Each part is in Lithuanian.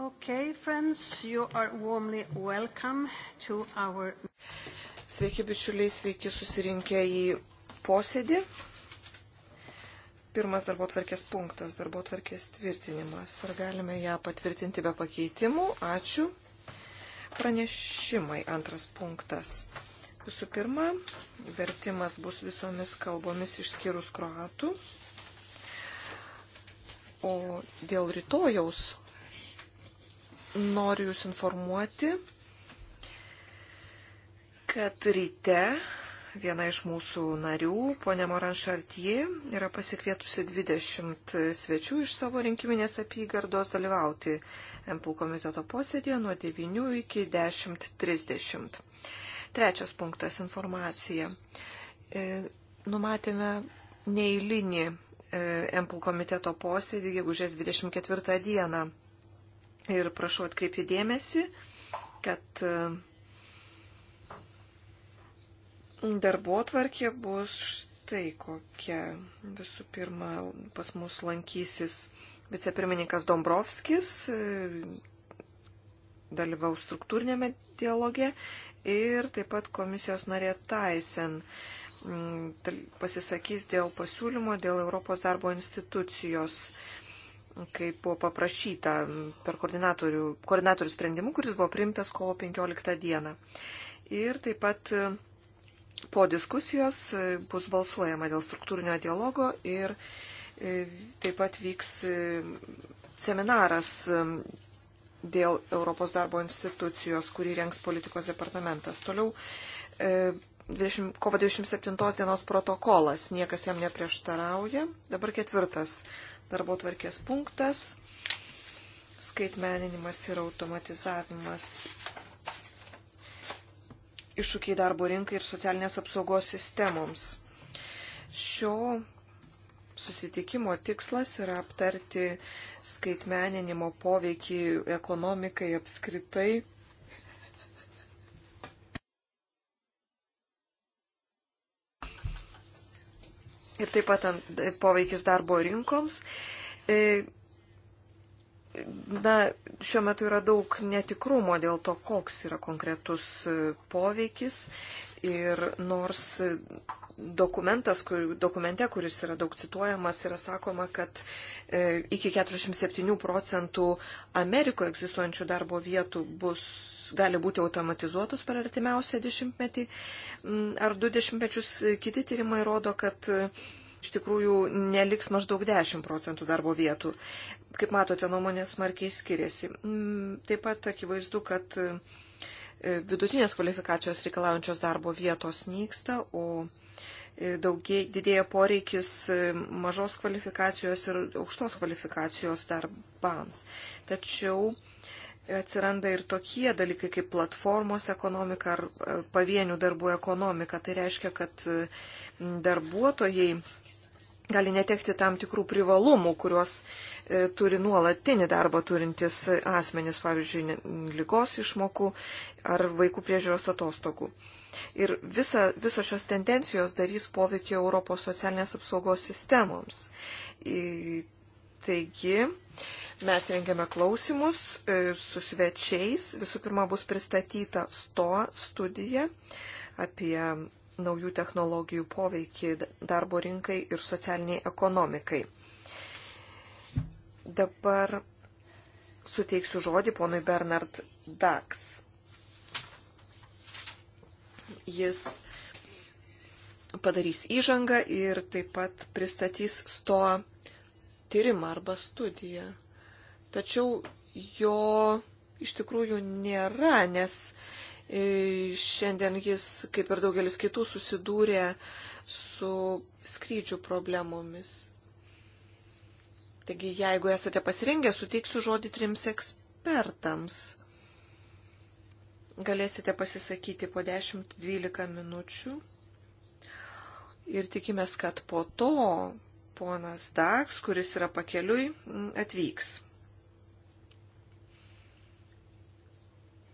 Okay, friends, you are warmly welcome to our... Sveiki, bičiuliai, sveiki susirinkę į posėdį. Pirmas darbo tvarkės punktas - darbo tvarkės tvirtinimas. Ar galime ją patvirtinti be pakeitimų? Ačiū. Pranešimai - antras punktas. Visų pirma, vertimas bus visomis kalbomis išskyrus kroatų. O dėl rytojaus noriu Jūs informuoti, kad ryte viena iš mūsų narių, ponė Moran Šartie, yra pasikvietusi 20 svečių iš savo rinkiminės apygardos dalyvauti MPL komiteto posėdėje nuo 9 iki 10.30. Trečias punktas - informacija. E, numatėme neįlinį e, MPL komiteto posėdį gegužės 24 dieną. Ir prašau atkreipti dėmesį, kad e, darbo tvarkė bus štai kokia. Visų pirma, pas mus lankysis vicepirmininkas Dombrovskis, e, dalyvaus struktūrinėme dialoge ir taip pat komisijos narė Taisen pasisakys dėl pasiūlymo dėl Europos darbo institucijos kaip buvo paprašyta per koordinatorių, koordinatorių sprendimu, kuris buvo priimtas kovo 15 dieną. Ir taip pat e, po diskusijos e, bus balsuojama dėl struktūrinio dialogo ir e, taip pat vyks seminaras dėl Europos darbo institucijos, kurį rengs politikos departamentas. Toliau 20, kovo 27 dienos protokolas, niekas jam neprieštarauja. Dabar ketvirtas darbo tvarkės punktas - skaitmeninimas ir automatizavimas. Iššūkiai darbo rinkai ir socialinės apsaugos sistemoms. Šio susitikimo tikslas yra aptarti skaitmeninimo poveikį ekonomikai apskritai ir taip pat ant, poveikis darbo rinkoms. E, na, šiuo metu yra daug netikrumo dėl to, koks yra konkretus e, poveikis. Ir nors dokumentas, kur, dokumente, kuris yra daug cituojamas, yra sakoma, kad e, iki 47 procentų Amerikoje egzistuojančių darbo vietų bus gali būti automatizuotos per artimiausią dešimtmetį mm, ar du dešimtmečius. Kiti tyrimai rodo, kad e, iš tikrųjų neliks maždaug 10 procentų darbo vietų. Kaip matote, nuomonės smarkiai skiriasi. Mm, taip pat akivaizdu, kad e, vidutinės kvalifikacijos reikalaujančios darbo vietos nyksta, o e, daugiai didėja poreikis mažos kvalifikacijos ir aukštos kvalifikacijos darbams. Tačiau atsiranda ir tokie dalykai kaip platformos ekonomika ar e, pavienių darbų ekonomika. Tai reiškia, kad darbuotojai gali netekti tam tikrų privalumų, kuriuos e, turi nuolatinį darbą turintis asmenis, pavyzdžiui, lygos išmokų ar vaikų priežiūros atostogų. Ir visa, visos šios tendencijos darys poveikį Europos socialinės apsaugos sistemoms. I, taigi, e, Mes rengiame klausimus su svečiais. Visų pirma, bus pristatyta STO studija apie naujų technologijų poveikį darbo rinkai ir socialiniai ekonomikai. Dabar suteiksiu žodį ponui Bernard Dax. Jis padarys įžangą ir taip pat pristatys to tyrimą arba studiją tačiau jo iš tikrųjų nėra, nes e, šiandien jis, kaip ir daugelis kitų, susidūrė su skrydžių problemomis. Taigi, jeigu esate pasirengę, suteiksiu žodį trims ekspertams. Galėsite pasisakyti po 10-12 minučių. Ir tikimės, kad po to ponas Daks, kuris yra pakeliui, atvyks.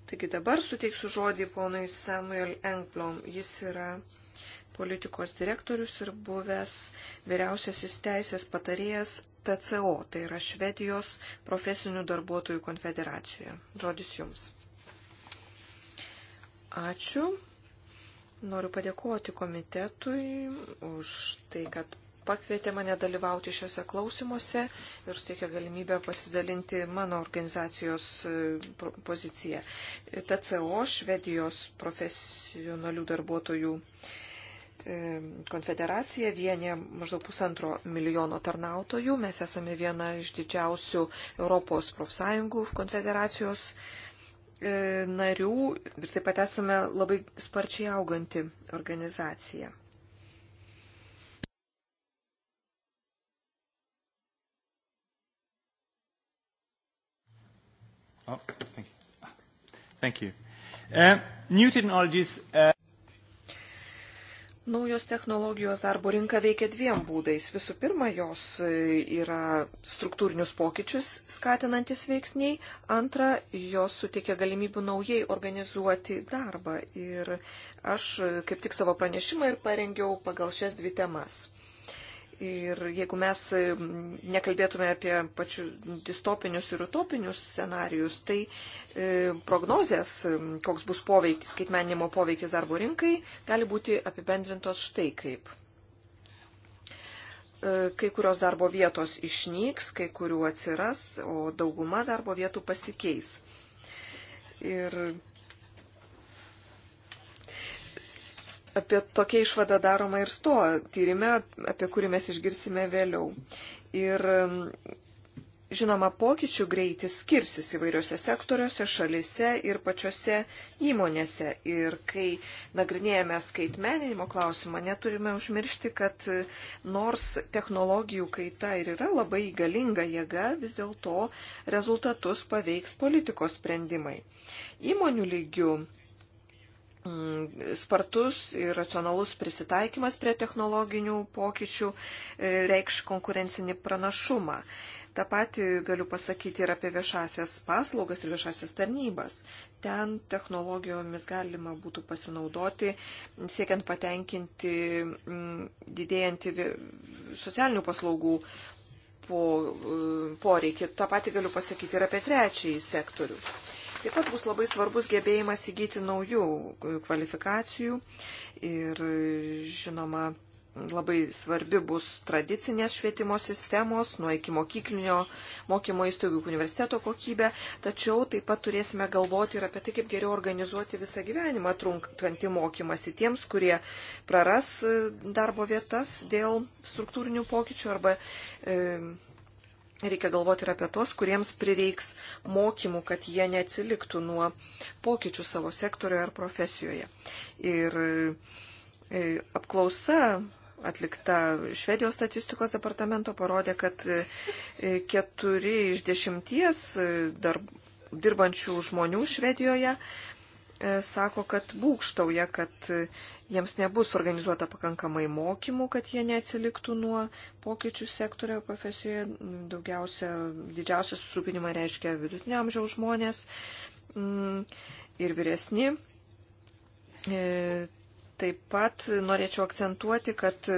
Taigi dabar suteiksiu žodį ponui Samuel Engblom. Jis yra politikos direktorius ir buvęs vyriausiasis teisės patarėjas TCO, tai yra Švedijos profesinių darbuotojų konfederacijoje. Žodis jums. Ačiū. Noriu padėkoti komitetui už tai, kad pakvietė mane dalyvauti šiuose klausimuose ir suteikė galimybę pasidalinti mano organizacijos e, poziciją. TCO, Švedijos profesionalių darbuotojų e, konfederacija vienė maždaug pusantro milijono tarnautojų. Mes esame viena iš didžiausių Europos profsąjungų konfederacijos e, narių ir taip pat esame labai sparčiai auganti organizacija. Oh, thank you. Ah, thank you. Uh, new technologies. Uh... Naujos technologijos darbo rinka veikia dviem būdais. Visų pirma, jos e, yra struktūrinius pokyčius skatinantis veiksniai. Antra, jos suteikia galimybių naujai organizuoti darbą. Ir aš e, kaip tik savo pranešimą ir parengiau pagal šias dvi temas. Ir jeigu mes nekalbėtume apie pačius distopinius ir utopinius scenarius, tai e, prognozės, koks bus poveikis, skaitmenimo poveikis darbo rinkai, gali būti apibendrintos štai kaip. E, kai kurios darbo vietos išnyks, kai kurių atsiras, o dauguma darbo vietų pasikeis. Ir Apie tokią išvadą daroma ir sto tyrime, apie kurį mes išgirsime vėliau. Ir mm, žinoma, pokyčių greitis skirsis įvairiose sektoriuose, šalise ir pačiose įmonėse. Ir kai nagrinėjame skaitmeninimo klausimą, neturime užmiršti, kad mm, nors technologijų kaita ir yra labai galinga jėga, vis dėlto rezultatus paveiks politikos sprendimai. Įmonių lygių Mm, spartus ir racionalus prisitaikymas prie technologinių pokyčių e, reikš konkurencinį pranašumą. Ta pati galiu pasakyti ir apie viešasias paslaugas ir viešasias tarnybas. Ten technologijomis galima būtų pasinaudoti, siekiant patenkinti mm, didėjantį socialinių paslaugų e, poreikį. Ta pati galiu pasakyti ir apie trečiąjį sektorių. Taip pat bus labai svarbus gebėjimas įgyti naujų kvalifikacijų ir, žinoma, labai svarbi bus tradicinės švietimo sistemos, nuo iki mokyklinio mokymo įstaigų universiteto kokybė, tačiau taip pat turėsime galvoti ir apie tai, kaip geriau organizuoti visą gyvenimą trunkantį mokymasi tiems, kurie praras darbo vietas dėl struktūrinių pokyčių arba e, Reikia galvoti ir apie tos, kuriems prireiks mokymų, kad jie neatsiliktų nuo pokyčių savo sektorioje ar profesijoje. Ir e, apklausa atlikta Švedijos statistikos departamento parodė, kad e, keturi iš dešimties e, darb, dirbančių žmonių Švedijoje E, sako, kad būkštauja, kad e, jiems nebus organizuota pakankamai mokymų, kad jie neatsiliktų nuo pokyčių sektorio profesijoje. Daugiausia, didžiausias susirūpinimą reiškia vidutinio amžiaus žmonės mm, ir vyresni. E, taip pat norėčiau akcentuoti, kad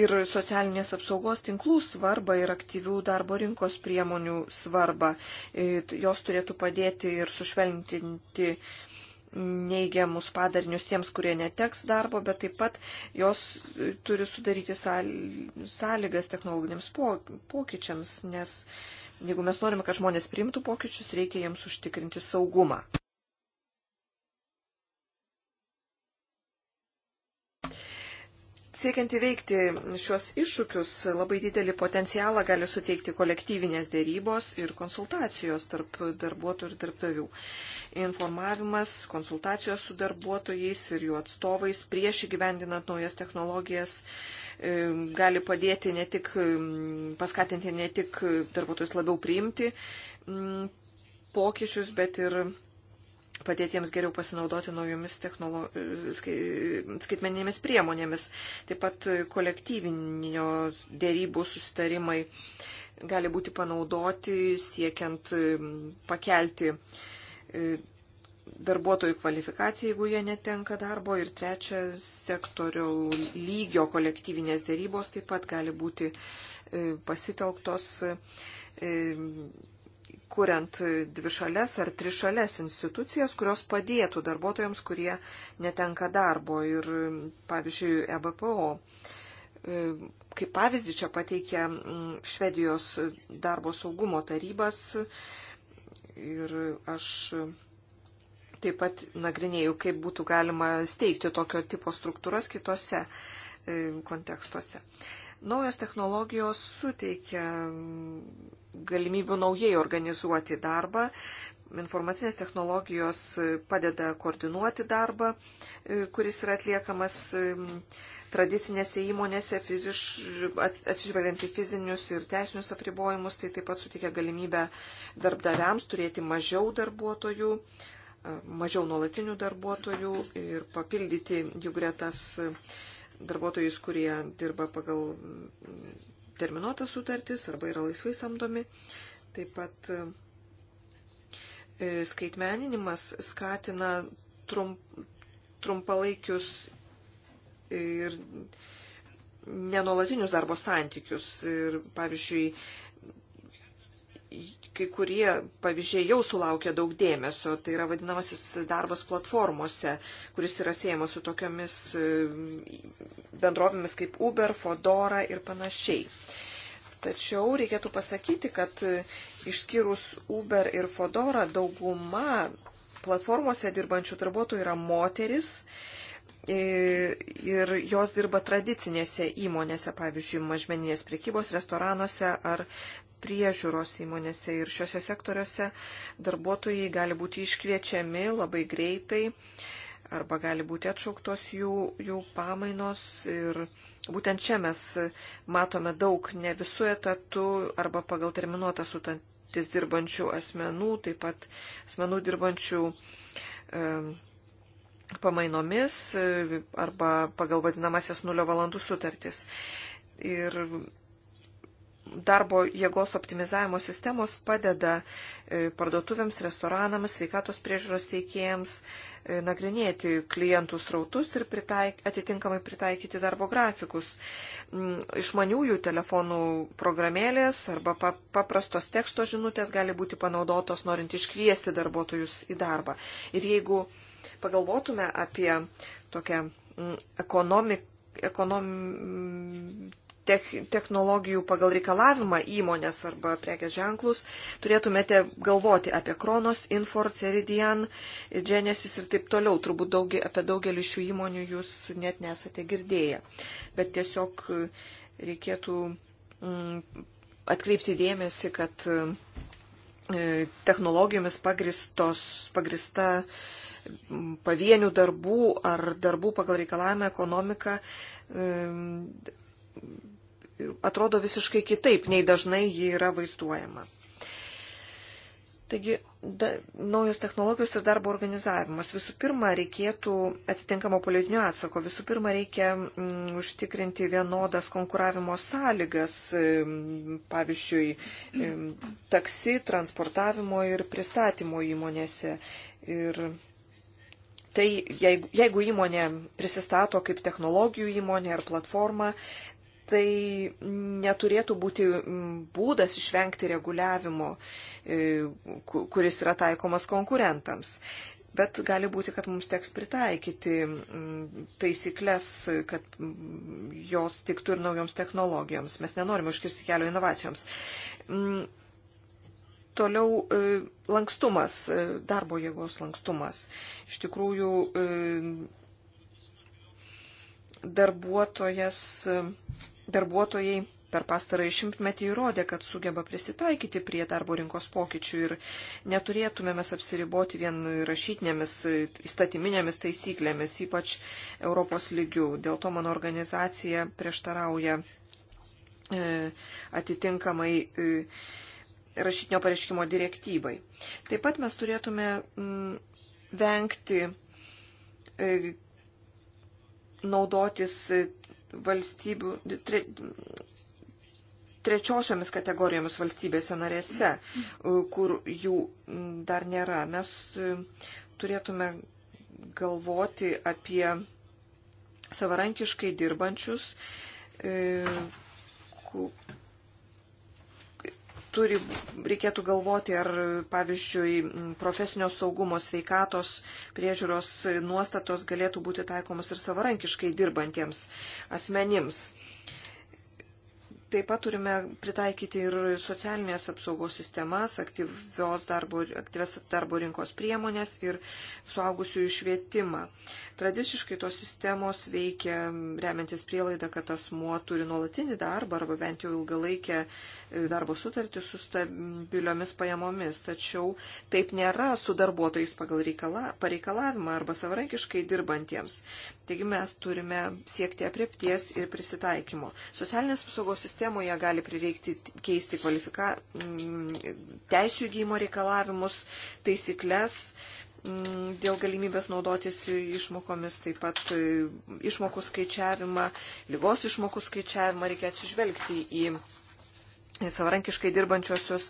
ir socialinės apsaugos tinklų svarbą ir aktyvių darbo rinkos priemonių svarbą. Jos turėtų padėti ir sušvelninti neigiamus padarinius tiems, kurie neteks darbo, bet taip pat jos e, turi sudaryti sąlygas technologiniams pokyčiams, nes jeigu mes norime, kad žmonės priimtų pokyčius, reikia jiems užtikrinti saugumą. Siekiant įveikti šios iššūkius, labai didelį potencialą gali suteikti kolektyvinės dėrybos ir konsultacijos tarp darbuotojų ir darbdavių. Informavimas, konsultacijos su darbuotojais ir jų atstovais prieš įgyvendinant naujas technologijas e, gali padėti ne tik, paskatinti ne tik darbuotojus labiau priimti pokyčius, bet ir padėti jiems geriau pasinaudoti naujomis technolo... skaitmeninėmis priemonėmis. Taip pat kolektyvinio dėrybų sustarimai gali būti panaudoti siekiant pakelti e, darbuotojų kvalifikaciją, jeigu jie netenka darbo. Ir trečia, sektorio lygio kolektyvinės dėrybos taip pat gali būti e, pasitelktos e, kuriant dvišalės ar trišalės institucijas, kurios padėtų darbuotojams, kurie netenka darbo ir, pavyzdžiui, EBPO. E, kaip pavyzdį čia pateikia mm, Švedijos darbo saugumo tarybas ir aš taip pat nagrinėjau, kaip būtų galima steigti tokio tipo struktūras kitose e, kontekstuose. Naujos technologijos suteikia galimybių naujai organizuoti darbą. Informacinės technologijos padeda koordinuoti darbą, e, kuris yra atliekamas e, tradicinėse įmonėse, fiziš, atsižvelgiant į fizinius ir teisinius apribojimus, tai taip pat sutikia galimybę darbdaviams turėti mažiau darbuotojų, e, mažiau nuolatinių darbuotojų ir papildyti jų gretas darbuotojus, kurie dirba pagal terminuotas sutartis arba yra laisvai samdomi. Taip pat e, skaitmeninimas skatina trump, trumpalaikius ir nenolatinius darbo santykius. Ir, pavyzdžiui, kai kurie pavyzdžiai jau sulaukia daug dėmesio, tai yra vadinamasis darbas platformose, kuris yra siejamas su tokiamis e, bendrovėmis kaip Uber, Fodora ir panašiai. Tačiau reikėtų pasakyti, kad e, išskyrus Uber ir Fodora dauguma platformose dirbančių darbuotojų yra moteris e, ir jos dirba tradicinėse įmonėse, pavyzdžiui, mažmeninės prekybos restoranuose ar priežiūros įmonėse ir šiuose sektoriuose darbuotojai gali būti iškviečiami labai greitai arba gali būti atšauktos jų, jų pamainos ir būtent čia mes matome daug ne visų etatų arba pagal terminuotą sutartis dirbančių asmenų, taip pat asmenų dirbančių e, pamainomis e, arba pagal vadinamasias nulio valandų sutartis. Ir darbo jėgos optimizavimo sistemos padeda e, parduotuvėms, restoranams, sveikatos priežiūros teikėjams e, nagrinėti klientų srautus ir pritaik, atitinkamai pritaikyti darbo grafikus. Mm, išmaniųjų telefonų programėlės arba paprastos teksto žinutės gali būti panaudotos norint iškviesti darbuotojus į darbą. Ir jeigu pagalvotume apie tokią mm, ekonomik, ekonom, tech, technologijų pagal reikalavimą įmonės arba prekės ženklus, turėtumėte galvoti apie Kronos, Infor, Ceridian, Genesis ir taip toliau. Turbūt daugi, apie daugelį šių įmonių jūs net nesate girdėję. Bet tiesiog e, reikėtų mm, atkreipti dėmesį, kad e, technologijomis pagristos, pagrista pavienių darbų ar darbų pagal reikalavimą ekonomika e, atrodo visiškai kitaip, nei dažnai ji yra vaizduojama. Taigi, da, naujos technologijos ir darbo organizavimas. Visų pirma, reikėtų atitinkamo politinio atsako. Visų pirma, reikia m, mm, užtikrinti vienodas konkuravimo sąlygas, m, mm, pavyzdžiui, m, mm, taksi, transportavimo ir pristatymo įmonėse. Ir tai, jeigu, jeigu įmonė prisistato kaip technologijų įmonė ar platforma, m, tai neturėtų būti būdas išvengti reguliavimo, e, kuris yra taikomas konkurentams. Bet gali būti, kad mums teks pritaikyti mm, taisyklės, kad jos tiktų ir naujoms technologijoms. Mes nenorime užkirsti kelio inovacijoms. Mm, toliau e, lankstumas, e, darbo jėgos lankstumas. Iš tikrųjų, darbuotojas darbuotojai per pastarąjį šimtmetį įrodė, kad sugeba prisitaikyti prie darbo rinkos pokyčių ir neturėtume mes apsiriboti vien rašytinėmis įstatyminėmis taisyklėmis, ypač Europos lygių. Dėl to mano organizacija prieštarauja e, atitinkamai e, rašytinio pareiškimo direktyvai. Taip pat mes turėtume mm, vengti e, naudotis valstybių, tre, trečiosiomis kategorijomis valstybėse narėse, kur jų dar nėra. Mes turėtume galvoti apie savarankiškai dirbančius e, turi, reikėtų galvoti, ar, pavyzdžiui, profesinio saugumo sveikatos priežiūros nuostatos galėtų būti taikomas ir savarankiškai dirbantiems asmenims. Taip pat turime pritaikyti ir socialinės apsaugos sistemas, darbo, aktyves darbo rinkos priemonės ir suaugusiųjų švietimą. Tradiciškai tos sistemos veikia remiantis prielaidą, kad asmuo turi nuolatinį darbą arba bent jau ilgalaikę darbo sutartį su stabiliomis pajamomis. Tačiau taip nėra su darbuotojais pagal reikala, pareikalavimą arba savarankiškai dirbantiems. Taigi mes turime siekti apriepties ir prisitaikymo. Socialinės apsaugos sistemoje gali prireikti keisti kvalifika... Mm, teisų įgymo reikalavimus, taisyklės mm, dėl galimybės naudotis išmokomis, taip pat e, išmokų skaičiavimą, lygos išmokų skaičiavimą reikia atsižvelgti į savarankiškai dirbančiosius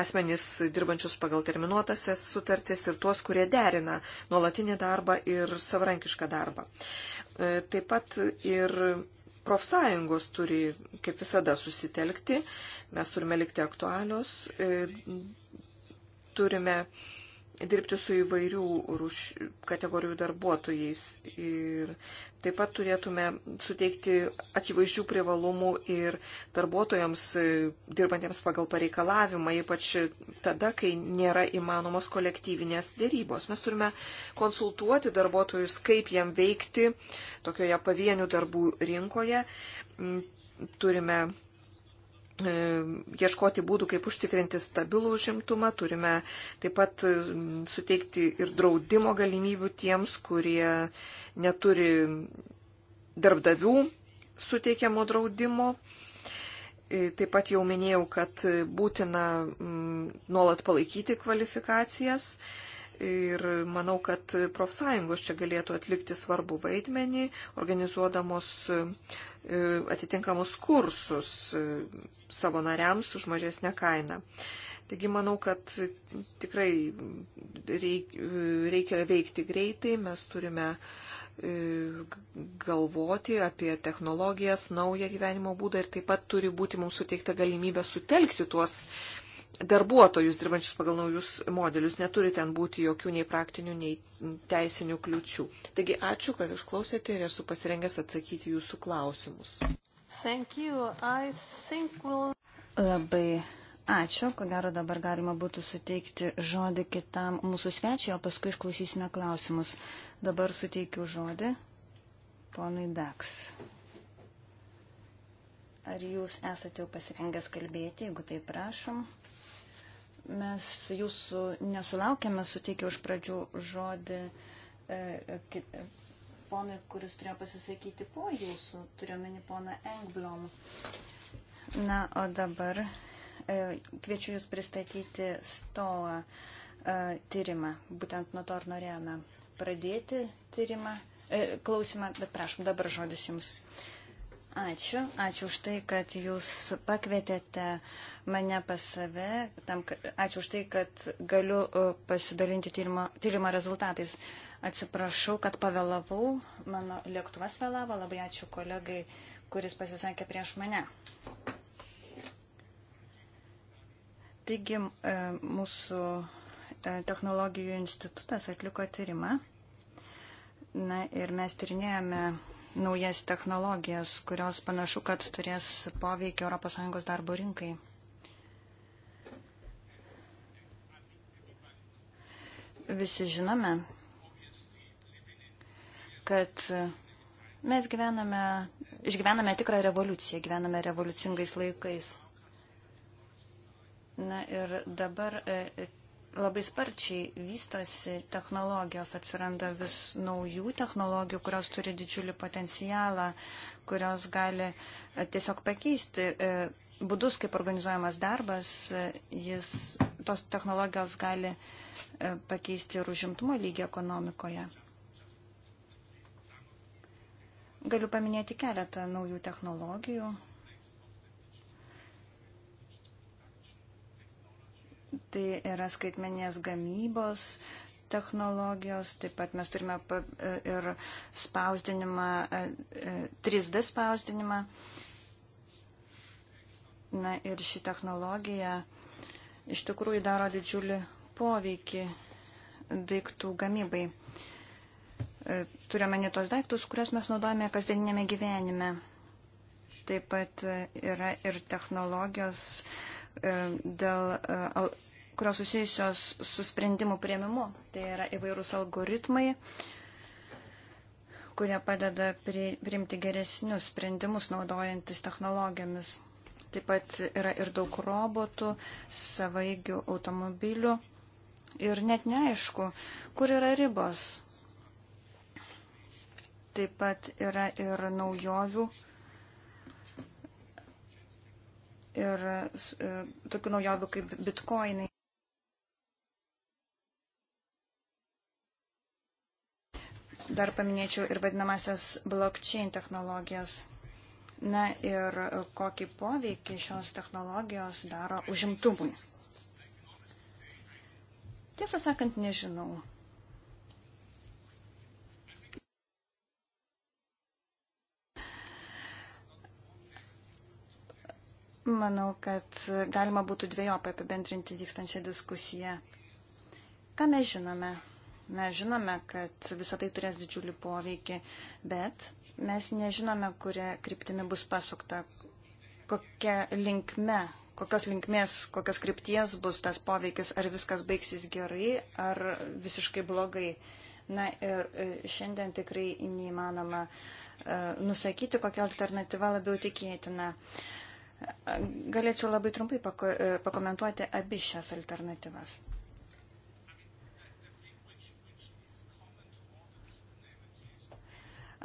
asmenys dirbančius pagal terminuotasias sutartis ir tuos, kurie derina nuolatinį darbą ir savarankišką darbą. E, taip pat ir profsąjungos turi, kaip visada, susitelkti, mes turime likti aktualios, e, turime dirbti su įvairių rūš, kategorijų darbuotojais. Ir taip pat turėtume suteikti akivaizdžių privalumų ir darbuotojams e, dirbantiems pagal pareikalavimą, ypač tada, kai nėra įmanomos kolektyvinės dėrybos. Mes turime konsultuoti darbuotojus, kaip jam veikti tokioje pavienių darbų rinkoje. Mm, turime E, ieškoti būdų, kaip užtikrinti stabilų užimtumą, turime taip pat e, suteikti ir draudimo galimybių tiems, kurie neturi darbdavių suteikiamo draudimo. E, taip pat jau minėjau, kad būtina nuolat palaikyti kvalifikacijas. Ir manau, kad profsąjungos čia galėtų atlikti svarbų vaidmenį, organizuodamos e, atitinkamus kursus e, savo nariams už mažesnę kainą. Taigi manau, kad tikrai reikia veikti greitai, mes turime e, galvoti apie technologijas, naują gyvenimo būdą ir taip pat turi būti mums suteikta galimybė sutelkti tuos darbuotojus dirbančius pagal naujus modelius. Neturi ten būti jokių nei praktinių, nei teisinių kliučių. Taigi ačiū, kad išklausėte ir esu pasirengęs atsakyti jūsų klausimus. We'll... Labai ačiū. Ko gero dabar galima būtų suteikti žodį kitam mūsų svečiai, o paskui išklausysime klausimus. Dabar suteikiu žodį ponui Daks. Ar jūs esate jau pasirengęs kalbėti, jeigu tai prašom? mes jūsų nesulaukėme, suteikiau iš pradžių žodį e, e, e ponui, kuris turėjo pasisakyti po jūsų, turiuomenį poną Engblom. Na, o dabar e, kviečiu jūs pristatyti stoa e, tyrimą. Būtent nuo to ir norėjome pradėti tyrimą, e, klausimą, bet prašom, dabar žodis jums. Ačiū, ačiū už tai, kad jūs pakvietėte mane pas save, tam, ačiū už tai, kad galiu e, pasidalinti tyrimo, tyrimo rezultatais. Atsiprašau, kad pavėlavau, mano lėktuvas vėlavo, labai ačiū kolegai, kuris pasisakė prieš mane. Taigi, e, mūsų e, technologijų institutas atliko tyrimą. Na ir mes tyrinėjame naujas technologijas, kurios panašu, kad turės poveikį ES darbo rinkai. Visi žinome, kad mes gyvename, išgyvename tikrą revoliuciją, gyvename revoliucingais laikais. Na ir dabar e, labai sparčiai vystosi technologijos, atsiranda vis naujų technologijų, kurios turi didžiulį potencialą, kurios gali e, tiesiog pakeisti e, būdus, kaip organizuojamas darbas, e, jis, tos technologijos gali pakeisti ir užimtumo lygį ekonomikoje. Galiu paminėti keletą naujų technologijų, Tai yra skaitmenės gamybos technologijos, taip pat mes turime e, ir spausdinimą, 3D e, e, spausdinimą. Na ir ši technologija iš tikrųjų daro didžiulį poveikį daiktų gamybai. Turime ne tos daiktus, kuriuos mes naudojame kasdieninėme gyvenime. Taip pat yra ir technologijos, E, dėl, e, kurios susijusios su sprendimu prieimimu. Tai yra įvairūs algoritmai, kurie padeda priimti geresnius sprendimus naudojantis technologijomis. Taip pat yra ir daug robotų, savaigių automobilių. Ir net neaišku, kur yra ribos. Taip pat yra ir naujovių ir e, tokių naujovių kaip bitkoinai. Dar paminėčiau ir vadinamasias blockchain technologijas. Na ir e, kokį poveikį šios technologijos daro užimtumui. Tiesą sakant, nežinau. Manau, kad galima būtų dviejopai apibendrinti vykstančią diskusiją. Ką mes žinome? Mes žinome, kad visą tai turės didžiulį poveikį, bet mes nežinome, kuria kryptimi bus pasukta, kokia linkme, kokios linkmės, kokios krypties bus tas poveikis, ar viskas baigsis gerai, ar visiškai blogai. Na ir e, šiandien tikrai neįmanoma e, nusakyti, kokia alternatyva labiau tikėtina. Uh, Galėčiau labai trumpai e, pakomentuoti abi šias alternatyvas.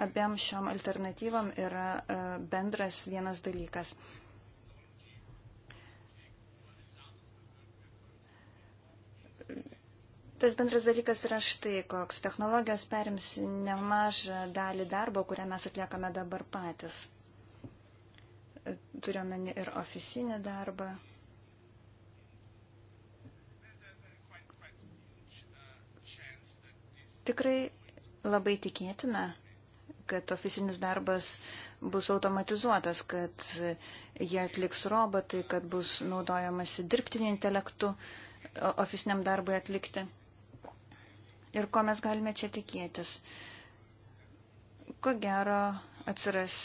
Abiem šiom alternatyvam yra e, bendras vienas dalykas. Tas bendras dalykas yra štai koks. Technologijos perims nemažą dalį darbo, kurią mes atliekame dabar patys turiuomenį ir ofisinį darbą. Tikrai labai tikėtina, kad ofisinis darbas bus automatizuotas, kad jie atliks robotai, kad bus naudojamasi dirbtiniu intelektu ofisiniam darbui atlikti. Ir ko mes galime čia tikėtis? Ko gero atsiras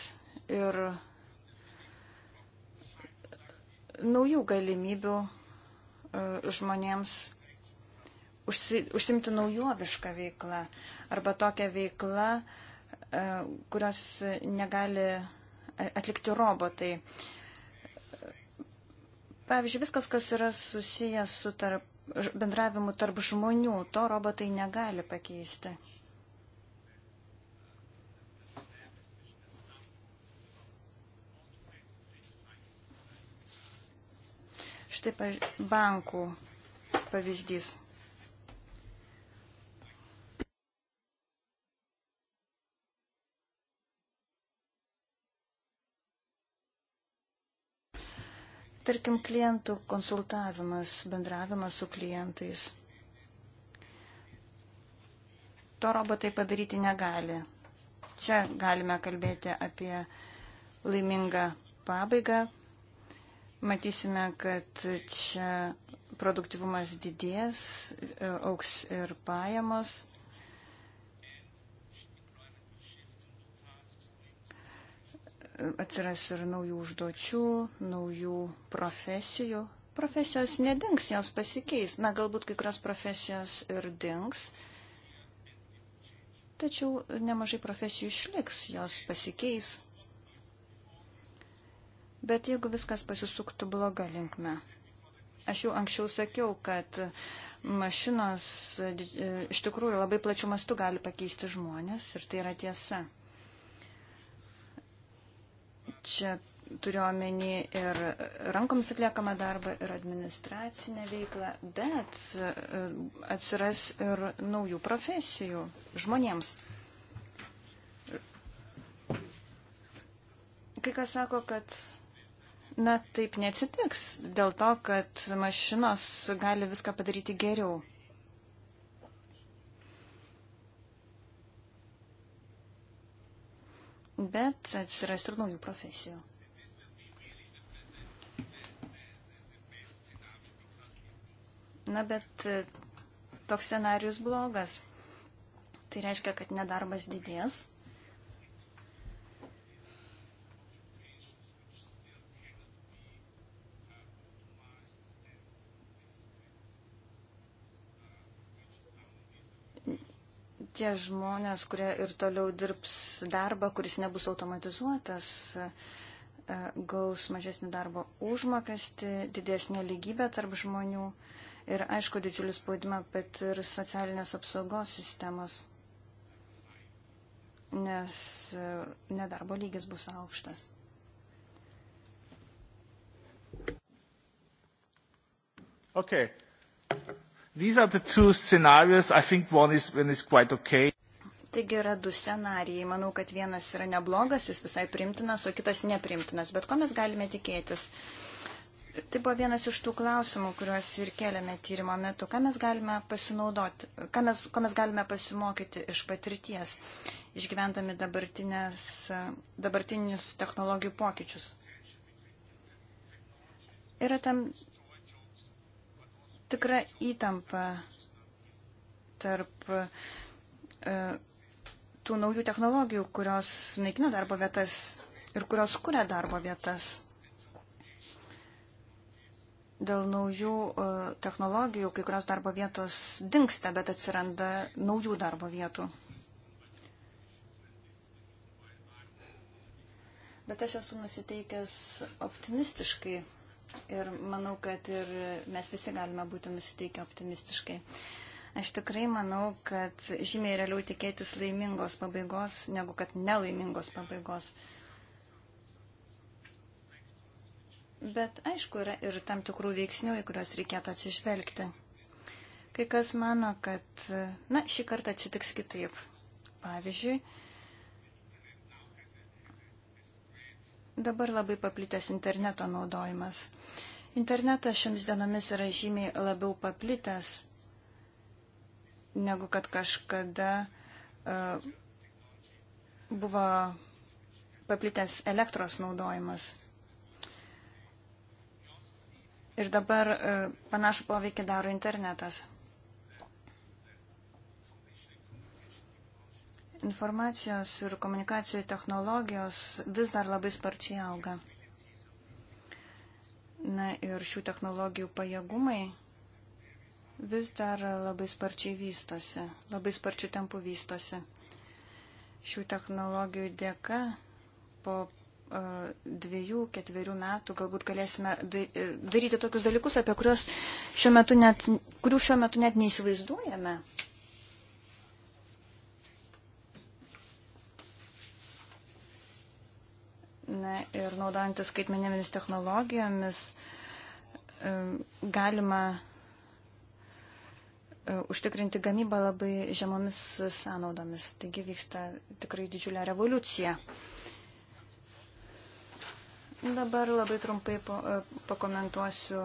ir naujų galimybių e, žmonėms užsimti naujovišką veiklą arba tokią veiklą, e, kurios negali atlikti robotai. Pavyzdžiui, viskas, kas yra susijęs su tarp, bendravimu tarp žmonių, to robotai negali pakeisti. Štai bankų pavyzdys. Tarkim, klientų konsultavimas, bendravimas su klientais. To robotai padaryti negali. Čia galime kalbėti apie laimingą pabaigą, Matysime, kad čia produktivumas didės, e, auks ir pajamos. Atsiras ir naujų užduočių, naujų profesijų. Profesijos nedings, jos pasikeis. Na, galbūt kai kurios profesijos ir dings, tačiau nemažai profesijų išliks, jos pasikeis. Bet jeigu viskas pasisuktų bloga linkme, aš jau anksčiau sakiau, kad mašinos e, iš tikrųjų labai plačių mastų gali pakeisti žmonės ir tai yra tiesa. Čia turiu omeny ir rankoms atliekamą darbą, ir administracinę veiklą, bet e, atsiras ir naujų profesijų žmonėms. Kai kas sako, kad Na, taip neatsitiks dėl to, kad mašinos gali viską padaryti geriau. Bet atsiras ir naujų profesijų. Na, bet e, toks scenarius blogas. Tai reiškia, kad nedarbas didės. tie žmonės, kurie ir toliau dirbs darbą, kuris nebus automatizuotas, e, gaus mažesnį darbo užmokestį, didesnį lygybę tarp žmonių ir, aišku, didžiulį spaudimą patirs ir socialinės apsaugos sistemos, nes e, nedarbo lygis bus aukštas. Okay. These are the two scenarios. I think one is, one is quite okay. Taigi yra du scenarijai. Manau, kad vienas yra neblogas, jis visai primtinas, o kitas neprimtinas. Bet ko mes galime tikėtis? Tai buvo vienas iš tų klausimų, kuriuos ir keliame tyrimo metu. Ką mes galime pasinaudoti, ką mes, ko mes galime pasimokyti iš patirties, išgyvendami dabartinius technologijų pokyčius. Yra tam tikra įtampa tarp e, tų naujų technologijų, kurios naikina darbo vietas ir kurios kuria darbo vietas. Dėl naujų e, technologijų kai kurios darbo vietos dinksta, bet atsiranda naujų darbo vietų. Bet aš esu nusiteikęs optimistiškai ir manau, kad ir mes visi galime būti nusiteikę optimistiškai. Aš tikrai manau, kad žymiai realiau tikėtis laimingos pabaigos, negu kad nelaimingos pabaigos. Bet aišku, yra ir tam tikrų veiksnių, į kuriuos reikėtų atsižvelgti. Kai kas mano, kad, na, šį kartą atsitiks kitaip. Pavyzdžiui, Dabar labai paplitęs interneto naudojimas. Internetas šiomis dienomis yra žymiai labiau paplitęs negu kad kažkada uh, buvo paplitęs elektros naudojimas. Ir dabar uh, panašų poveikį daro internetas. Informacijos ir komunikacijų technologijos vis dar labai sparčiai auga. Na ir šių technologijų pajėgumai vis dar labai sparčiai vystosi, labai sparčių tempų vystosi. Šių technologijų dėka po dviejų, ketverių metų galbūt galėsime e, daryti tokius dalykus, apie kuriuos šiuo metu net, kurių šiuo metu net neįsivaizduojame. Na ir naudojantis skaitmeninėmis technologijomis e, galima e, užtikrinti gamybą labai žemomis sąnaudomis. Taigi vyksta tikrai didžiulė revoliucija. Dabar labai trumpai e, pakomentuosiu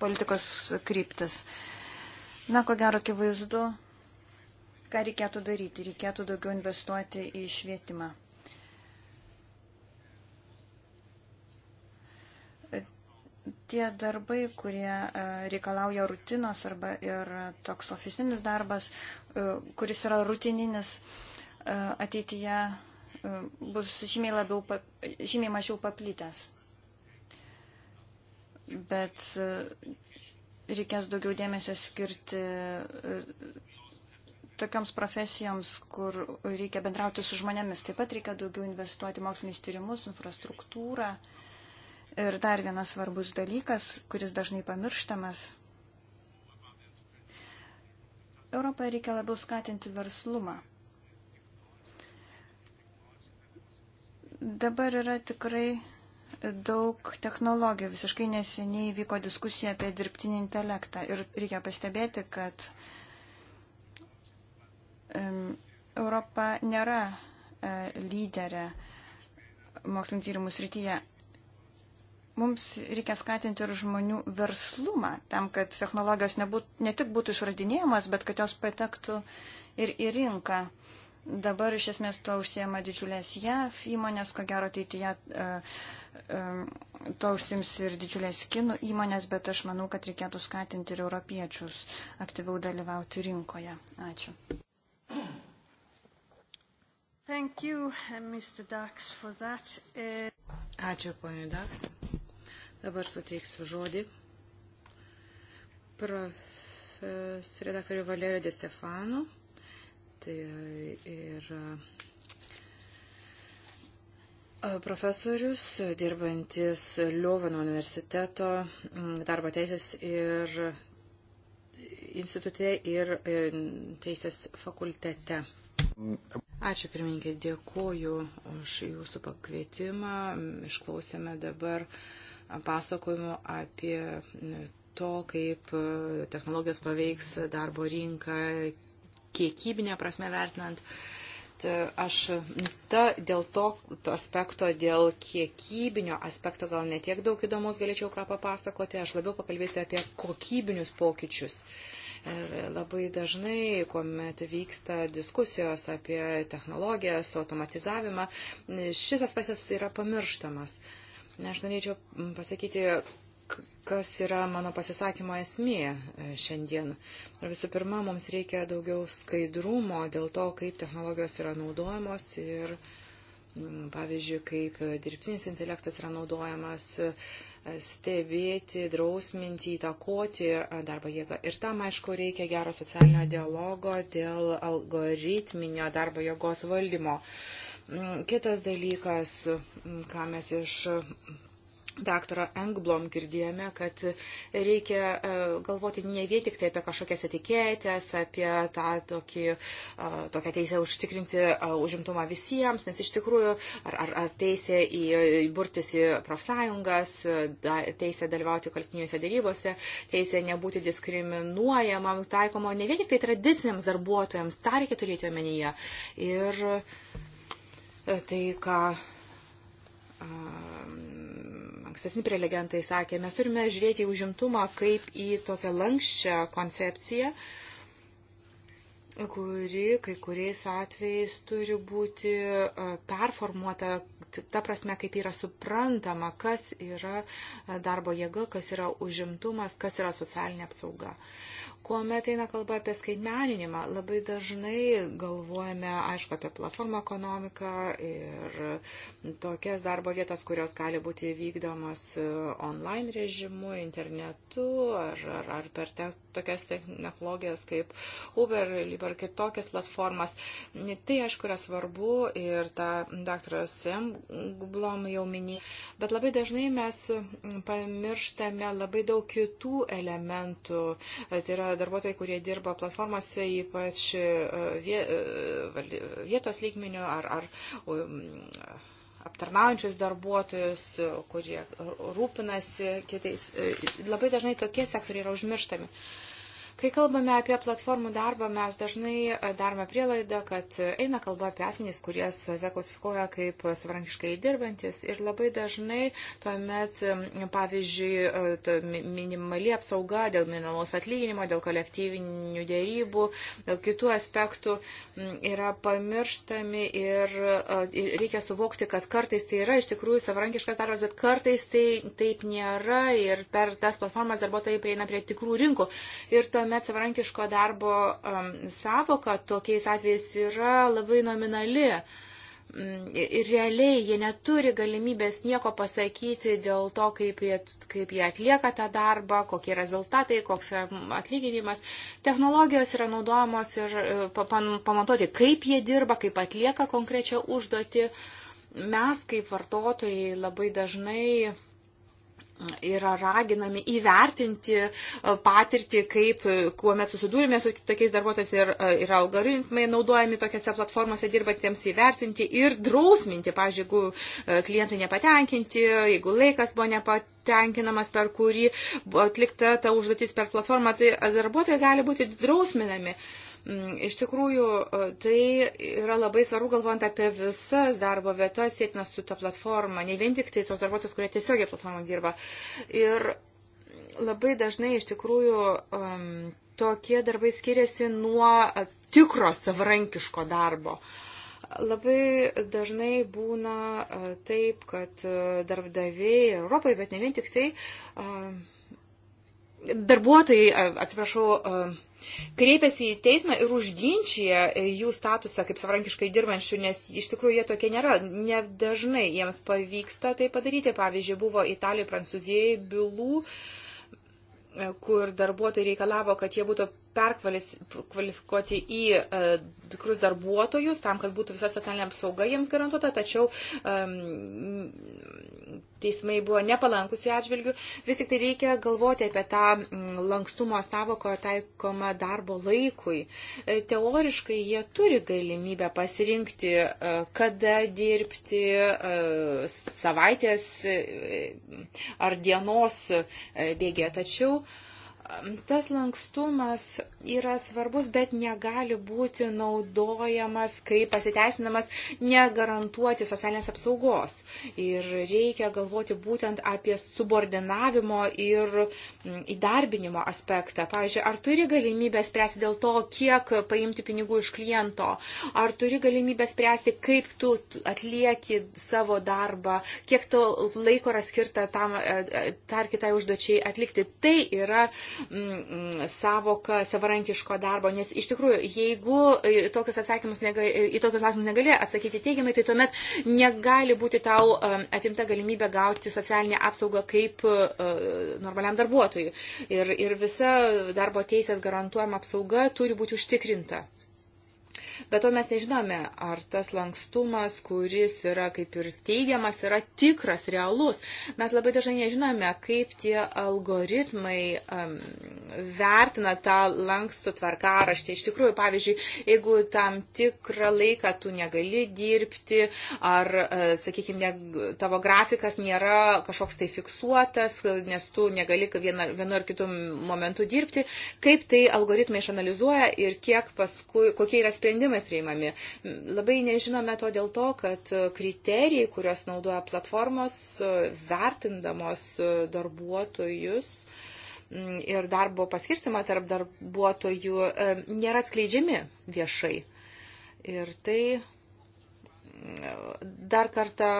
politikos kryptis. Na, ko gero, akivaizdu, ką reikėtų daryti. Reikėtų daugiau investuoti į švietimą. tie darbai, kurie e, reikalauja rutinos arba ir toks ofisinis darbas, e, kuris yra rutininis e, ateityje, bus žymiai, labiau, žymiai mažiau paplytęs. Bet reikės daugiau dėmesio skirti tokioms profesijoms, kur reikia bendrauti su žmonėmis. Taip pat reikia daugiau investuoti mokslinis tyrimus, infrastruktūrą. Uh, Ir dar vienas svarbus dalykas, kuris dažnai pamirštamas. Europoje reikia labiau skatinti verslumą. Dabar yra tikrai daug technologijų. Visiškai neseniai vyko diskusija apie dirbtinį intelektą. Ir reikia pastebėti, kad Europa nėra e, lyderė mokslinio tyrimų srityje mums reikia skatinti ir žmonių verslumą, tam, kad technologijos nebūt, ne tik būtų išradinėjimas, bet kad jos patektų ir į rinką. Dabar iš esmės to užsiema didžiulės JAF įmonės, ko gero ateityje e, e, to užsims ir didžiulės kinų įmonės, bet aš manau, kad reikėtų skatinti ir europiečius aktyviau dalyvauti rinkoje. Ačiū. Thank you, Mr. Dax, for that. E, Ačiū, ponė Dax. Dabar suteiksiu žodį redaktoriui Valerio De Stefano. Tai ir e, profesorius, dirbantis Liovano universiteto darbo teisės ir institute ir e, teisės fakultete. Ačiū pirmininkė, dėkoju už jūsų pakvietimą. Išklausėme dabar uh, pasakojimų apie to, kaip e, technologijos paveiks darbo rinką kiekybinė prasme vertinant. Aš ta, dėl to, to aspekto, dėl kiekybinio aspekto gal netiek daug įdomus galėčiau ką papasakoti, aš labiau pakalbėsiu apie kokybinius pokyčius. Ir labai dažnai, kuomet vyksta diskusijos apie technologijas, automatizavimą, šis aspektas yra pamirštamas. Uh, Aš norėčiau mm, pasakyti, kas yra mano pasisakymo esmė e, šiandien. Visų pirma, mums reikia daugiau skaidrumo dėl to, kaip technologijos yra naudojamos ir, mm, pavyzdžiui, kaip dirbtinis intelektas yra naudojamas e, stebėti, drausminti, įtakoti e, darbo jėgą. Ir tam, aišku, reikia gero socialinio dialogo dėl algoritminio darbo jėgos valdymo. Uh, Mm, kitas dalykas, mm, ką mes iš daktaro Engblom girdėjome, kad reikia e, galvoti ne vien tik tai apie kažkokias etiketės, apie tą tokį, e, tokią teisę užtikrinti e, užimtumą visiems, nes iš tikrųjų ar, ar, ar teisė į burtis į profsąjungas, da, teisė dalyvauti kolektyvinėse dėrybose, teisė nebūti diskriminuojamam, taikomo ne vien tik tai tradiciniams darbuotojams, tą reikia turėti omenyje. Ir tai, ką ankstesni prelegentai sakė, mes turime žiūrėti į užimtumą kaip į tokią lankščią koncepciją, kuri kai kuriais atvejais turi būti performuota, ta prasme, kaip yra suprantama, kas yra darbo jėga, kas yra užimtumas, kas yra socialinė apsauga. Kuomet eina kalba apie skaitmeninimą, labai dažnai galvojame, aišku, apie platformą ekonomiką ir tokias darbo vietas, kurios gali būti vykdomos online režimu, internetu ar, ar, ar per te, tokias technologijas kaip Uber ar kitokias platformas. Tai, aišku, yra svarbu ir tą daktaras M. Gublom jau minė, bet labai dažnai mes pamirštame labai daug kitų elementų. Tai yra darbuotojai, kurie dirba platformose, ypač e, e, vietos lygmenių ar, ar um, aptarnaujančius darbuotojus, kurie rūpinasi kitais. E, labai dažnai tokie sektoriai yra užmirštami. Uh, Kai kalbame apie platformų darbą, mes dažnai e, darome prielaidą, kad e, eina kalba apie asmenys, kurie save klasifikuoja kaip savarankiškai dirbantis ir labai dažnai tuomet, pavyzdžiui, e, minimali apsauga dėl minimalaus atlyginimo, dėl kolektyvinių dėrybų, dėl kitų aspektų yra pamirštami ir, ir reikia suvokti, kad kartais tai yra iš tikrųjų savarankiškas darbas, bet kartais tai taip nėra ir per tas platformas darbuotojai prieina prie tikrų rinkų. Ir tuomet Tuomet savarankiško darbo savoka tokiais atvejais yra labai nominali mm, ir realiai jie neturi galimybės nieko pasakyti dėl to, kaip jie, kaip jie atlieka tą darbą, kokie rezultatai, koks atlyginimas. Technologijos yra naudojamos ir e, pamatuoti, kaip jie dirba, kaip atlieka konkrečią užduotį. Mes kaip vartotojai labai dažnai yra raginami įvertinti e, patirtį, kaip, e, kuomet susidūrėme su tokiais darbuotojais ir, ir e, algoritmai naudojami tokiose platformose dirbantiems įvertinti ir drausminti, pavyzdžiui, jeigu klientai nepatenkinti, jeigu laikas buvo nepatenkinamas, per kurį atlikta ta užduotis per platformą, tai darbuotojai gali būti drausminami. Uh, Mm, iš tikrųjų, e, tai yra labai svarbu galvojant apie visas darbo vietas sėtinas su ta platforma, ne vien tik tai tos darbuotojus, kurie tiesiogiai platformą dirba. Ir labai dažnai iš tikrųjų um, tokie darbai skiriasi nuo tikro savarankiško darbo. Labai dažnai būna uh, taip, kad e, darbdaviai Europoje, bet ne vien tik tai, uh, darbuotojai, uh, atsiprašau, uh, kreipiasi į teismą ir užginčia e, jų statusą kaip savarankiškai dirbančių, nes iš tikrųjų jie tokie nėra. Nedažnai jiems pavyksta tai padaryti. Pavyzdžiui, buvo Italijoje, Prancūzijoje bylų e, kur darbuotojai reikalavo, kad jie būtų perkvalifikuoti į e, tikrus darbuotojus, tam, kad būtų visa socialinė apsauga jiems garantuota, tačiau um, teismai buvo nepalankus jų atžvilgių. Vis tik tai reikia galvoti apie tą lankstumo savoką taikomą darbo laikui. E, teoriškai jie turi galimybę pasirinkti, e, kada dirbti savaitės ar dienos bėgė, tačiau uh, tas lankstumas yra svarbus, bet negali būti naudojamas kaip pasiteisinamas negarantuoti socialinės apsaugos. Ir reikia galvoti būtent apie subordinavimo ir mm, įdarbinimo aspektą. Pavyzdžiui, ar turi galimybę spręsti dėl to, kiek paimti pinigų iš kliento, ar turi galimybę spręsti, kaip tu atlieki savo darbą, kiek to laiko yra skirta tam, e, e, dar kitai užduočiai atlikti. Tai yra Mm, mm, savoką savarankiško darbo, nes iš tikrųjų, jeigu tokius atsakymus negali, į tokius klausimus negali atsakyti teigiamai, tai tuomet negali būti tau um, atimta galimybė gauti socialinę apsaugą kaip uh, normaliam darbuotojui. Ir, ir visa darbo teisės garantuojama apsauga turi būti užtikrinta. Bet to mes nežinome, ar tas lankstumas, kuris yra kaip ir teigiamas, yra tikras, realus. Mes labai dažnai nežinome, kaip tie algoritmai um, vertina tą lankstų tvarkaraštį. Iš tikrųjų, pavyzdžiui, jeigu tam tikrą laiką tu negali dirbti, ar, e, sakykime, ne, tavo grafikas nėra kažkoks tai fiksuotas, nes tu negali vienu ar kitu momentu dirbti, kaip tai algoritmai išanalizuoja ir kiek paskui, kokie yra sprendimai sprendimai priimami. Labai nežinome to dėl to, kad kriterijai, kuriuos naudoja platformos, vertindamos darbuotojus, ir darbo paskirstimą tarp darbuotojų nėra atskleidžiami viešai. Ir tai dar kartą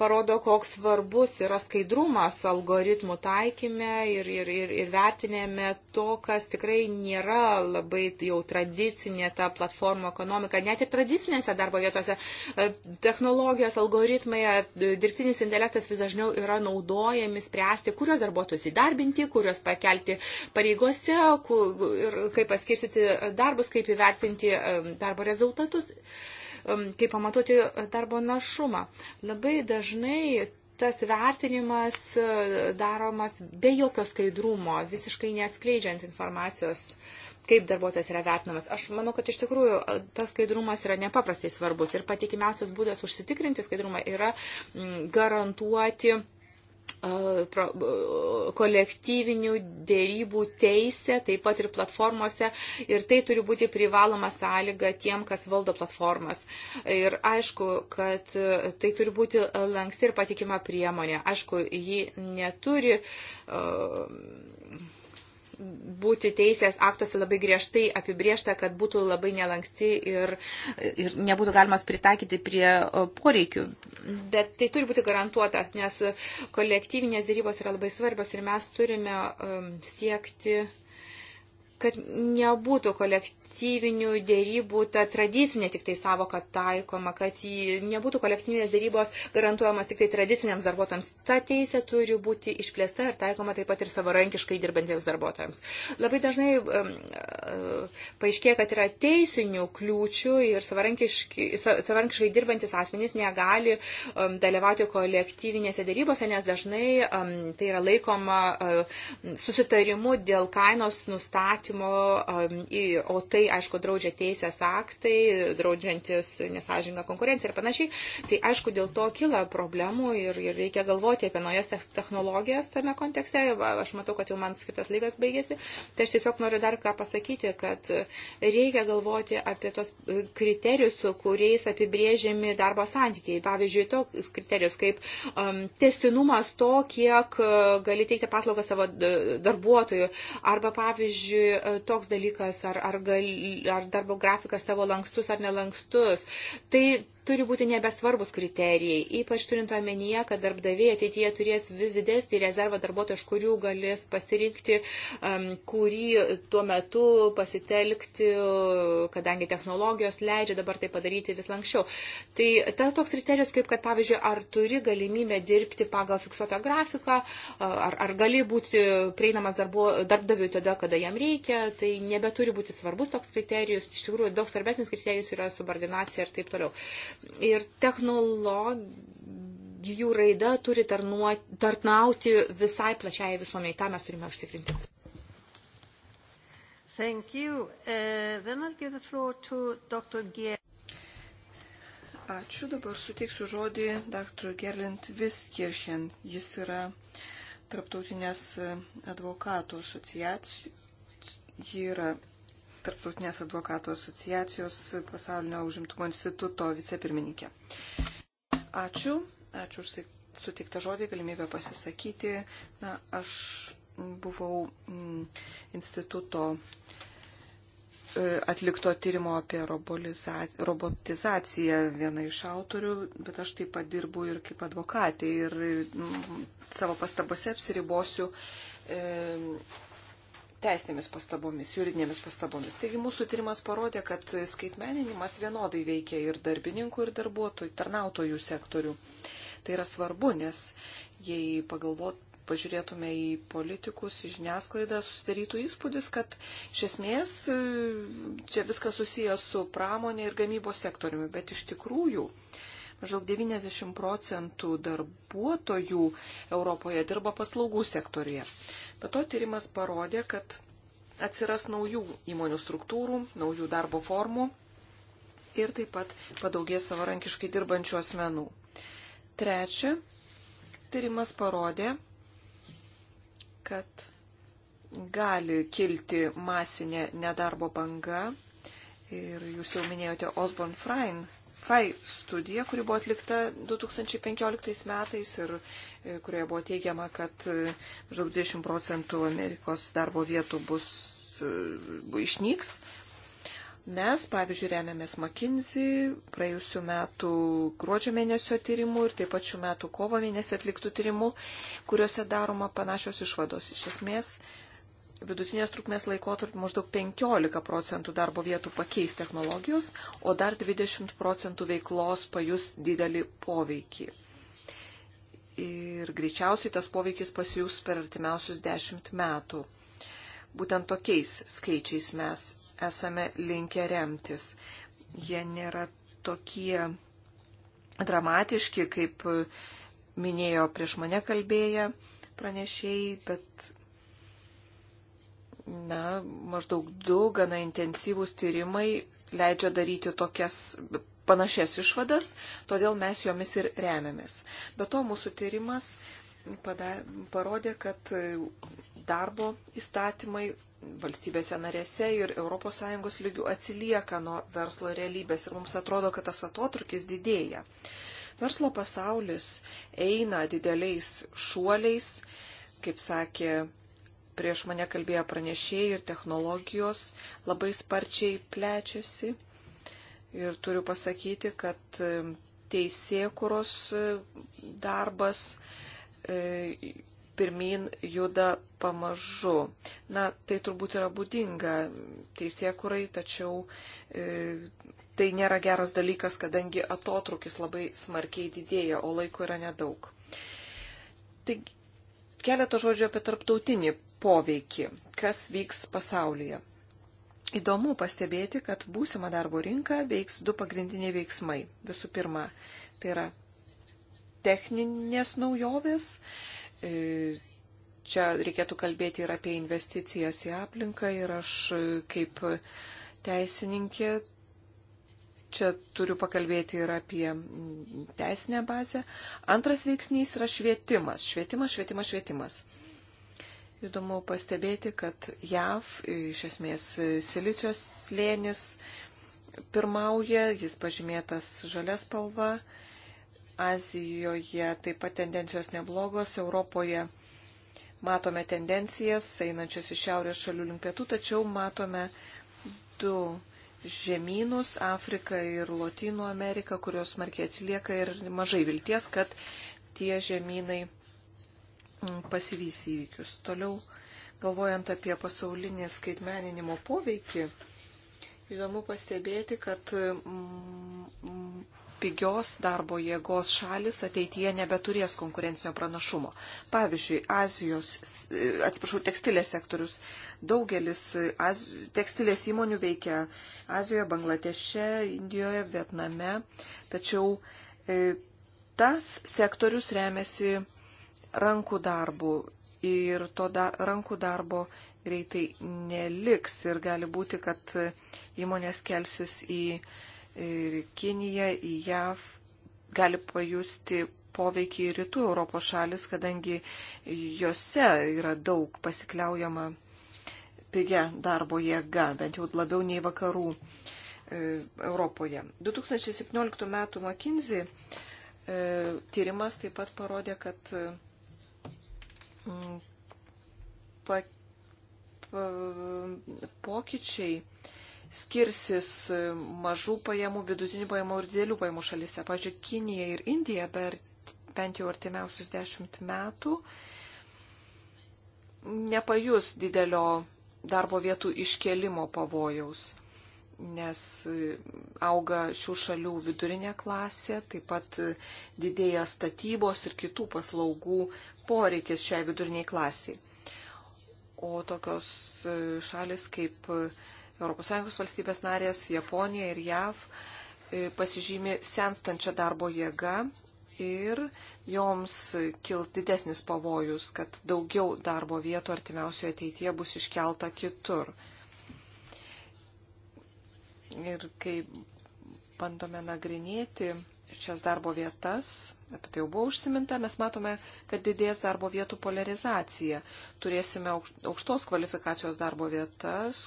parodo, koks svarbus yra skaidrumas algoritmų taikyme ir, ir, ir, ir vertinėme to, kas tikrai nėra labai jau tradicinė ta platformų ekonomika. Net ir tradicinėse darbo vietose e, technologijos, algoritmai, e, dirbtinis intelektas vis dažniau yra naudojami spręsti, kurios darbuotojus įdarbinti, kurios pakelti pareigose ir kaip paskirstyti darbus, kaip įvertinti e, darbo rezultatus. Uh, Um, kaip pamatuoti darbo našumą. Labai dažnai tas vertinimas uh, daromas be jokio skaidrumo, visiškai neatskleidžiant informacijos kaip darbuotojas yra vertinamas. Aš manau, kad iš tikrųjų uh, tas skaidrumas yra nepaprastai svarbus ir patikimiausias būdas užsitikrinti skaidrumą yra mm, garantuoti kolektyvinių dėrybų teisė, taip pat ir platformose. Ir tai turi būti privaloma sąlyga tiem, kas valdo platformas. Ir aišku, kad tai turi būti lanksti ir patikima priemonė. Aišku, ji neturi. Uh, būti teisės aktuose labai griežtai apibriešta, kad būtų labai nelanksti ir, ir nebūtų galimas pritaikyti prie poreikių. Bet tai turi būti garantuota, nes kolektyvinės dėrybos yra labai svarbios ir mes turime um, siekti kad nebūtų kolektyvinių dėrybų, ta tradicinė tik tai savoka taikoma, kad nebūtų kolektyvinės dėrybos garantuojamas tik tai tradiciniams darbuotojams. Ta teisė turi būti išplėsta ir taikoma taip pat ir savarankiškai dirbantiems darbuotojams. Labai dažnai um, paaiškėja, kad yra teisinių kliūčių ir savarankiškai, savarankiškai dirbantis asmenys negali um, dalyvauti kolektyvinėse dėrybose, nes dažnai um, tai yra laikoma um, susitarimu dėl kainos nustatymo įstatymo, um, o tai, aišku, draudžia teisės aktai, draudžiantis nesažinga konkurencija ir panašiai. Tai, aišku, dėl to kyla problemų ir, ir reikia galvoti apie naujas technologijas tame kontekste. Aš matau, kad jau man skirtas lygas baigėsi. Tai aš tiesiog noriu dar ką pasakyti, kad reikia galvoti apie tos kriterijus, kuriais apibrėžiami darbo santykiai. Pavyzdžiui, toks kriterijus kaip um, testinumas to, kiek uh, gali teikti paslaugą savo darbuotojų. Arba, pavyzdžiui, E, toks dalykas, ar, ar, gal, ar darbo grafikas tavo lankstus ar nelankstus. Tai Turi būti nebesvarbus kriterijai, ypač turint omenyje, kad darbdaviai ateityje turės vis didesnį rezervą darbuotojų, iš kurių galės pasirinkti, um, kurį tuo metu pasitelkti, kadangi technologijos leidžia dabar tai padaryti vis lankščiau. Tai tas toks kriterijus, kaip kad, pavyzdžiui, ar turi galimybę dirbti pagal fiksuotą grafiką, ar, ar gali būti prieinamas darbu, darbdaviui tada, kada jam reikia, tai nebeturi būti svarbus toks kriterijus. Iš tikrųjų, daug svarbesnis kriterijus yra subordinacija ir taip toliau ir technologijų raida turi tarnuoti, tarnauti visai plačiai visuomeniai. Ta mes turime užtikrinti. Thank you. Uh, then I'll give the floor to Dr. Gier. Ačiū, dabar suteiksiu žodį dr. Gerlint Viskirchen. Jis yra Traptautinės uh, advokatų asociacijų. Ji yra Tarptautinės advokatų asociacijos pasaulinio užimtumo instituto vicepirmininkė. Ačiū, ačiū už sutiktą žodį, galimybę pasisakyti. Na, aš buvau m, mm, instituto e, atlikto tyrimo apie robotizaciją viena iš autorių, bet aš taip pat dirbu ir kaip advokatė ir m, mm, savo pastabose apsiribosiu e, teisinėmis pastabomis, juridinėmis pastabomis. Taigi mūsų tyrimas parodė, kad skaitmeninimas vienodai veikia ir darbininkų, ir darbuotojų, tarnautojų sektorių. Tai yra svarbu, nes jei pagalvot, pažiūrėtume į politikus, į žiniasklaidą, susidarytų įspūdis, kad iš esmės e, čia viskas susijęs su pramonė ir gamybos sektoriumi, bet iš tikrųjų Maždaug 90 procentų darbuotojų Europoje dirba paslaugų sektorija. Bet to tyrimas parodė, kad atsiras naujų įmonių struktūrų, naujų darbo formų ir taip pat padaugės savarankiškai dirbančių asmenų. Trečia, tyrimas parodė, kad gali kilti masinė nedarbo banga. Ir jūs jau minėjote Osborne Frein FAI studija, kuri buvo atlikta 2015 metais ir e, kurioje buvo teigiama, kad e, maždaug 20 procentų Amerikos darbo vietų bus e, išnyks. Mes, pavyzdžiui, remiamės McKinsey praėjusiu metu gruodžio mėnesio tyrimų ir taip pat šių metų kovo mėnesį atliktų tyrimų, kuriuose daroma panašios išvados. Iš esmės, vidutinės trukmės laikotarpį maždaug 15 procentų darbo vietų pakeis technologijos, o dar 20 procentų veiklos pajus didelį poveikį. Ir greičiausiai tas poveikis pasijūs per artimiausius 10 metų. Būtent tokiais skaičiais mes esame linkę remtis. Jie nėra tokie dramatiški, kaip minėjo prieš mane kalbėję pranešėjai, bet na, maždaug du gana intensyvūs tyrimai leidžia daryti tokias panašias išvadas, todėl mes jomis ir remiamės. Be to mūsų tyrimas pada, parodė, kad e, darbo įstatymai valstybėse narėse ir ES lygių atsilieka nuo verslo realybės ir mums atrodo, kad tas atotrukis didėja. Verslo pasaulis eina dideliais šuoliais, kaip sakė prieš mane kalbėjo pranešėjai ir technologijos labai sparčiai plečiasi. Ir turiu pasakyti, kad teisėkuros e, darbas e, pirmin juda pamažu. Na, tai turbūt yra būdinga teisėkurai, tačiau e, tai nėra geras dalykas, kadangi atotrukis labai smarkiai didėja, o laiko yra nedaug. Taigi, Keletą žodžių apie tarptautinį poveikį, kas vyks pasaulyje. Įdomu pastebėti, kad būsimą darbo rinką veiks du pagrindiniai veiksmai. Visų pirma, tai yra techninės naujovės. E, čia reikėtų kalbėti ir apie investicijas į aplinką ir aš kaip teisininkė Čia turiu pakalbėti ir apie teisinę bazę. Antras veiksnys yra švietimas. Švietimas, švietimas, švietimas. Įdomu pastebėti, kad JAV, iš esmės, silicijos slėnis pirmauja, jis pažymėtas žalia spalva. Azijoje taip pat tendencijos neblogos, Europoje matome tendencijas einančias iš šiaurės šalių link pietų, tačiau matome du žemynus - Afriką ir Lotynų Ameriką, kurios smarkiai atsilieka ir mažai vilties, kad tie žemynai mm, pasivys įvykius. Toliau, galvojant apie pasaulinį skaitmeninimo poveikį, įdomu pastebėti, kad mm, pigios darbo jėgos šalis ateityje nebeturės konkurencinio pranašumo. Pavyzdžiui, Azijos, atsiprašau, tekstilės sektorius. Daugelis az, tekstilės įmonių veikia Azijoje, Bangladeše, Indijoje, Vietname. Tačiau e, tas sektorius remiasi rankų darbų ir to da, rankų darbo greitai neliks ir gali būti, kad e, įmonės kelsis į ir Kinija, į JAV gali pajusti poveikį rytų Europos šalis, kadangi jose yra daug pasikliaujama pigia darbo jėga, bent jau labiau nei vakarų e, Europoje. 2017 m. McKinsey e, tyrimas taip pat parodė, kad m, mm, pa, pa, pokyčiai skirsis mažų pajamų, vidutinių pajamų ir didelių pajamų šalise. Pavyzdžiui, Kinija ir Indija per bent jau artimiausius dešimt metų nepajus didelio darbo vietų iškelimo pavojaus, nes auga šių šalių vidurinė klasė, taip pat didėja statybos ir kitų paslaugų poreikis šiai viduriniai klasiai. O tokios šalis kaip ES valstybės narės, Japonija ir JAV e, pasižymi senstančią darbo jėgą ir joms kils didesnis pavojus, kad daugiau darbo vietų artimiausioje ateityje bus iškelta kitur. Ir kai bandome nagrinėti šias darbo vietas, apie tai jau buvo užsiminta, mes matome, kad didės darbo vietų polarizacija. Turėsime aukštos kvalifikacijos darbo vietas,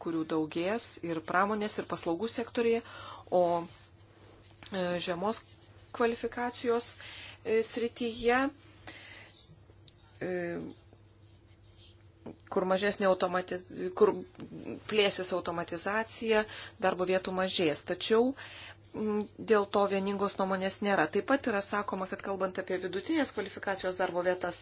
kurių daugės ir pramonės, ir paslaugų sektorėje, o e, žemos kvalifikacijos e, srityje, e, kur, automatiz... kur plėsis automatizacija, darbo vietų mažės. Tačiau Mm, dėl to vieningos nuomonės nėra. Taip pat yra sakoma, kad kalbant apie vidutinės kvalifikacijos darbo vietas,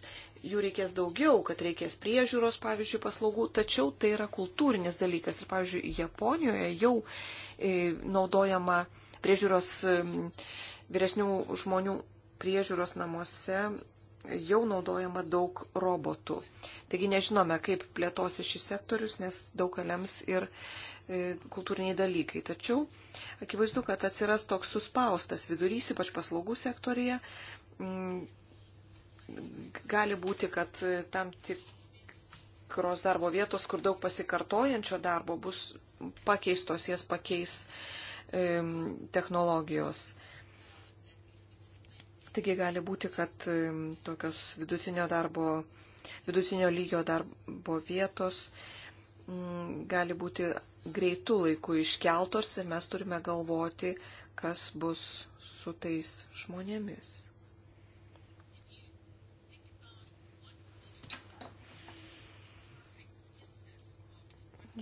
jų reikės daugiau, kad reikės priežiūros, pavyzdžiui, paslaugų, tačiau tai yra kultūrinis dalykas. Ir, pavyzdžiui, Japonijoje jau e, naudojama priežiūros mm, vyresnių žmonių priežiūros namuose jau naudojama daug robotų. Taigi nežinome, kaip plėtosi šis sektorius, nes daug lems ir E, kultūriniai dalykai. Tačiau akivaizdu, kad atsiras toks suspaustas vidurys, ypač paslaugų sektorija. Mm, gali būti, kad e, tam tikros darbo vietos, kur daug pasikartojančio darbo bus pakeistos, jas pakeis e, technologijos. Taigi gali būti, kad tokios vidutinio, darbo, vidutinio lygio darbo vietos Mm, gali būti greitų laikų iškeltos ir mes turime galvoti, kas bus su tais žmonėmis.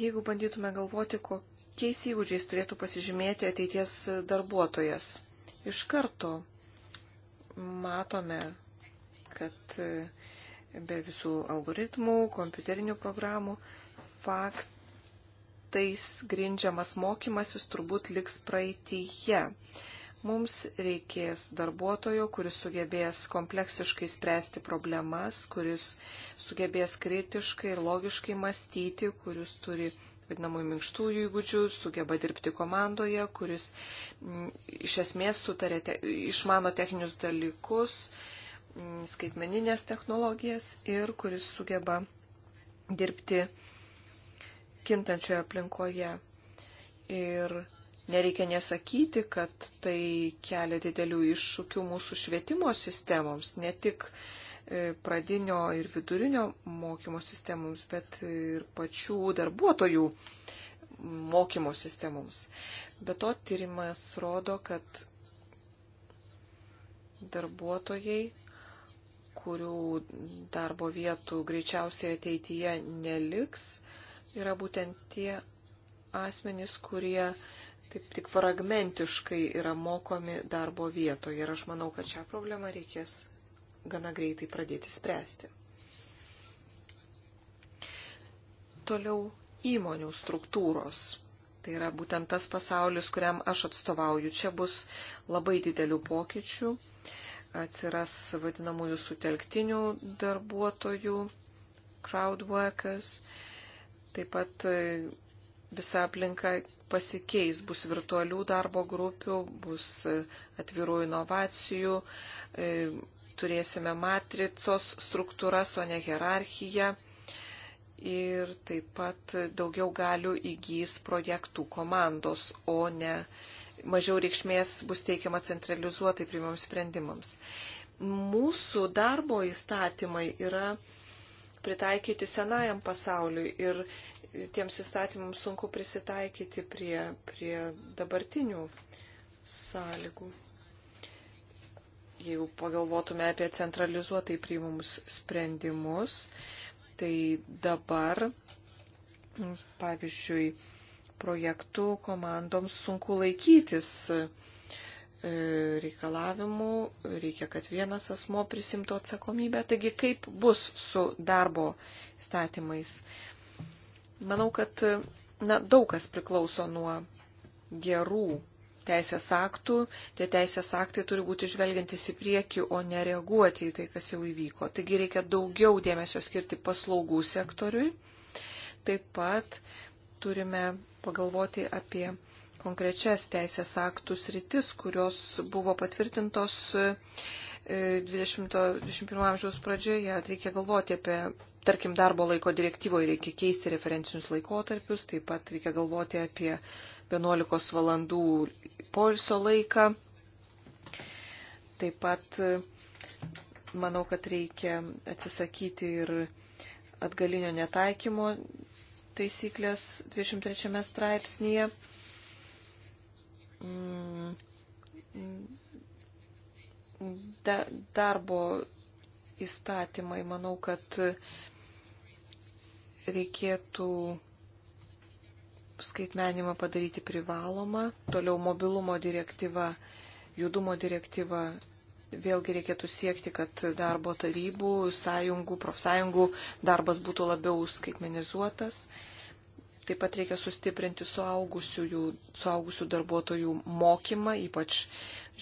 Jeigu bandytume galvoti, kokiais įgūdžiais turėtų pasižymėti ateities darbuotojas, iš karto matome, kad be visų algoritmų, kompiuterinių programų, faktais grindžiamas mokymasis turbūt liks praeitįje. Mums reikės darbuotojo, kuris sugebės kompleksiškai spręsti problemas, kuris sugebės kritiškai ir logiškai mąstyti, kuris turi vadinamųjų minkštųjų įgūdžių, sugeba dirbti komandoje, kuris m, mm, iš esmės sutarė, te, išmano techninius dalykus, m, mm, skaitmeninės technologijas ir kuris sugeba dirbti kintančioje aplinkoje. Ir nereikia nesakyti, kad tai kelia didelių iššūkių mūsų švietimo sistemoms, ne tik e, pradinio ir vidurinio mokymo sistemoms, bet ir pačių darbuotojų mokymo sistemoms. Be to tyrimas rodo, kad darbuotojai kurių darbo vietų greičiausiai ateityje neliks, yra būtent tie asmenys, kurie taip tik fragmentiškai yra mokomi darbo vietoje. Ir aš manau, kad šią problemą reikės gana greitai pradėti spręsti. Toliau įmonių struktūros. Tai yra būtent tas pasaulis, kuriam aš atstovauju. Čia bus labai didelių pokyčių. Atsiras vadinamųjų sutelktinių darbuotojų, crowd workers. Uh, Taip pat e, visa aplinka pasikeis, bus virtualių darbo grupių, bus e, atvirų inovacijų, e, turėsime matricos struktūras, o ne hierarchiją. Ir taip pat daugiau galių įgys projektų komandos, o ne mažiau reikšmės bus teikiama centralizuotai priimams sprendimams. Mūsų darbo įstatymai yra pritaikyti senajam pasauliui ir tiems įstatymams sunku prisitaikyti prie, prie dabartinių sąlygų. Jeigu pagalvotume apie centralizuotai priimamus sprendimus, tai dabar, pavyzdžiui, projektų komandoms sunku laikytis E, reikalavimų, reikia, kad vienas asmo prisimtų atsakomybę. Taigi, kaip bus su darbo statymais? Manau, kad na, daug kas priklauso nuo gerų teisės aktų. Tie teisės aktai turi būti žvelgiantis į priekį, o nereaguoti į tai, kas jau įvyko. Taigi reikia daugiau dėmesio skirti paslaugų sektoriui. Taip pat turime pagalvoti apie konkrečias teisės aktų sritis, kurios buvo patvirtintos 21 e, amžiaus pradžioje. Reikia galvoti apie, tarkim, darbo laiko direktyvoje reikia keisti referencinius laikotarpius, taip pat reikia galvoti apie 11 valandų poilsio laiką. Taip pat e, manau, kad reikia atsisakyti ir atgalinio netaikymo taisyklės 23 straipsnėje da, darbo įstatymai, manau, kad reikėtų skaitmenimą padaryti privalomą, toliau mobilumo direktyva, judumo direktyva, vėlgi reikėtų siekti, kad darbo tarybų, sąjungų, profsąjungų darbas būtų labiau skaitmenizuotas. Taip pat reikia sustiprinti suaugusių, suaugusių darbuotojų mokymą, ypač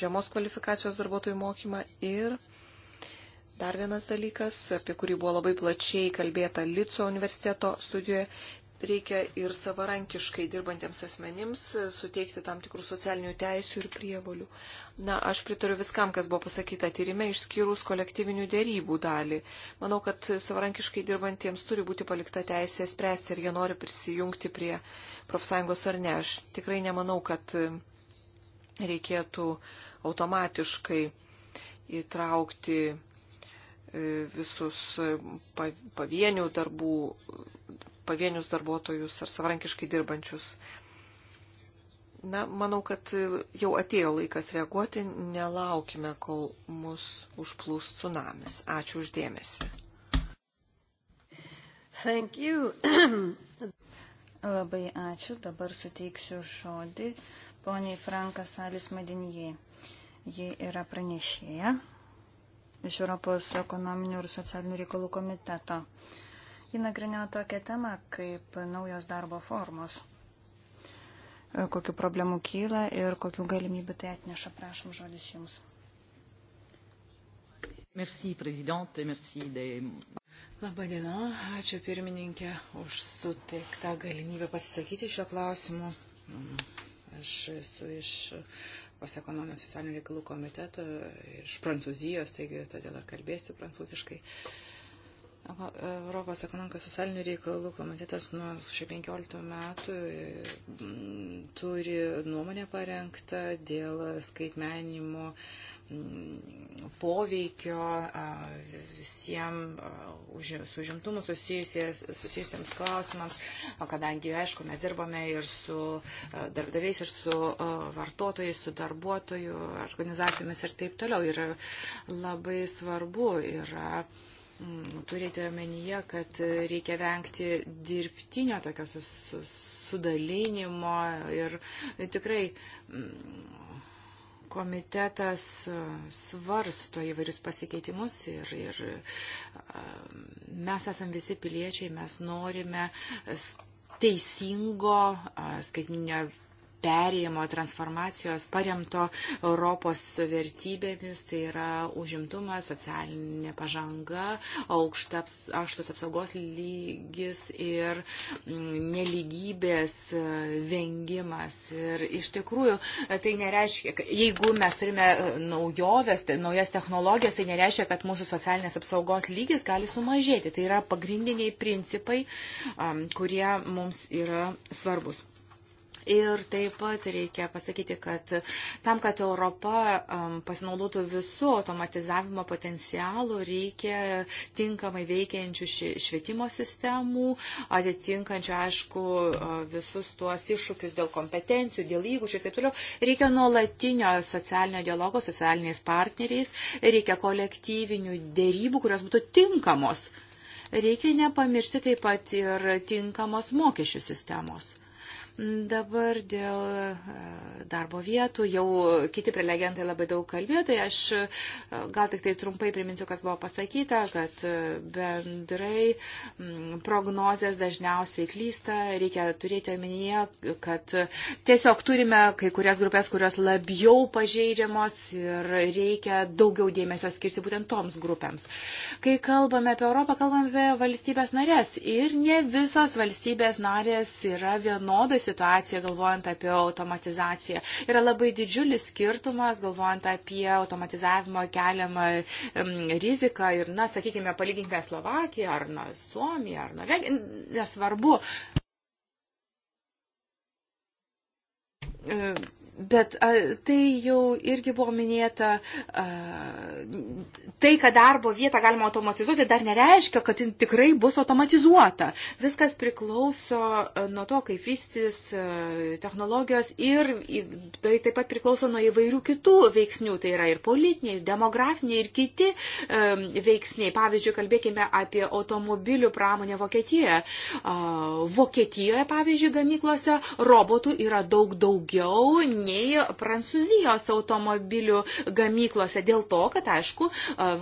žemos kvalifikacijos darbuotojų mokymą. Ir dar vienas dalykas, apie kurį buvo labai plačiai kalbėta Lico universiteto studijoje, reikia ir savarankiškai dirbantiems asmenims suteikti tam tikrų socialinių teisių ir prievolių. Na, aš pritariu viskam, kas buvo pasakyta tyrime, išskyrus kolektyvinių dėrybų dalį. Manau, kad savarankiškai dirbantiems turi būti palikta teisė spręsti, ar jie nori prisijungti prie profsąjungos ar ne. Aš tikrai nemanau, kad reikėtų automatiškai įtraukti e, visus e, pavienių darbų pavienius darbuotojus ar savarankiškai dirbančius. Na, manau, kad jau atėjo laikas reaguoti, nelaukime, kol mus užplūs tsunamis. Ačiū uždėmesi. Thank you. Labai ačiū. Dabar suteiksiu žodį poniai Frankas Alis Madinijai. Ji yra pranešėja iš Europos ekonominių ir socialinių reikalų komiteto. Uh, Ji nagrinėjo tokią temą kaip naujos darbo formos. E, kokių problemų kyla ir kokių galimybių tai atneša, prašom žodis jums. Merci, prezidentė, merci de... Labadiena, ačiū pirmininkė už suteiktą galimybę pasisakyti šio klausimu. Mm, aš esu iš pas ekonominio socialinių reikalų komiteto, iš Prancūzijos, taigi todėl ir kalbėsiu prancūziškai. Uh, Europos ekonomikos socialinių reikalų komitetas nuo 2015 metų e, turi nuomonę parengtą dėl skaitmeninimo mm, poveikio visiems su žimtumu susijusiems klausimams, o kadangi, aišku, mes dirbame ir su darbdaviais, ir su vartotojais, su darbuotojų organizacijomis ir taip toliau. Ir labai svarbu yra Mm, turėti omenyje, kad reikia vengti dirbtinio tokio sudalinimo ir tikrai mm, komitetas e, svarsto įvairius pasikeitimus ir, ir e, mes esam visi piliečiai, mes norime teisingo e, skaitminio perėjimo transformacijos paremto Europos vertybėmis, tai yra užimtumas, socialinė pažanga, aukšta, aukštas apsaugos lygis ir mm, neligybės e, vengimas. Ir iš tikrųjų, e, tai nereiškia, jeigu mes turime e, naujoves, tai naujas technologijas, tai nereiškia, kad mūsų socialinės apsaugos lygis gali sumažėti. Tai yra pagrindiniai principai, kurie mums yra svarbus. Ir taip pat reikia pasakyti, kad tam, kad Europa um, pasinaudotų visų automatizavimo potencialų, reikia tinkamai veikiančių švietimo sistemų, atitinkančių, aišku, uh, visus tuos iššūkius dėl kompetencijų, dėl įgūdžių ir taip toliau. Reikia nuolatinio socialinio dialogo socialiniais partneriais, reikia kolektyvinių dėrybų, kurios būtų tinkamos. Reikia nepamiršti taip pat ir tinkamos mokesčių sistemos. Dabar dėl e, darbo vietų jau kiti prelegentai labai daug kalbėjo, tai aš e, gal tik tai trumpai priminsiu, kas buvo pasakyta, kad e, bendrai prognozės dažniausiai klysta, reikia turėti omenyje, kad tiesiog turime kai kurias grupės, kurios labiau pažeidžiamos ir reikia daugiau dėmesio skirti būtent toms grupėms. Kai kalbame apie Europą, kalbame apie valstybės narės ir ne visos valstybės narės yra vienodai situaciją, galvojant apie automatizaciją. Yra labai didžiulis skirtumas, galvojant apie automatizavimo keliamą riziką ir, na, sakykime, palyginkime Slovakiją ar na, Suomiją ar Norvegiją, nesvarbu Bet a, tai jau irgi buvo minėta, a, tai, kad darbo vietą galima automatizuoti, dar nereiškia, kad tikrai bus automatizuota. Viskas priklauso nuo to, kaip vystys technologijos ir tai taip pat priklauso nuo įvairių kitų veiksnių. Tai yra ir politiniai, ir demografiniai, ir kiti a, veiksniai. Pavyzdžiui, kalbėkime apie automobilių pramonę Vokietijoje. A, Vokietijoje, pavyzdžiui, gamyklose robotų yra daug daugiau nei Prancūzijos automobilių gamyklose dėl to, kad, aišku,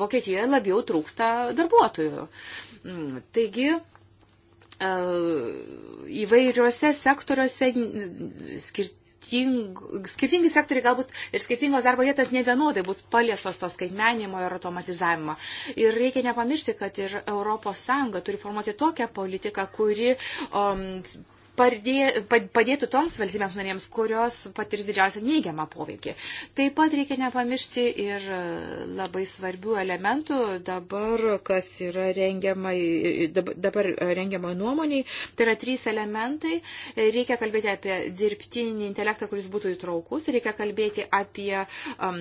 Vokietijoje labiau trūksta darbuotojų. Mm, taigi, įvairiuose sektoriuose skirti skirting, skirtingi sektoriai galbūt ir skirtingos darbo vietas ne vienodai bus paliestos to skaitmenimo ir automatizavimo. Ir reikia nepamiršti, kad ir ES turi formuoti tokią politiką, kuri um, pardė, padėtų toms valstybėms narėms, kurios patirs didžiausią neigiamą poveikį. Taip pat reikia nepamiršti ir e, labai svarbių elementų dabar, kas yra rengiamai, dabar rengiamai nuomoniai. Tai yra trys elementai. Reikia kalbėti apie dirbtinį intelektą, kuris būtų įtraukus, reikia kalbėti apie um,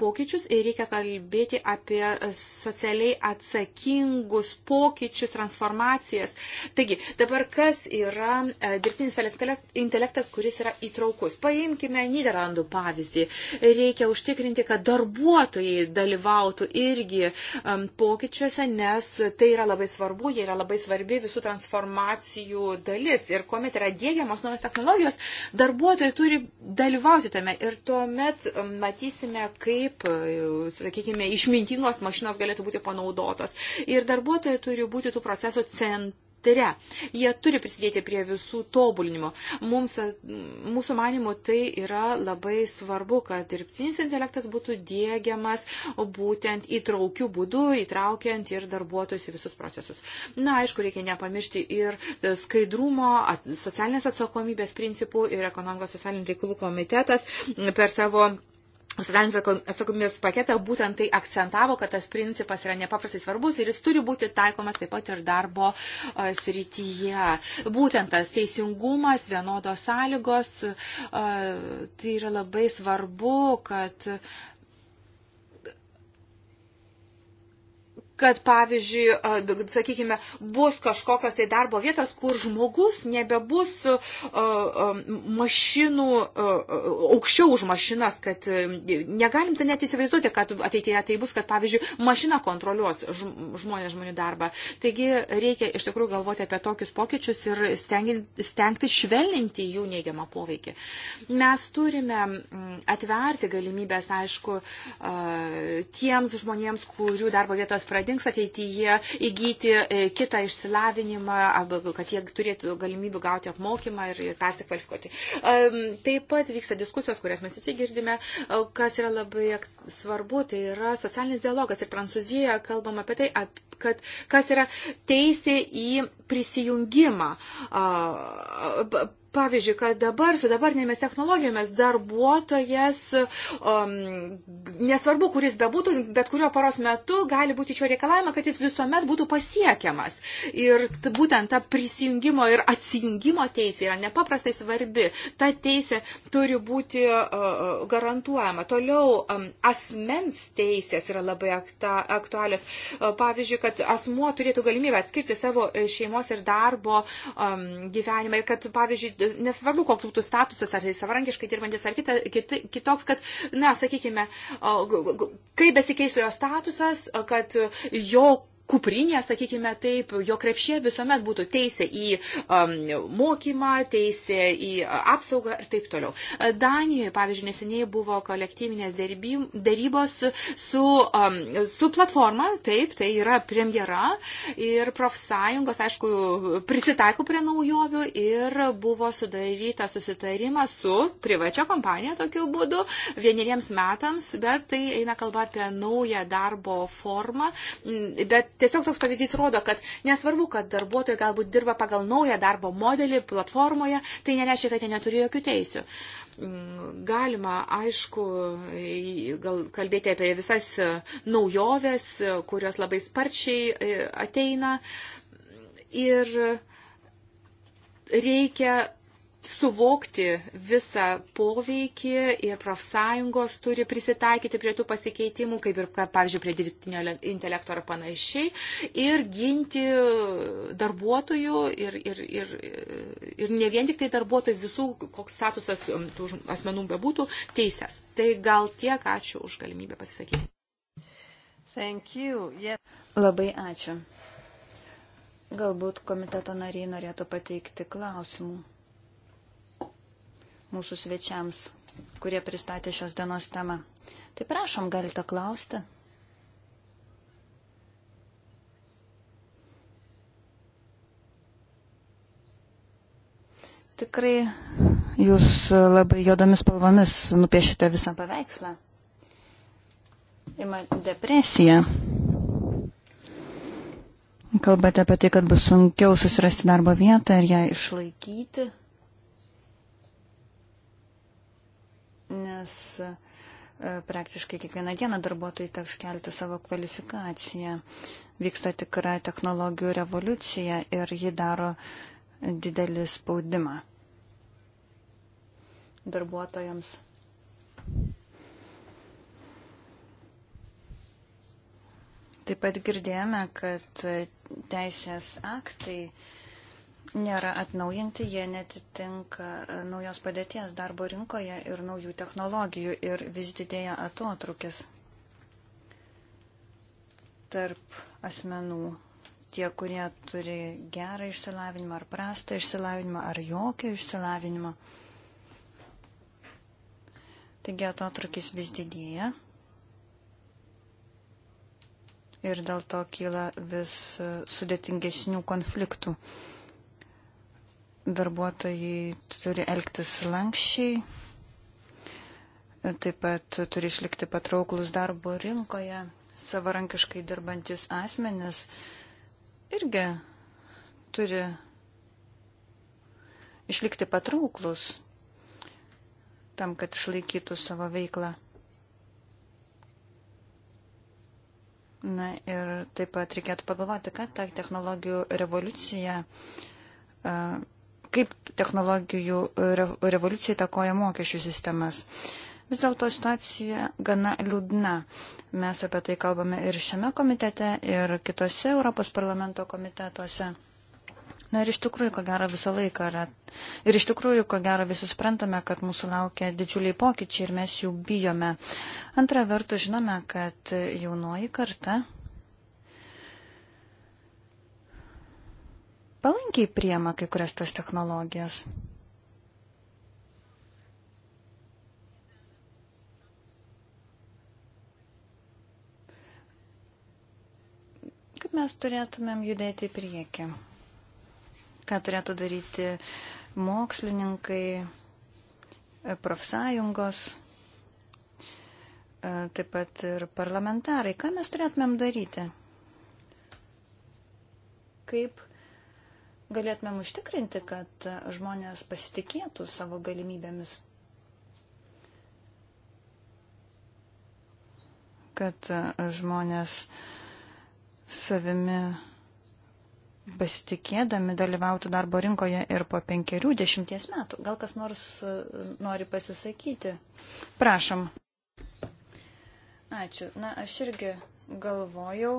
pokyčius ir reikia kalbėti apie socialiai atsakingus pokyčius, transformacijas. Taigi, dabar kas yra e, dirbtinis intelektas, kuris yra įtraukus. Paimkime Niderlandų pavyzdį. Reikia užtikrinti, kad darbuotojai dalyvautų irgi um, pokyčiuose, nes tai yra labai svarbu, jie yra labai svarbi visų transformacijų dalis. Ir kuomet yra dėgiamos naujos technologijos, darbuotojai turi dalyvauti tame. Ir tuomet um, matysime, kaip, uh, sakykime, išmintingos mašinos galėtų būti panaudotos. Ir darbuotojai turi būti tų procesų centrų teatre. Jie turi prisidėti prie visų tobulinimo. Mums, mūsų manimu, tai yra labai svarbu, kad dirbtinis intelektas būtų dėgiamas būtent įtraukių būdų, įtraukiant ir darbuotojus į visus procesus. Na, aišku, reikia nepamiršti ir skaidrumo, socialinės atsakomybės principų ir ekonomikos socialinių reikalų komitetas per savo socialinės atsakomybės paketą būtent tai akcentavo, kad tas principas yra nepaprastai svarbus ir jis turi būti taikomas taip pat ir darbo srityje. Būtent tas teisingumas, vienodos sąlygos, tai yra labai svarbu, kad kad pavyzdžiui, sakykime, bus kažkokios tai darbo vietos, kur žmogus nebebus mašinų, aukščiau už mašinas, kad e, negalim tai net įsivaizduoti, kad ateityje tai bus, kad pavyzdžiui, mašina kontroliuos žmonės žmonių darbą. Taigi reikia iš tikrųjų galvoti apie tokius pokyčius ir stengti švelninti jų neigiamą poveikį. Mes turime atverti galimybės, aišku, tiems žmonėms, kurių darbo vietos pradėjo patinks ateityje įgyti e, kitą išsilavinimą, kad jie turėtų galimybę gauti apmokymą ir, ir persikvalifikuoti. Taip pat vyksta diskusijos, kurias mes įsigirdime, e, kas yra labai svarbu, tai yra socialinis dialogas. Ir Prancūzijoje kalbam apie tai, kad kas yra teisė į prisijungimą Pavyzdžiui, kad dabar su dabartinėmis technologijomis darbuotojas, um, nesvarbu, kuris bebūtų, bet kurio paros metu gali būti šio reikalavimo, kad jis visuomet būtų pasiekiamas. Ir būtent ta prisijungimo ir atsijungimo teisė yra nepaprastai svarbi. Ta teisė turi būti uh, uh, garantuojama. Toliau um, asmens teisės yra labai akta, aktualios. Uh, pavyzdžiui, kad asmuo turėtų galimybę atskirti savo e, šeimos ir darbo um, gyvenimą. Ir kad, pavyzdžiui, nesvarbu, koks būtų statusas, ar jis savarankiškai dirbantis, ar kita, kita, kitoks, kad, na, sakykime, kaip besikeistų jo statusas, kad jo kuprinė, sakykime taip, jo krepšė visuomet būtų teisė į um, mokymą, teisė į apsaugą ir taip toliau. Danijoje, pavyzdžiui, neseniai buvo kolektyvinės darybos su, um, su platforma, taip, tai yra premjera ir profsąjungos, aišku, prisitaiko prie naujovių ir buvo sudaryta susitarima su privačia kompanija tokiu būdu vieneriems metams, bet tai eina kalba apie naują darbo formą, bet Tiesiog toks pavyzdys rodo, kad nesvarbu, kad darbuotojai galbūt dirba pagal naują darbo modelį platformoje, tai nereiškia, kad jie neturi jokių teisių. Mm, galima, aišku, gal kalbėti apie visas e, naujoves, e, kurios labai sparčiai e, ateina. Ir reikia suvokti visą poveikį ir profsąjungos turi prisitaikyti prie tų pasikeitimų, kaip ir, kad, pavyzdžiui, prie dirbtinio intelekto ar panašiai, ir ginti darbuotojų ir, ir, ir, ir ne vien tik tai darbuotojų visų, koks statusas um, tų asmenų bebūtų, teisės. Tai gal tiek ačiū už galimybę pasisakyti. Yeah. Labai ačiū. Galbūt komiteto nariai norėtų pateikti klausimų mūsų svečiams, kurie pristatė šios dienos temą. Tai prašom, galite klausti. Tikrai jūs labai juodomis spalvomis nupiešite visą paveikslą. Ima depresija. Kalbate apie tai, kad bus sunkiau susirasti darbo vietą ir ją išlaikyti. nes e, praktiškai kiekvieną dieną darbuotojai teks kelti savo kvalifikaciją. Vyksta tikra technologijų revoliucija ir ji daro didelį spaudimą darbuotojams. Taip pat girdėjome, kad teisės aktai uh, nėra atnaujinti, jie netitinka e, naujos padėties darbo rinkoje ir naujų technologijų ir vis didėja atotrukis tarp asmenų. Tie, kurie turi gerą išsilavinimą ar prastą išsilavinimą ar jokio išsilavinimą. Taigi atotrukis vis didėja ir dėl to kyla vis e, sudėtingesnių konfliktų. Darbuotojai turi elgtis lankščiai, taip pat turi išlikti patrauklus darbo rinkoje, savarankiškai dirbantis asmenis irgi turi išlikti patrauklus tam, kad išlaikytų savo veiklą. Na ir taip pat reikėtų pagalvoti, kad ta technologijų revoliucija uh, kaip technologijų revoliucija įtakoja mokesčių sistemas. Vis dėlto situacija gana liūdna. Mes apie tai kalbame ir šiame komitete, ir kitose Europos parlamento komitetuose. Na ir iš tikrųjų, ko gero, visą laiką yra. Ir iš tikrųjų, ko gero, visi suprantame, kad mūsų laukia didžiuliai pokyčiai ir mes jų bijome. Antra vertus, žinome, kad jaunoji karta palankiai priema kai kurias tas technologijas. Kaip mes turėtumėm judėti į priekį? Ką turėtų daryti mokslininkai, profsąjungos, taip pat ir parlamentarai? Ką mes turėtumėm daryti? Kaip galėtumėm užtikrinti, kad žmonės pasitikėtų savo galimybėmis? Kad žmonės savimi pasitikėdami dalyvautų darbo rinkoje ir po penkerių dešimties metų. Gal kas nors e, nori pasisakyti? Prašom. Ačiū. Na, aš irgi galvojau,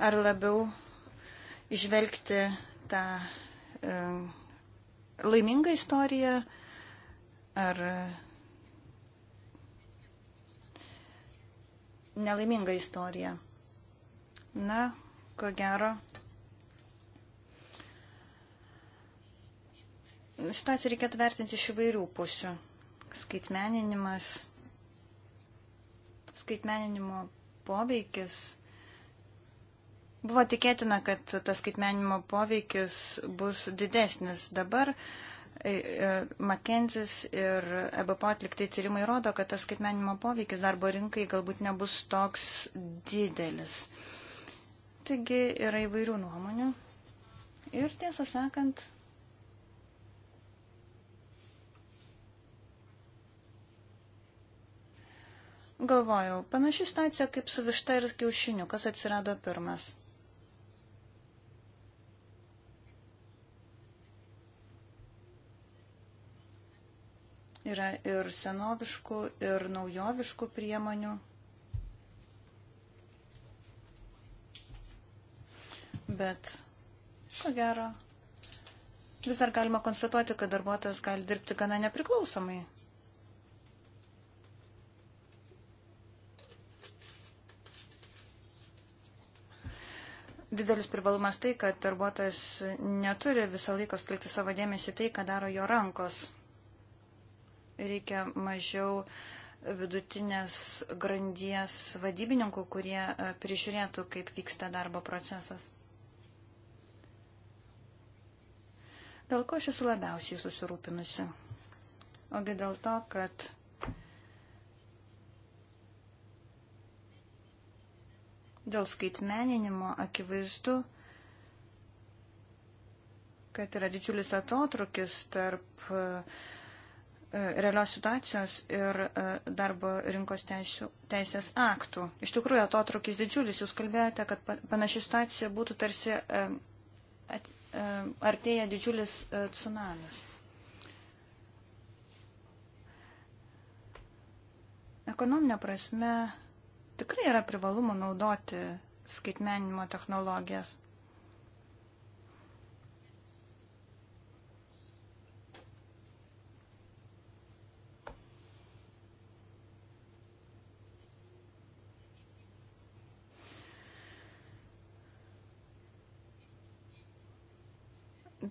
ar labiau žvelgti tą e, laimingą istoriją, ar nelaimingą istoriją. Na, ko gero. Situaciją reikėtų vertinti iš įvairių pusių. Skaitmeninimas, skaitmeninimo poveikis Buvo tikėtina, kad tas skaitmenimo poveikis bus didesnis. Dabar e, e, McKenzie's ir EBPO atlikti tyrimai rodo, kad tas skaitmenimo poveikis darbo rinkai galbūt nebus toks didelis. Taigi yra įvairių nuomonių. Ir tiesą sakant, galvojau, panaši situacija kaip su višta ir kiaušiniu, kas atsirado pirmas. Yra ir senoviškų, ir naujoviškų priemonių. Bet, ko gero, vis dar galima konstatuoti, kad darbuotojas gali dirbti gana nepriklausomai. didelis privalumas tai, kad darbuotojas neturi visą laiką skirti savo dėmesį tai, ką daro jo rankos reikia mažiau vidutinės grandies vadybininkų, kurie e, prižiūrėtų, kaip vyksta darbo procesas. Dėl ko aš esu labiausiai susirūpinusi? Ogi dėl to, kad dėl skaitmeninimo akivaizdu, kad yra didžiulis atotrukis tarp uh, E, realios situacijos ir e, darbo rinkos teisų, teisės aktų. Iš tikrųjų, atotrukis didžiulis. Jūs kalbėjote, kad panaši situacija būtų tarsi e, at, artėja didžiulis tsunamis. Ekonominė prasme tikrai yra privalumo naudoti skaitmenimo technologijas.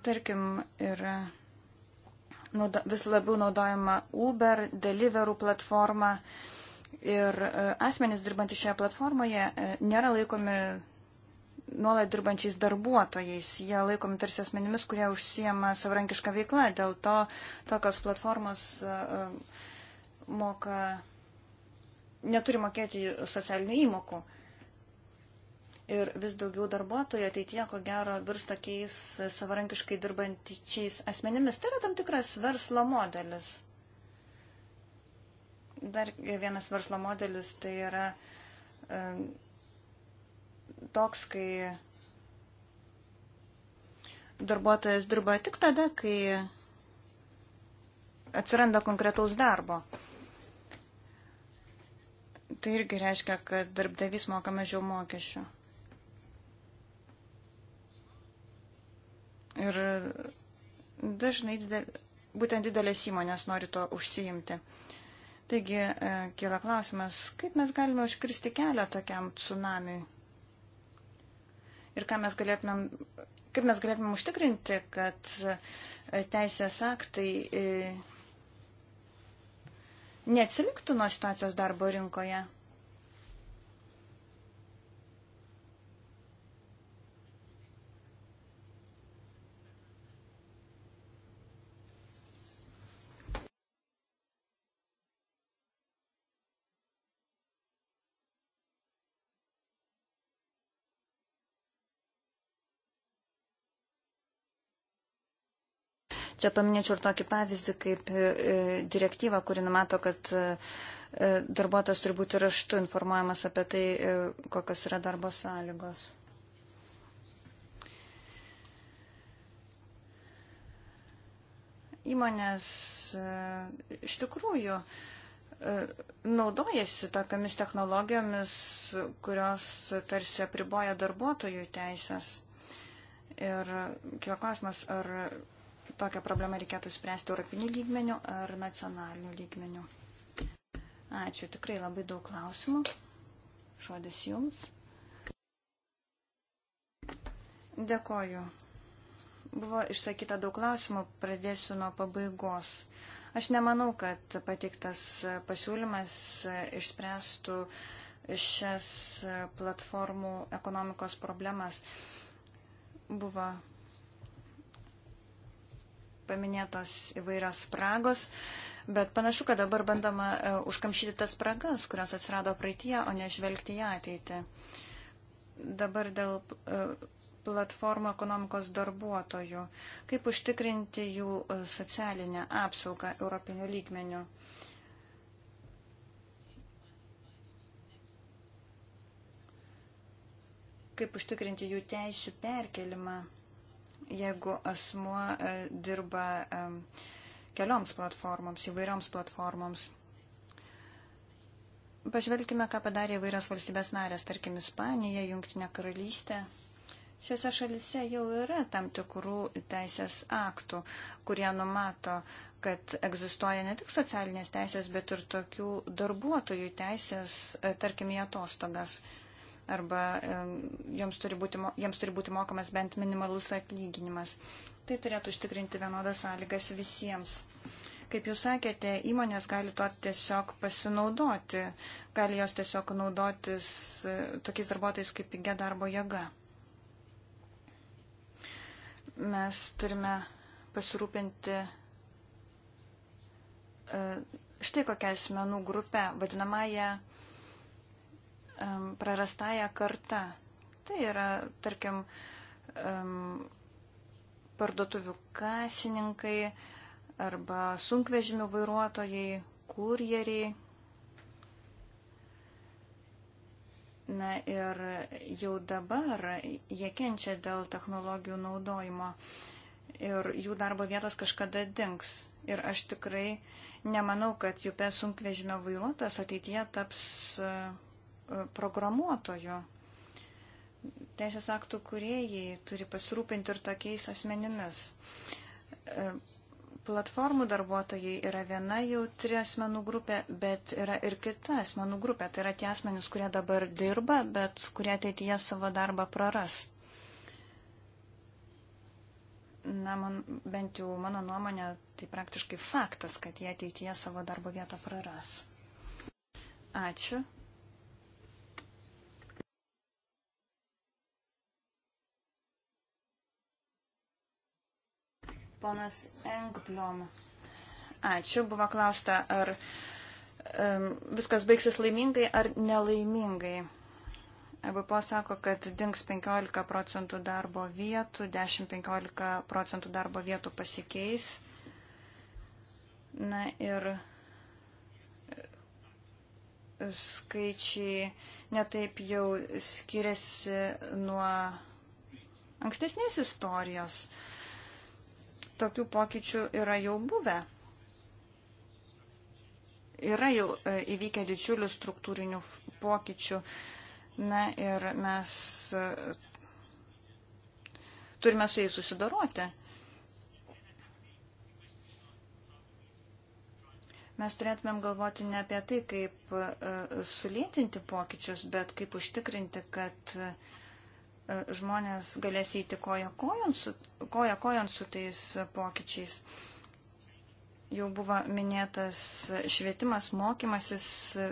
Tarkim, yra naudo, vis labiau naudojama Uber, Deliveroo platforma ir e, asmenys dirbantys šioje platformoje e, nėra laikomi nuolat dirbančiais darbuotojais. Jie laikomi tarsi asmenimis, kurie užsijama savarankišką veiklą. Dėl to tokios platformos e, moka, neturi mokėti socialinių įmokų ir vis daugiau darbuotojų ateityje, ko gero, virs tokiais savarankiškai dirbantyčiais asmenimis. Tai yra tam tikras verslo modelis. Dar vienas verslo modelis tai yra um, toks, kai darbuotojas dirba tik tada, kai atsiranda konkretaus darbo tai irgi reiškia, kad darbdavys moka mažiau mokesčių. Ir dažnai didel, būtent didelės įmonės nori to užsiimti. Taigi e, kyla klausimas, kaip mes galime užkristi kelią tokiam tsunamiui? Ir ką mes galėtumėm, kaip mes galėtumėm užtikrinti, kad e, teisės aktai e, neatsiliktų nuo situacijos darbo rinkoje? Čia paminėčiau ir tokį pavyzdį kaip e, e, direktyva, kuri numato, kad e, darbuotojas turi būti raštu informuojamas apie tai, kokios yra darbo sąlygos. Įmonės iš tikrųjų naudojasi tokiamis technologijomis, kurios tarsi apriboja darbuotojų teisės. Ir kila klausimas, ar tokią problemą reikėtų spręsti europinių lygmenių ar nacionalinių lygmenių. Ačiū, tikrai labai daug klausimų. Žodis jums. Dėkoju. Buvo išsakyta daug klausimų, pradėsiu nuo pabaigos. Aš nemanau, kad pateiktas pasiūlymas išspręstų šias platformų ekonomikos problemas. Buvo paminėtos įvairios spragos, bet panašu, kad dabar bandoma e, užkamšyti tas spragas, kurios atsirado praeitie, o ne žvelgti į ateitį. Dabar dėl e, platformų ekonomikos darbuotojų. Kaip užtikrinti jų e, socialinę apsaugą europinių lygmenių? kaip užtikrinti jų teisų perkelimą jeigu asmuo e, dirba e, kelioms platformoms, įvairioms platformoms. Pažvelkime, ką padarė įvairios valstybės narės, tarkim Ispanija, Junktinė karalystė. Šiuose šalise jau yra tam tikrų teisės aktų, kurie numato, kad egzistuoja ne tik socialinės teisės, bet ir tokių darbuotojų teisės, e, tarkim, į atostogas. Uh, arba e, jiems turi, būti, jiems turi būti mokamas bent minimalus atlyginimas. Tai turėtų užtikrinti vienodas sąlygas visiems. Kaip jūs sakėte, įmonės gali to tiesiog pasinaudoti, gali jos tiesiog naudotis e, tokiais darbuotojais kaip pigia darbo jėga. Mes turime pasirūpinti e, štai kokią asmenų grupę, vadinamąją prarastąją kartą. Tai yra, tarkim, parduotuvių kasininkai arba sunkvežimių vairuotojai, kurjeriai. Na ir jau dabar jie kenčia dėl technologijų naudojimo ir jų darbo vietos kažkada dinks. Ir aš tikrai nemanau, kad jupės sunkvežimio vairuotojas ateityje taps programuotojų. Teisės aktų kuriejai turi pasirūpinti ir tokiais asmenimis. E, platformų darbuotojai yra viena jautri asmenų grupė, bet yra ir kita asmenų grupė. Tai yra tie asmenys, kurie dabar dirba, bet kurie ateityje savo darbą praras. Na, man, bent jau mano nuomonė, tai praktiškai faktas, kad jie ateityje savo darbo vietą praras. Ačiū. Ponas Engblom. Ačiū. Buvo klausta, ar um, viskas baigsis laimingai ar nelaimingai. EBPO sako, kad dinks 15 procentų darbo vietų, 10-15 procentų darbo vietų pasikeis. Na ir e, skaičiai netaip jau skiriasi nuo ankstesnės istorijos. Uh, tokių pokyčių yra jau buvę. Yra jau e, įvykę didžiulių struktūrinių pokyčių. Na ir mes e, turime su jais susidoroti. Mes turėtumėm galvoti ne apie tai, kaip e, sulėtinti pokyčius, bet kaip užtikrinti, kad uh, E, žmonės galės įti koja kojon su, koja kojon su tais pokyčiais. Jau buvo minėtas švietimas, mokymasis, e,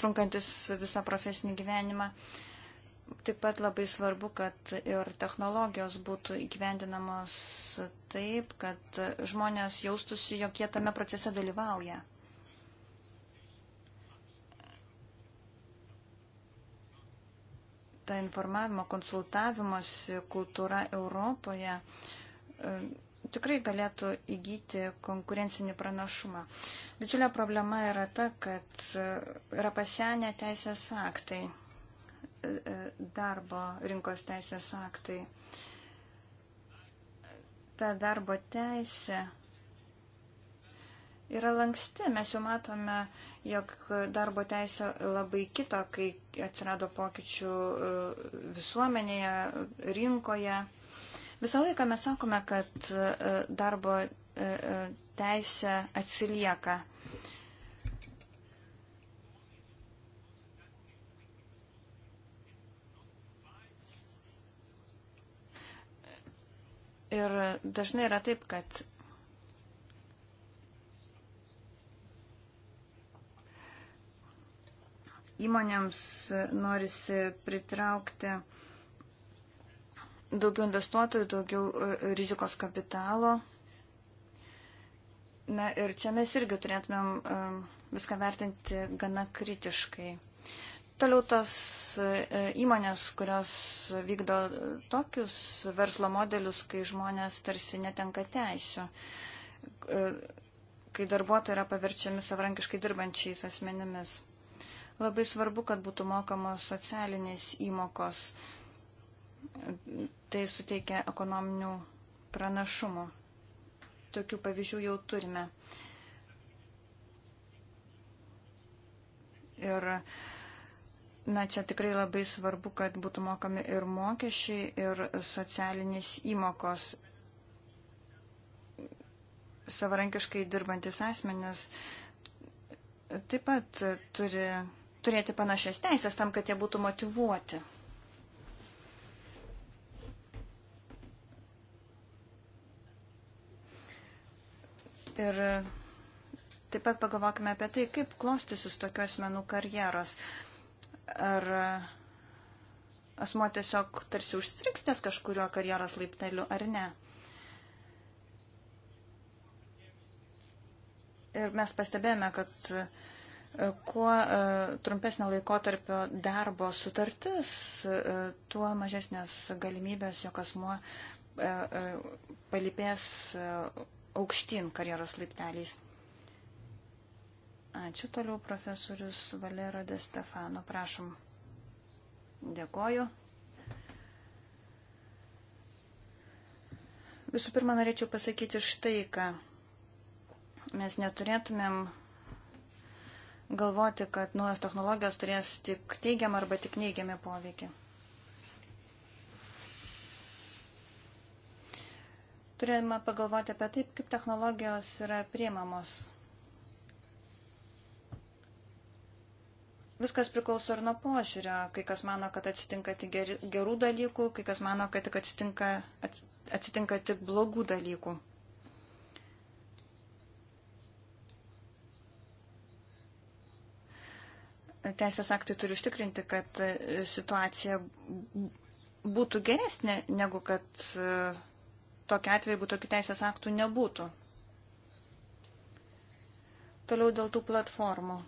trunkantis visą profesinį gyvenimą. Taip pat labai svarbu, kad ir technologijos būtų įgyvendinamos taip, kad žmonės jaustųsi, jog jie tame procese dalyvauja. ta informavimo, konsultavimosi kultūra Europoje e, tikrai galėtų įgyti konkurencinį pranašumą. Didžiulė problema yra ta, kad e, yra pasenę teisės aktai, e, darbo rinkos teisės aktai. Ta darbo teisė yra lanksti. Mes jau matome, jog darbo teisė labai kito, kai atsirado pokyčių e, visuomenėje, rinkoje. Visą laiką mes sakome, kad e, darbo e, teisė atsilieka. Ir dažnai yra taip, kad įmonėms norisi pritraukti daugiau investuotojų, daugiau e, rizikos kapitalo. Na ir čia mes irgi turėtumėm e, viską vertinti gana kritiškai. Toliau tas e, įmonės, kurios vykdo tokius verslo modelius, kai žmonės tarsi netenka teisų, kai darbuotojai yra paverčiami savrankiškai dirbančiais asmenimis. Labai svarbu, kad būtų mokamos socialinės įmokos. Tai suteikia ekonominių pranašumų. Tokių pavyzdžių jau turime. Ir na, čia tikrai labai svarbu, kad būtų mokami ir mokesčiai, ir socialinės įmokos. Savarankiškai dirbantis asmenis taip pat turi turėti panašias teisės tam, kad jie būtų motivuoti. Ir taip pat pagalvokime apie tai, kaip klostysis tokių asmenų karjeros. Ar asmo tiesiog tarsi užstrikstės kažkurio karjeros laipteliu ar ne. Ir mes pastebėjome, kad Kuo e, trumpesnio laikotarpio darbo sutartis, e, tuo mažesnės galimybės, jog asmuo e, palypės aukštyn karjeros laipteliais. Ačiū toliau profesorius Valero de Stefano, prašom. Dėkoju. Visų pirma, norėčiau pasakyti štai ką. Mes neturėtumėm galvoti, kad naujos technologijos turės tik teigiamą arba tik neigiamą poveikį. Turėjome pagalvoti apie taip, kaip technologijos yra priimamos. Viskas priklauso ir nuo požiūrio. Kai kas mano, kad atsitinka tik gerų dalykų, kai kas mano, kad tik atsitinka, atsitinka tik blogų dalykų. teisės aktai turi užtikrinti, kad e, situacija būtų geresnė, negu kad e, tokia atveju, jeigu tokių teisės aktų nebūtų. Toliau dėl tų platformų.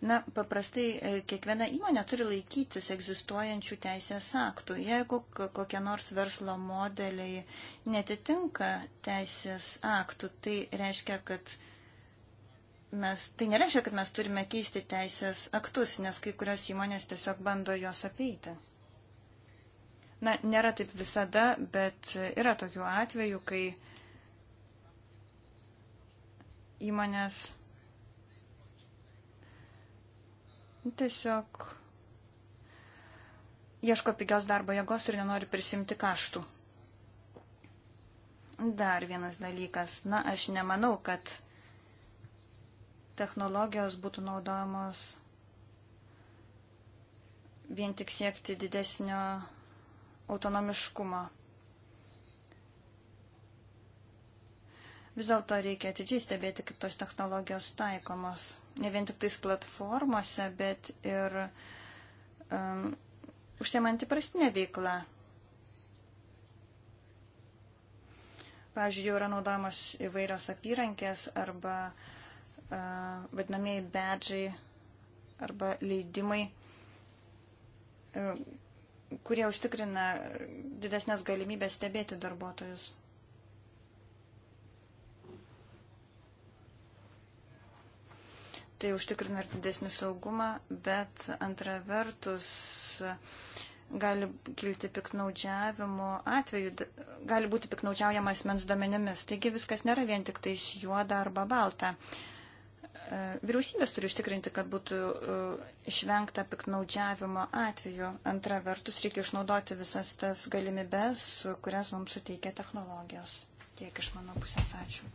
Na, paprastai e, kiekviena įmonė turi laikytis egzistuojančių teisės aktų. Jeigu kokie nors verslo modeliai netitinka teisės aktų, tai reiškia, kad mes, tai nereiškia, kad mes turime keisti teisės aktus, nes kai kurios įmonės tiesiog bando juos apeiti. Na, nėra taip visada, bet yra tokių atvejų, kai įmonės tiesiog ieško pigios darbo jėgos ir nenori prisimti kaštų. Dar vienas dalykas. Na, aš nemanau, kad technologijos būtų naudojamos vien tik siekti didesnio autonomiškumo. Vis dėlto reikia atidžiai stebėti, kaip tos technologijos taikomos. Ne vien tik tais platformose, bet ir um, užsiemant įprastinę veiklą. Pavyzdžiui, jau yra naudojamos įvairios apyrankės arba uh, vadinamieji bedžai arba leidimai, uh, kurie užtikrina didesnės galimybės stebėti darbuotojus. tai užtikrina ir didesnį saugumą, bet antra vertus gali kilti piknaudžiavimo atveju, gali būti piknaudžiaujama asmens duomenimis. Taigi viskas nėra vien tik tais juoda arba balta. E, vyriausybės turi užtikrinti, kad būtų e, išvengta piknaudžiavimo atveju. Antra vertus, reikia išnaudoti visas tas galimybes, kurias mums suteikia technologijos. Tiek iš mano pusės ačiū.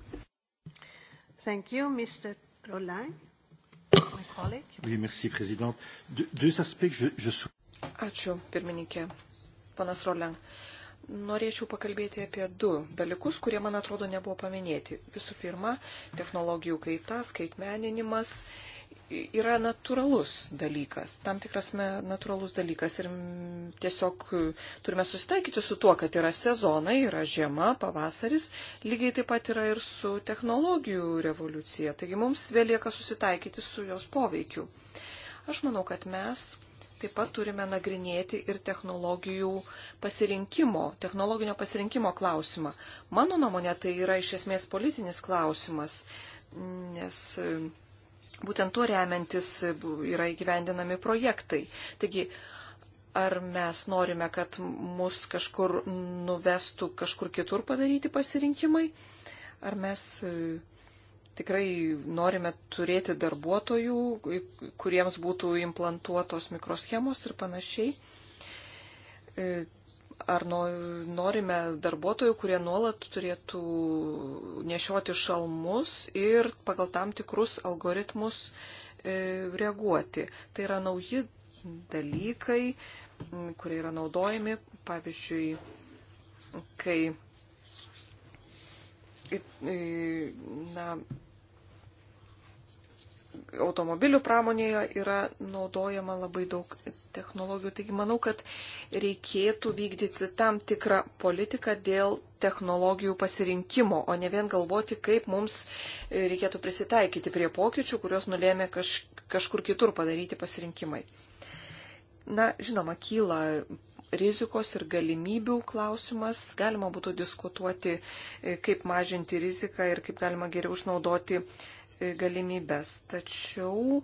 Thank you, Mr. Roland. Ačiū, pirmininkė. Panas Rolen. Norėčiau pakalbėti apie du dalykus, kurie, man atrodo, nebuvo paminėti. Visų pirma, technologijų kaita, skaitmeninimas yra natūralus dalykas, tam tikras natūralus dalykas ir tiesiog e, turime susitaikyti su tuo, kad yra sezonai, yra žiema, pavasaris, lygiai taip pat yra ir su technologijų revoliucija, taigi mums vėl lieka susitaikyti su jos poveikiu. Aš manau, kad mes taip pat turime nagrinėti ir technologijų pasirinkimo, technologinio pasirinkimo klausimą. Mano nuomonė tai yra iš esmės politinis klausimas, nes e, Būtent tuo remiantis yra įgyvendinami projektai. Taigi, ar mes norime, kad mus kažkur nuvestų kažkur kitur padaryti pasirinkimai, ar mes e, tikrai norime turėti darbuotojų, e, kuriems būtų implantuotos mikroschemos ir panašiai. E, Ar norime darbuotojų, kurie nuolat turėtų nešioti šalmus ir pagal tam tikrus algoritmus e, reaguoti. Tai yra nauji dalykai, kurie yra naudojami, pavyzdžiui, kai na, automobilių pramonėje yra naudojama labai daug technologijų. Taigi manau, kad reikėtų vykdyti tam tikrą politiką dėl technologijų pasirinkimo, o ne vien galvoti, kaip mums e, reikėtų prisitaikyti prie pokyčių, kuriuos nulėmė kaž, kažkur kitur padaryti pasirinkimai. Na, žinoma, kyla rizikos ir galimybių klausimas. Galima būtų diskutuoti, e, kaip mažinti riziką ir kaip galima geriau išnaudoti uh, galimybės. Tačiau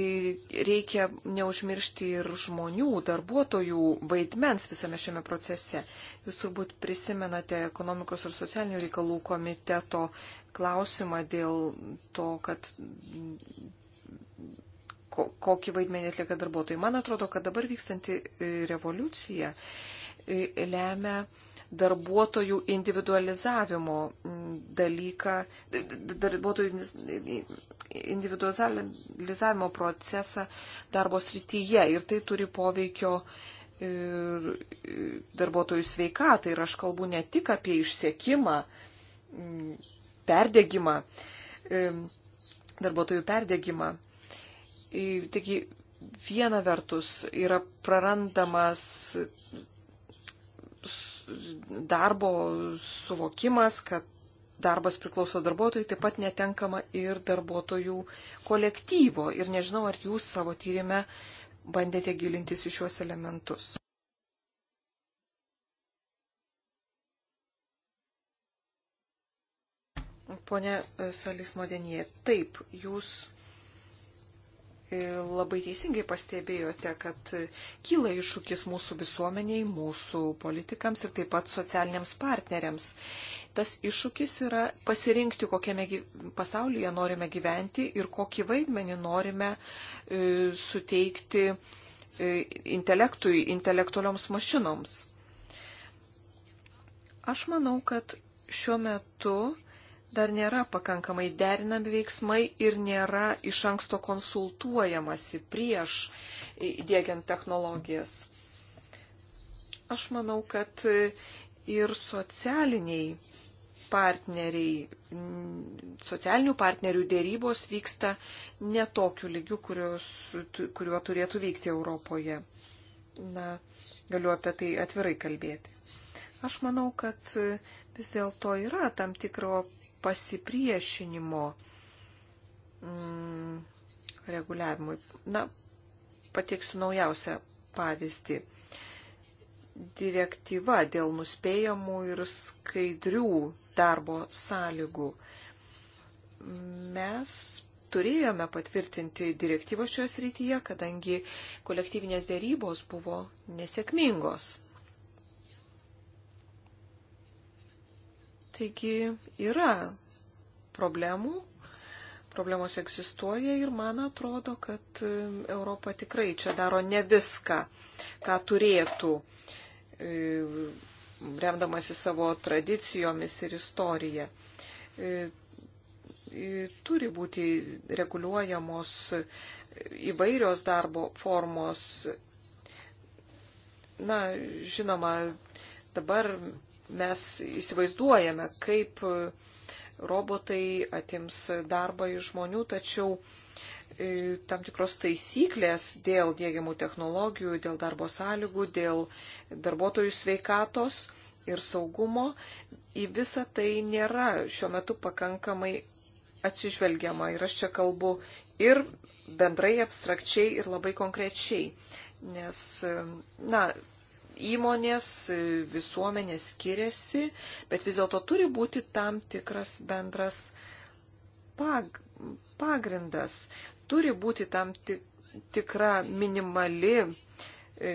e, reikia neužmiršti ir žmonių, darbuotojų vaidmens visame šiame procese. Jūs turbūt prisimenate ekonomikos ir socialinių reikalų komiteto klausimą dėl to, kad kokį vaidmenį atlieka darbuotojai. Man atrodo, kad dabar vykstanti e, revoliucija e, lemia darbuotojų individualizavimo mm, dalyką, darbuotojų individualizavimo procesą darbo srityje ir tai turi poveikio ir darbuotojų sveikatą ir aš kalbu ne tik apie išsiekimą, mm, perdėgymą, darbuotojų perdėgymą. Taigi viena vertus yra prarandamas darbo suvokimas, kad darbas priklauso darbuotojai, taip pat netenkama ir darbuotojų kolektyvo. Ir nežinau, ar jūs savo tyrimę bandėte gilintis į šiuos elementus. Pone Salis Modenie, taip, jūs labai teisingai pastebėjote, kad kyla iššūkis mūsų visuomeniai, mūsų politikams ir taip pat socialiniams partneriams. Tas iššūkis yra pasirinkti, kokiame pasaulyje norime gyventi ir kokį vaidmenį norime e, suteikti e, intelektui, intelektualioms mašinoms. Aš manau, kad šiuo metu dar nėra pakankamai derinami veiksmai ir nėra iš anksto konsultuojamasi prieš įdėgiant technologijas. Aš manau, kad ir socialiniai partneriai, socialinių partnerių dėrybos vyksta ne tokiu lygiu, kurios, kuriuo turėtų vykti Europoje. Na, galiu apie tai atvirai kalbėti. Aš manau, kad vis dėlto yra tam tikro pasipriešinimo mm, reguliavimui. Na, pateiksiu naujausią pavyzdį. Direktyva dėl nuspėjamų ir skaidrių darbo sąlygų. Mes turėjome patvirtinti direktyvą šios rytyje, kadangi kolektyvinės dėrybos buvo nesėkmingos. Taigi yra problemų, problemos egzistuoja ir man atrodo, kad um, Europa tikrai čia daro ne viską, ką turėtų, um, remdamasi savo tradicijomis ir istorija. Um, turi būti reguliuojamos įvairios darbo formos. Na, žinoma, dabar mes įsivaizduojame, kaip robotai atims darbą iš žmonių, tačiau e, tam tikros taisyklės dėl dėgiamų technologijų, dėl darbo sąlygų, dėl darbuotojų sveikatos ir saugumo, į visą tai nėra šiuo metu pakankamai atsižvelgiama. Ir aš čia kalbu ir bendrai, abstrakčiai, ir labai konkrečiai. Nes, e, na, įmonės, visuomenė skiriasi, bet vis dėlto turi būti tam tikras bendras pag pagrindas, turi būti tam tik, tikra minimali e,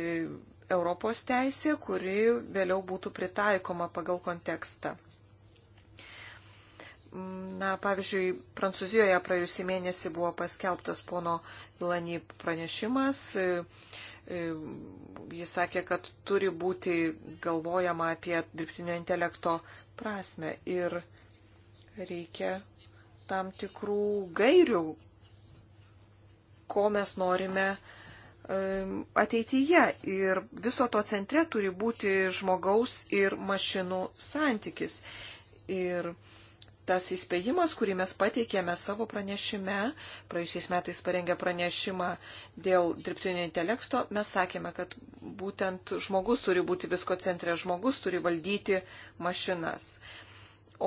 Europos teisė, kuri vėliau būtų pritaikoma pagal kontekstą. Na, pavyzdžiui, Prancūzijoje praėjusį mėnesį buvo paskelbtas pono Vilany pranešimas. E, E, jis sakė, kad turi būti galvojama apie dirbtinio intelekto prasme ir reikia tam tikrų gairių, ko mes norime e, ateityje. Ir viso to centre turi būti žmogaus ir mašinų santykis. Ir tas įspėjimas, kurį mes pateikėme savo pranešime, praėjusiais metais parengę pranešimą dėl dirbtinio intelekto, mes sakėme, kad būtent žmogus turi būti visko centre, žmogus turi valdyti mašinas.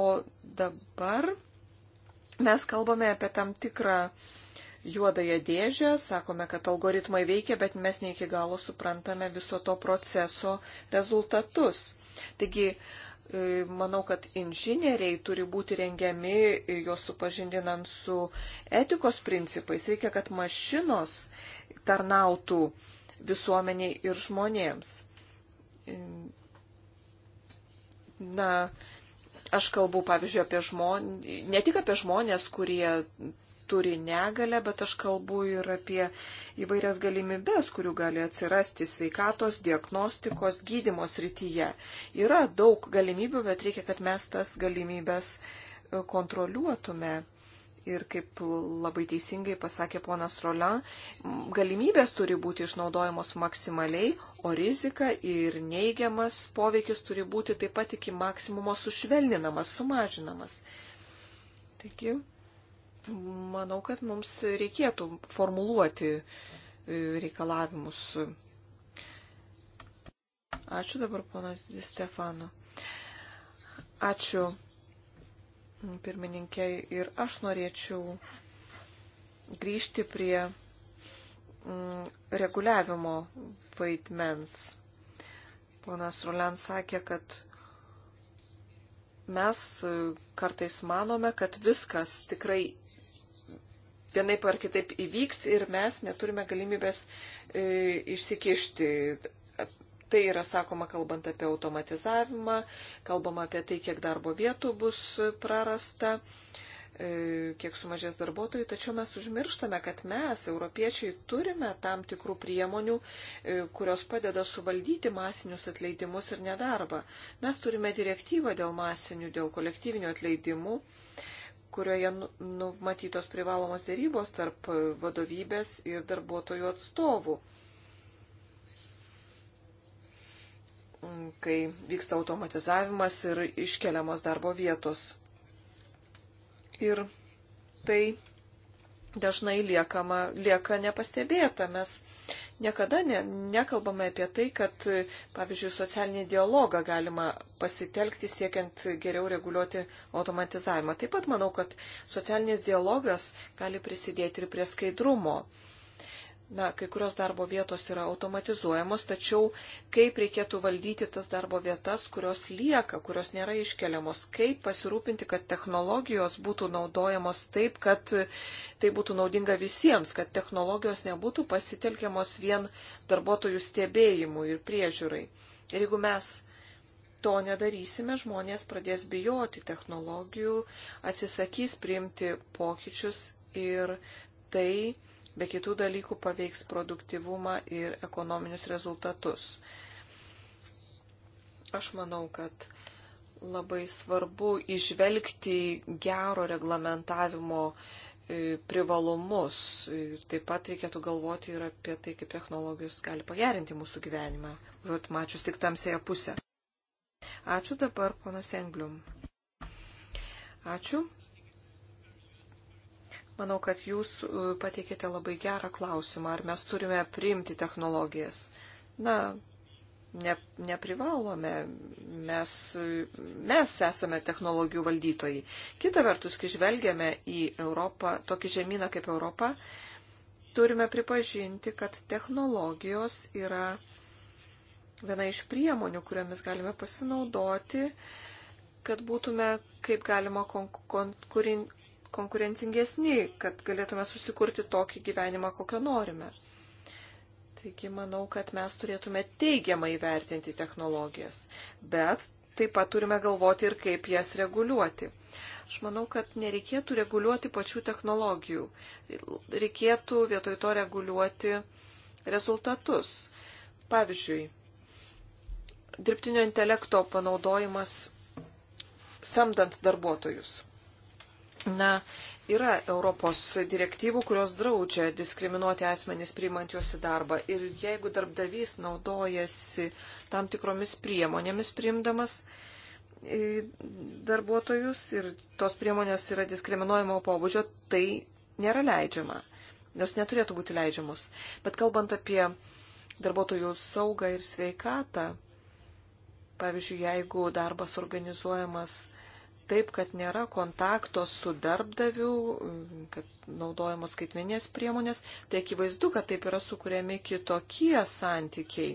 O dabar mes kalbame apie tam tikrą juodąją dėžę, sakome, kad algoritmai veikia, bet mes ne iki galo suprantame viso to proceso rezultatus. Taigi, uh, E, manau, kad inžinieriai turi būti rengiami, e, juos supažindinant su etikos principais. Reikia, kad mašinos tarnautų visuomeniai ir žmonėms. E, na, aš kalbu, pavyzdžiui, apie žmonės, ne tik apie žmonės, kurie turi negalę, bet aš kalbu ir apie įvairias galimybės, kurių gali atsirasti sveikatos, diagnostikos, gydimo srityje. Yra daug galimybių, bet reikia, kad mes tas galimybės e, kontroliuotume. Ir kaip labai teisingai pasakė ponas Rolan, galimybės turi būti išnaudojamos maksimaliai, o rizika ir neigiamas poveikis turi būti taip pat iki maksimumo sušvelninamas, sumažinamas. Taigi, manau, kad mums reikėtų formuluoti e, reikalavimus. Ačiū dabar, ponas Stefano. Ačiū, pirmininkė. Ir aš norėčiau grįžti prie mm, reguliavimo vaidmens. Ponas Rulen sakė, kad mes e, kartais manome, kad viskas tikrai vienaip ar kitaip įvyks ir mes neturime galimybės e, išsikišti. Tai yra sakoma, kalbant apie automatizavimą, kalbama apie tai, kiek darbo vietų bus prarasta, e, kiek sumažės darbuotojų, tačiau mes užmirštame, kad mes, europiečiai, turime tam tikrų priemonių, e, kurios padeda suvaldyti masinius atleidimus ir nedarbą. Mes turime direktyvą dėl masinių, dėl kolektyvinių atleidimų. E, kurioje nu, numatytos privalomos dėrybos tarp vadovybės ir darbuotojų atstovų, kai vyksta automatizavimas ir iškeliamos darbo vietos. Ir tai dažnai liekama, lieka nepastebėta. Mes niekada ne, nekalbame apie tai, kad, pavyzdžiui, socialinį dialogą galima pasitelkti siekiant geriau reguliuoti automatizavimą. Taip pat manau, kad socialinis dialogas gali prisidėti ir prie skaidrumo na, kai kurios darbo vietos yra automatizuojamos, tačiau kaip reikėtų valdyti tas darbo vietas, kurios lieka, kurios nėra iškeliamos, kaip pasirūpinti, kad technologijos būtų naudojamos taip, kad tai būtų naudinga visiems, kad technologijos nebūtų pasitelkiamos vien darbuotojų stebėjimui ir priežiūrai. Ir jeigu mes to nedarysime, žmonės pradės bijoti technologijų, atsisakys priimti pokyčius ir tai, be kitų dalykų paveiks produktivumą ir ekonominius rezultatus. Aš manau, kad labai svarbu išvelgti gero reglamentavimo e, privalumus. Ir taip pat reikėtų galvoti ir apie tai, kaip technologijos gali pagerinti mūsų gyvenimą, užuot mačius tik tamsėje pusę. Ačiū dabar, ponas Englium. Ačiū. Manau, kad jūs e, pateikėte labai gerą klausimą, ar mes turime priimti technologijas. Na, ne, neprivalome, mes, mes esame technologijų valdytojai. Kita vertus, kai žvelgiame į Europą, tokį žemyną kaip Europą, turime pripažinti, kad technologijos yra viena iš priemonių, kuriomis galime pasinaudoti, kad būtume kaip galima konkurin, konkurencingesni, kad galėtume susikurti tokį gyvenimą, kokio norime. Taigi manau, kad mes turėtume teigiamai vertinti technologijas, bet taip pat turime galvoti ir kaip jas reguliuoti. Aš manau, kad nereikėtų reguliuoti pačių technologijų. Reikėtų vietoj to reguliuoti rezultatus. Pavyzdžiui, dirbtinio intelekto panaudojimas samdant darbuotojus. Na, yra Europos direktyvų, kurios draudžia diskriminuoti asmenys priimant juos į darbą. Ir jeigu darbdavys naudojasi tam tikromis priemonėmis priimdamas darbuotojus ir tos priemonės yra diskriminuojamo pobūdžio, tai nėra leidžiama. Jos neturėtų būti leidžiamos. Bet kalbant apie darbuotojų saugą ir sveikatą, pavyzdžiui, jeigu darbas organizuojamas taip, kad nėra kontakto su darbdaviu, kad naudojamos skaitmenės priemonės, tai akivaizdu, kad taip yra sukūrėmi kitokie santykiai.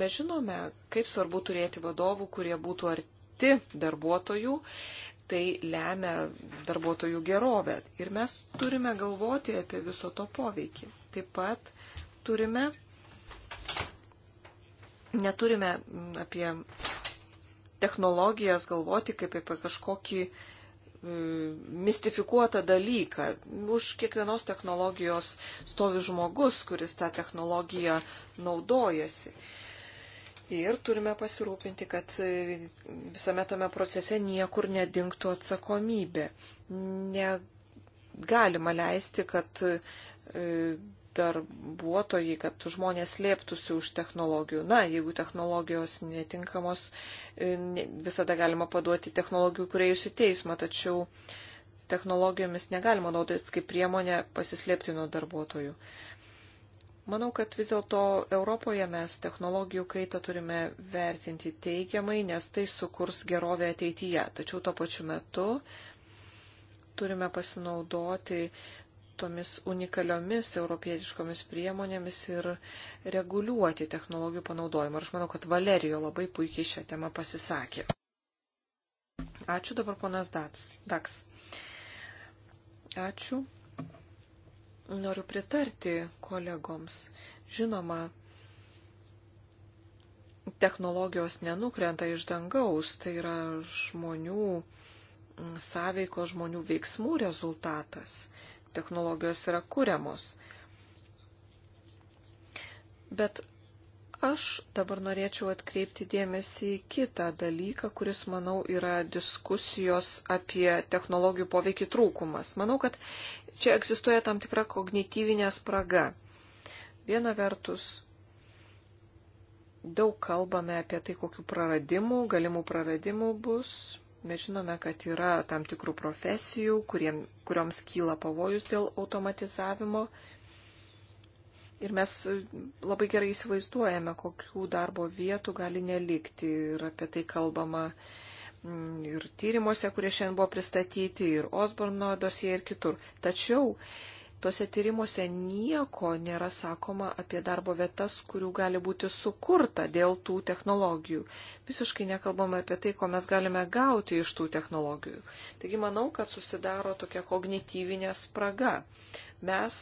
Mes žinome, kaip svarbu turėti vadovų, kurie būtų arti darbuotojų, tai lemia darbuotojų gerovę. Ir mes turime galvoti apie viso to poveikį. Taip pat turime, neturime apie technologijas, galvoti kaip apie kažkokį e, mistifikuotą dalyką. Už kiekvienos technologijos stovi žmogus, kuris tą technologiją naudojasi. Ir turime pasirūpinti, kad e, visame tame procese niekur nedingtų atsakomybė. Negalima leisti, kad e, darbuotojai, kad žmonės slėptųsi už technologijų. Na, jeigu technologijos netinkamos, e, visada galima paduoti technologijų kuriejus į teismą, tačiau technologijomis negalima naudotis kaip priemonė pasislėpti nuo darbuotojų. Manau, kad vis dėlto Europoje mes technologijų kaitą turime vertinti teigiamai, nes tai sukurs gerovę ateityje. Tačiau tuo pačiu metu turime pasinaudoti tomis unikaliomis europietiškomis priemonėmis ir reguliuoti technologijų panaudojimą. Ir aš manau, kad Valerijo labai puikiai šią temą pasisakė. Ačiū dabar ponas Daks. Ačiū. Noriu pritarti kolegoms. Žinoma, technologijos nenukrenta iš dangaus, tai yra žmonių mm, sąveiko žmonių veiksmų rezultatas technologijos yra kūriamos. Bet aš dabar norėčiau atkreipti dėmesį į kitą dalyką, kuris, manau, yra diskusijos apie technologijų poveikį trūkumas. Manau, kad čia egzistuoja tam tikra kognityvinė spraga. Viena vertus, daug kalbame apie tai, kokiu praradimu, galimų praradimų bus. Mes žinome, kad yra tam tikrų profesijų, kuriem, kurioms kyla pavojus dėl automatizavimo. Ir mes labai gerai įsivaizduojame, kokių darbo vietų gali nelikti. Ir apie tai kalbama mm, ir tyrimuose, kurie šiandien buvo pristatyti, ir Osborno dosije, ir kitur. Tačiau tuose tyrimuose nieko nėra sakoma apie darbo vietas, kurių gali būti sukurta dėl tų technologijų. Visiškai nekalbama apie tai, ko mes galime gauti iš tų technologijų. Taigi manau, kad susidaro tokia kognityvinė spraga. Mes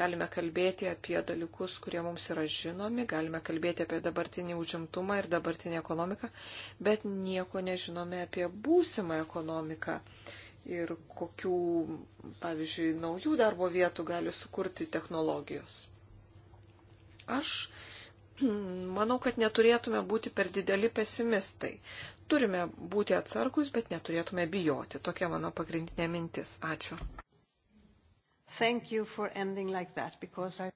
galime kalbėti apie dalykus, kurie mums yra žinomi, galime kalbėti apie dabartinį užimtumą ir dabartinį ekonomiką, bet nieko nežinome apie būsimą ekonomiką ir kokių, pavyzdžiui, naujų darbo vietų gali sukurti technologijos. Aš manau, kad neturėtume būti per dideli pesimistai. Turime būti atsargus, bet neturėtume bijoti. Tokia mano pagrindinė mintis. Ačiū. Like that, I...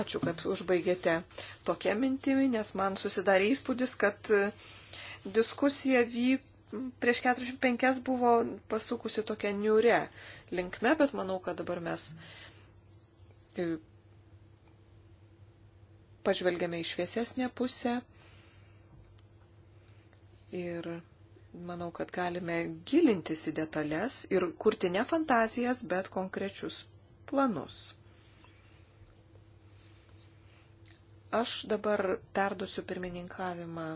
Ačiū, kad užbaigėte tokią mintimį, nes man susidarė įspūdis, kad e, diskusija vyko prieš 45 buvo pasukusi tokia niure linkme, bet manau, kad dabar mes e, pažvelgiame į šviesesnę pusę ir manau, kad galime gilintis į detalės ir kurti ne fantazijas, bet konkrečius planus. Aš dabar perdusiu pirmininkavimą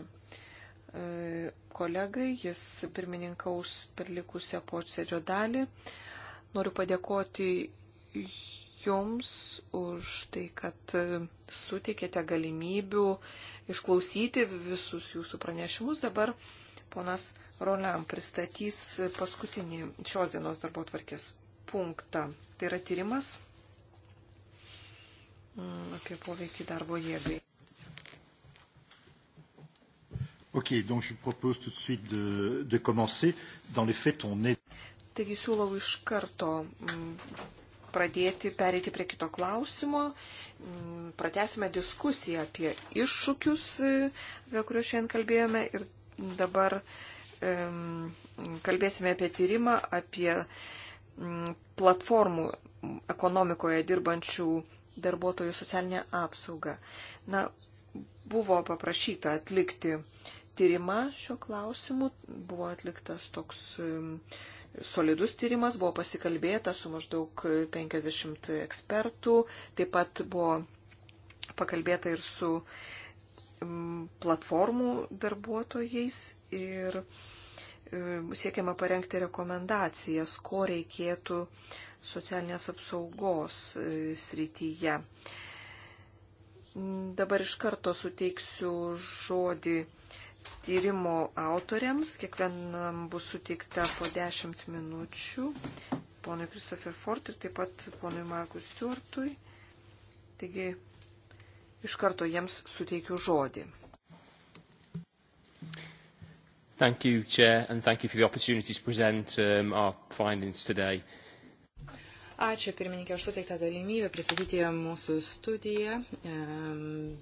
E, kolegai, jis pirmininkaus per likusią posėdžio dalį. Noriu padėkoti Jums už tai, kad e, suteikėte galimybių išklausyti visus Jūsų pranešimus. Dabar ponas Roland pristatys paskutinį šios dienos darbo tvarkės punktą. Tai yra tyrimas mm, apie poveikį darbo jėgai. Ok, donc je propose tout de suite de, de commencer. Dans les faits, on est. Taigi siūlau iš karto mm, pradėti, pereiti prie kito klausimo. Mm, Pratesime diskusiją apie iššūkius, e, apie kuriuos šiandien kalbėjome. Ir dabar kalbėsime apie tyrimą, apie mm, platformų ekonomikoje dirbančių darbuotojų socialinę apsaugą. Na, buvo paprašyta atlikti uh, tyrimą šio klausimu. Buvo atliktas toks solidus tyrimas, buvo pasikalbėta su maždaug 50 ekspertų, taip pat buvo pakalbėta ir su platformų darbuotojais ir siekiama parengti rekomendacijas, ko reikėtų socialinės apsaugos e, srityje. Dabar iš karto suteiksiu žodį tyrimo autoriams. Kiekvienam bus suteikta po 10 minučių. Ponui Christopher Ford ir taip pat ponui Markui Stewartui. Taigi iš karto jiems suteikiu žodį. Thank you, Chair, and thank you for the opportunity to present um, our findings today. Ačiū pirmininkė, aš suteiktą galimybę pristatyti mūsų studiją. Um,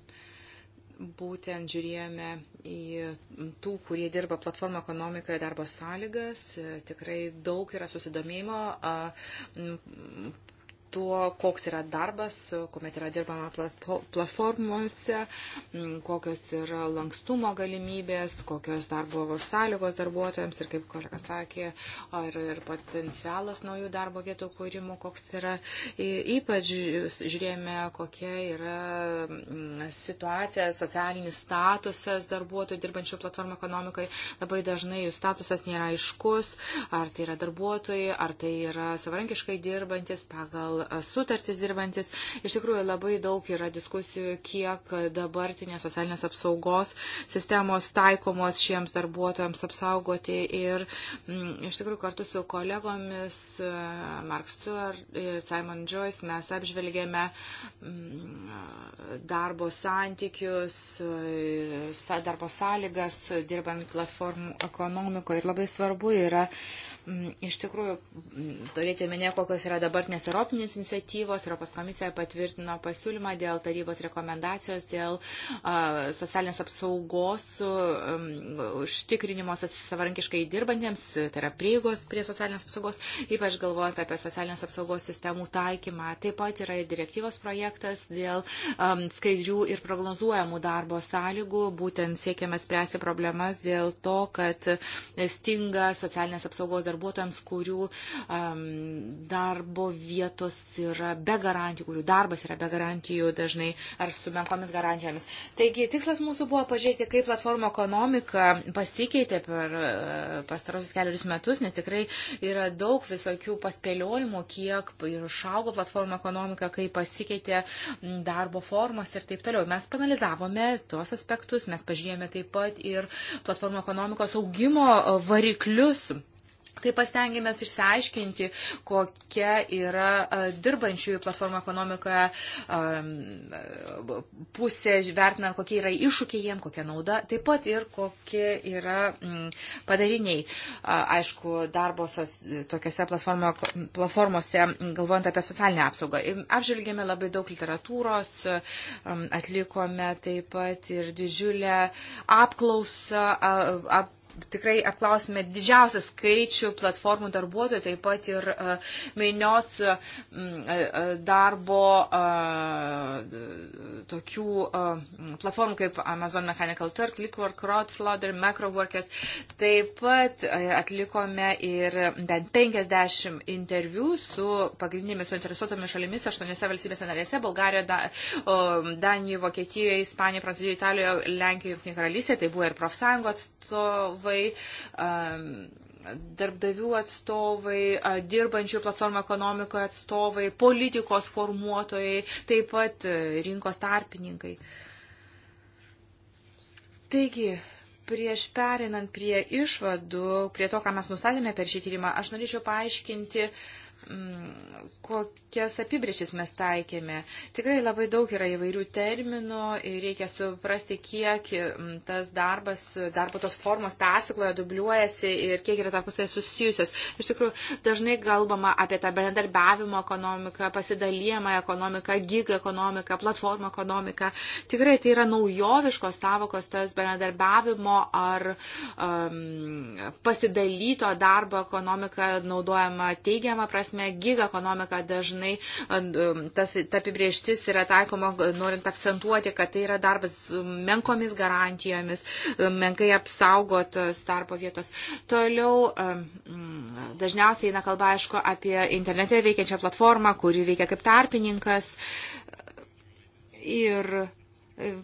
būtent žiūrėjome į tų, kurie dirba platformą ekonomikoje darbo sąlygas. Tikrai daug yra susidomėjimo tuo, koks yra darbas, kuomet yra dirbama platformose, kokios yra lankstumo galimybės, kokios darbo sąlygos darbuotojams ir, kaip kolega sakė, ir, ir potencialas naujų darbo vietų kūrimo, koks yra. Ypač žiūrėjome, kokia yra situacija, socialinis statusas darbuotojų dirbančių platformų ekonomikai. Labai dažnai jų statusas nėra aiškus, ar tai yra darbuotojai, ar tai yra savarankiškai dirbantis pagal pagal sutartis dirbantis. Iš tikrųjų labai daug yra diskusijų, kiek dabartinės socialinės apsaugos sistemos taikomos šiems darbuotojams apsaugoti. Ir m, mm, iš tikrųjų kartu su kolegomis e, Mark Stewart ir Simon Joyce mes apžvelgėme m, mm, darbo santykius, e, darbo sąlygas dirbant platformų ekonomikoje. Ir labai svarbu yra Iš tikrųjų, turėti omenyje, kokios yra dabartinės Europinės iniciatyvos. Europos komisija patvirtino pasiūlymą dėl tarybos rekomendacijos, dėl a, socialinės apsaugos užtikrinimo savarankiškai dirbantiems, tai yra prieigos prie socialinės apsaugos, ypač galvojant apie socialinės apsaugos sistemų taikymą. Taip pat yra ir direktyvos projektas dėl a, skaidžių ir prognozuojamų darbo sąlygų. Būtent siekiame spręsti problemas dėl to, kad stinga socialinės apsaugos darbuotojų darbuotojams, kurių um, darbo vietos yra be garantijų, kurių darbas yra be garantijų dažnai ar su menkomis garantijomis. Taigi tikslas mūsų buvo pažiūrėti, kaip platformų ekonomika pasikeitė per e, pastarosius keliarius metus, nes tikrai yra daug visokių paspėliojimų, kiek išaugo platformų ekonomika, kaip pasikeitė darbo formos ir taip toliau. Mes panalizavome tuos aspektus, mes pažiūrėjome taip pat ir platformų ekonomikos augimo variklius Taip pastengėmės išsiaiškinti, kokia yra dirbančiųjų platformų ekonomikoje pusė, vertinant, kokie yra iššūkiai jiem, kokia nauda, taip pat ir kokie yra padariniai. Aišku, darbo tokiuose platformose, galvojant apie socialinę apsaugą. Apžvelgėme labai daug literatūros, atlikome taip pat ir didžiulę apklausą, ap, tikrai apklausime didžiausią skaičių platformų darbuotojų, taip pat ir e, mainios e, e, darbo tokių platformų kaip Amazon Mechanical Turk, Liquor, Crowdflutter, Macroworkers. Taip pat atlikome ir bent 50 interviu su pagrindinėmis suinteresuotomis šalimis aštuoniuose valstybėse narėse - Bulgarijoje, Danijoje, Vokietijoje, Ispanijoje, Prancūzijoje, Italijoje, Lenkijoje, Junktinėje karalystėje. Tai buvo ir profsąjungo atstovai atstovai, darbdavių atstovai, dirbančių platformą ekonomikoje atstovai, politikos formuotojai, taip pat e, rinkos tarpininkai. Taigi, prieš perinant prie išvadų, prie to, ką mes nustatėme per šį tyrimą, aš norėčiau paaiškinti, uh, Mm, kokias apibriešis mes taikėme. Tikrai labai daug yra įvairių terminų ir reikia suprasti, kiek mm, tas darbas, darbo tos formos persikloja, dubliuojasi ir kiek yra tarpusai susijusios. Iš tikrųjų, dažnai kalbama apie tą bendradarbiavimo ekonomiką, pasidalyjamą ekonomiką, gig ekonomiką, platformą ekonomiką. Tikrai tai yra naujoviškos savokos tas bendradarbiavimo ar um, pasidalyto darbo ekonomika naudojama teigiamą prasme prasme gig ekonomika dažnai um, tas apibrieštis yra taikoma, norint akcentuoti, kad tai yra darbas menkomis garantijomis, um, menkai apsaugotos darbo vietos. Toliau um, dažniausiai eina kalba, aišku, apie internete veikiančią platformą, kuri veikia kaip tarpininkas. Ir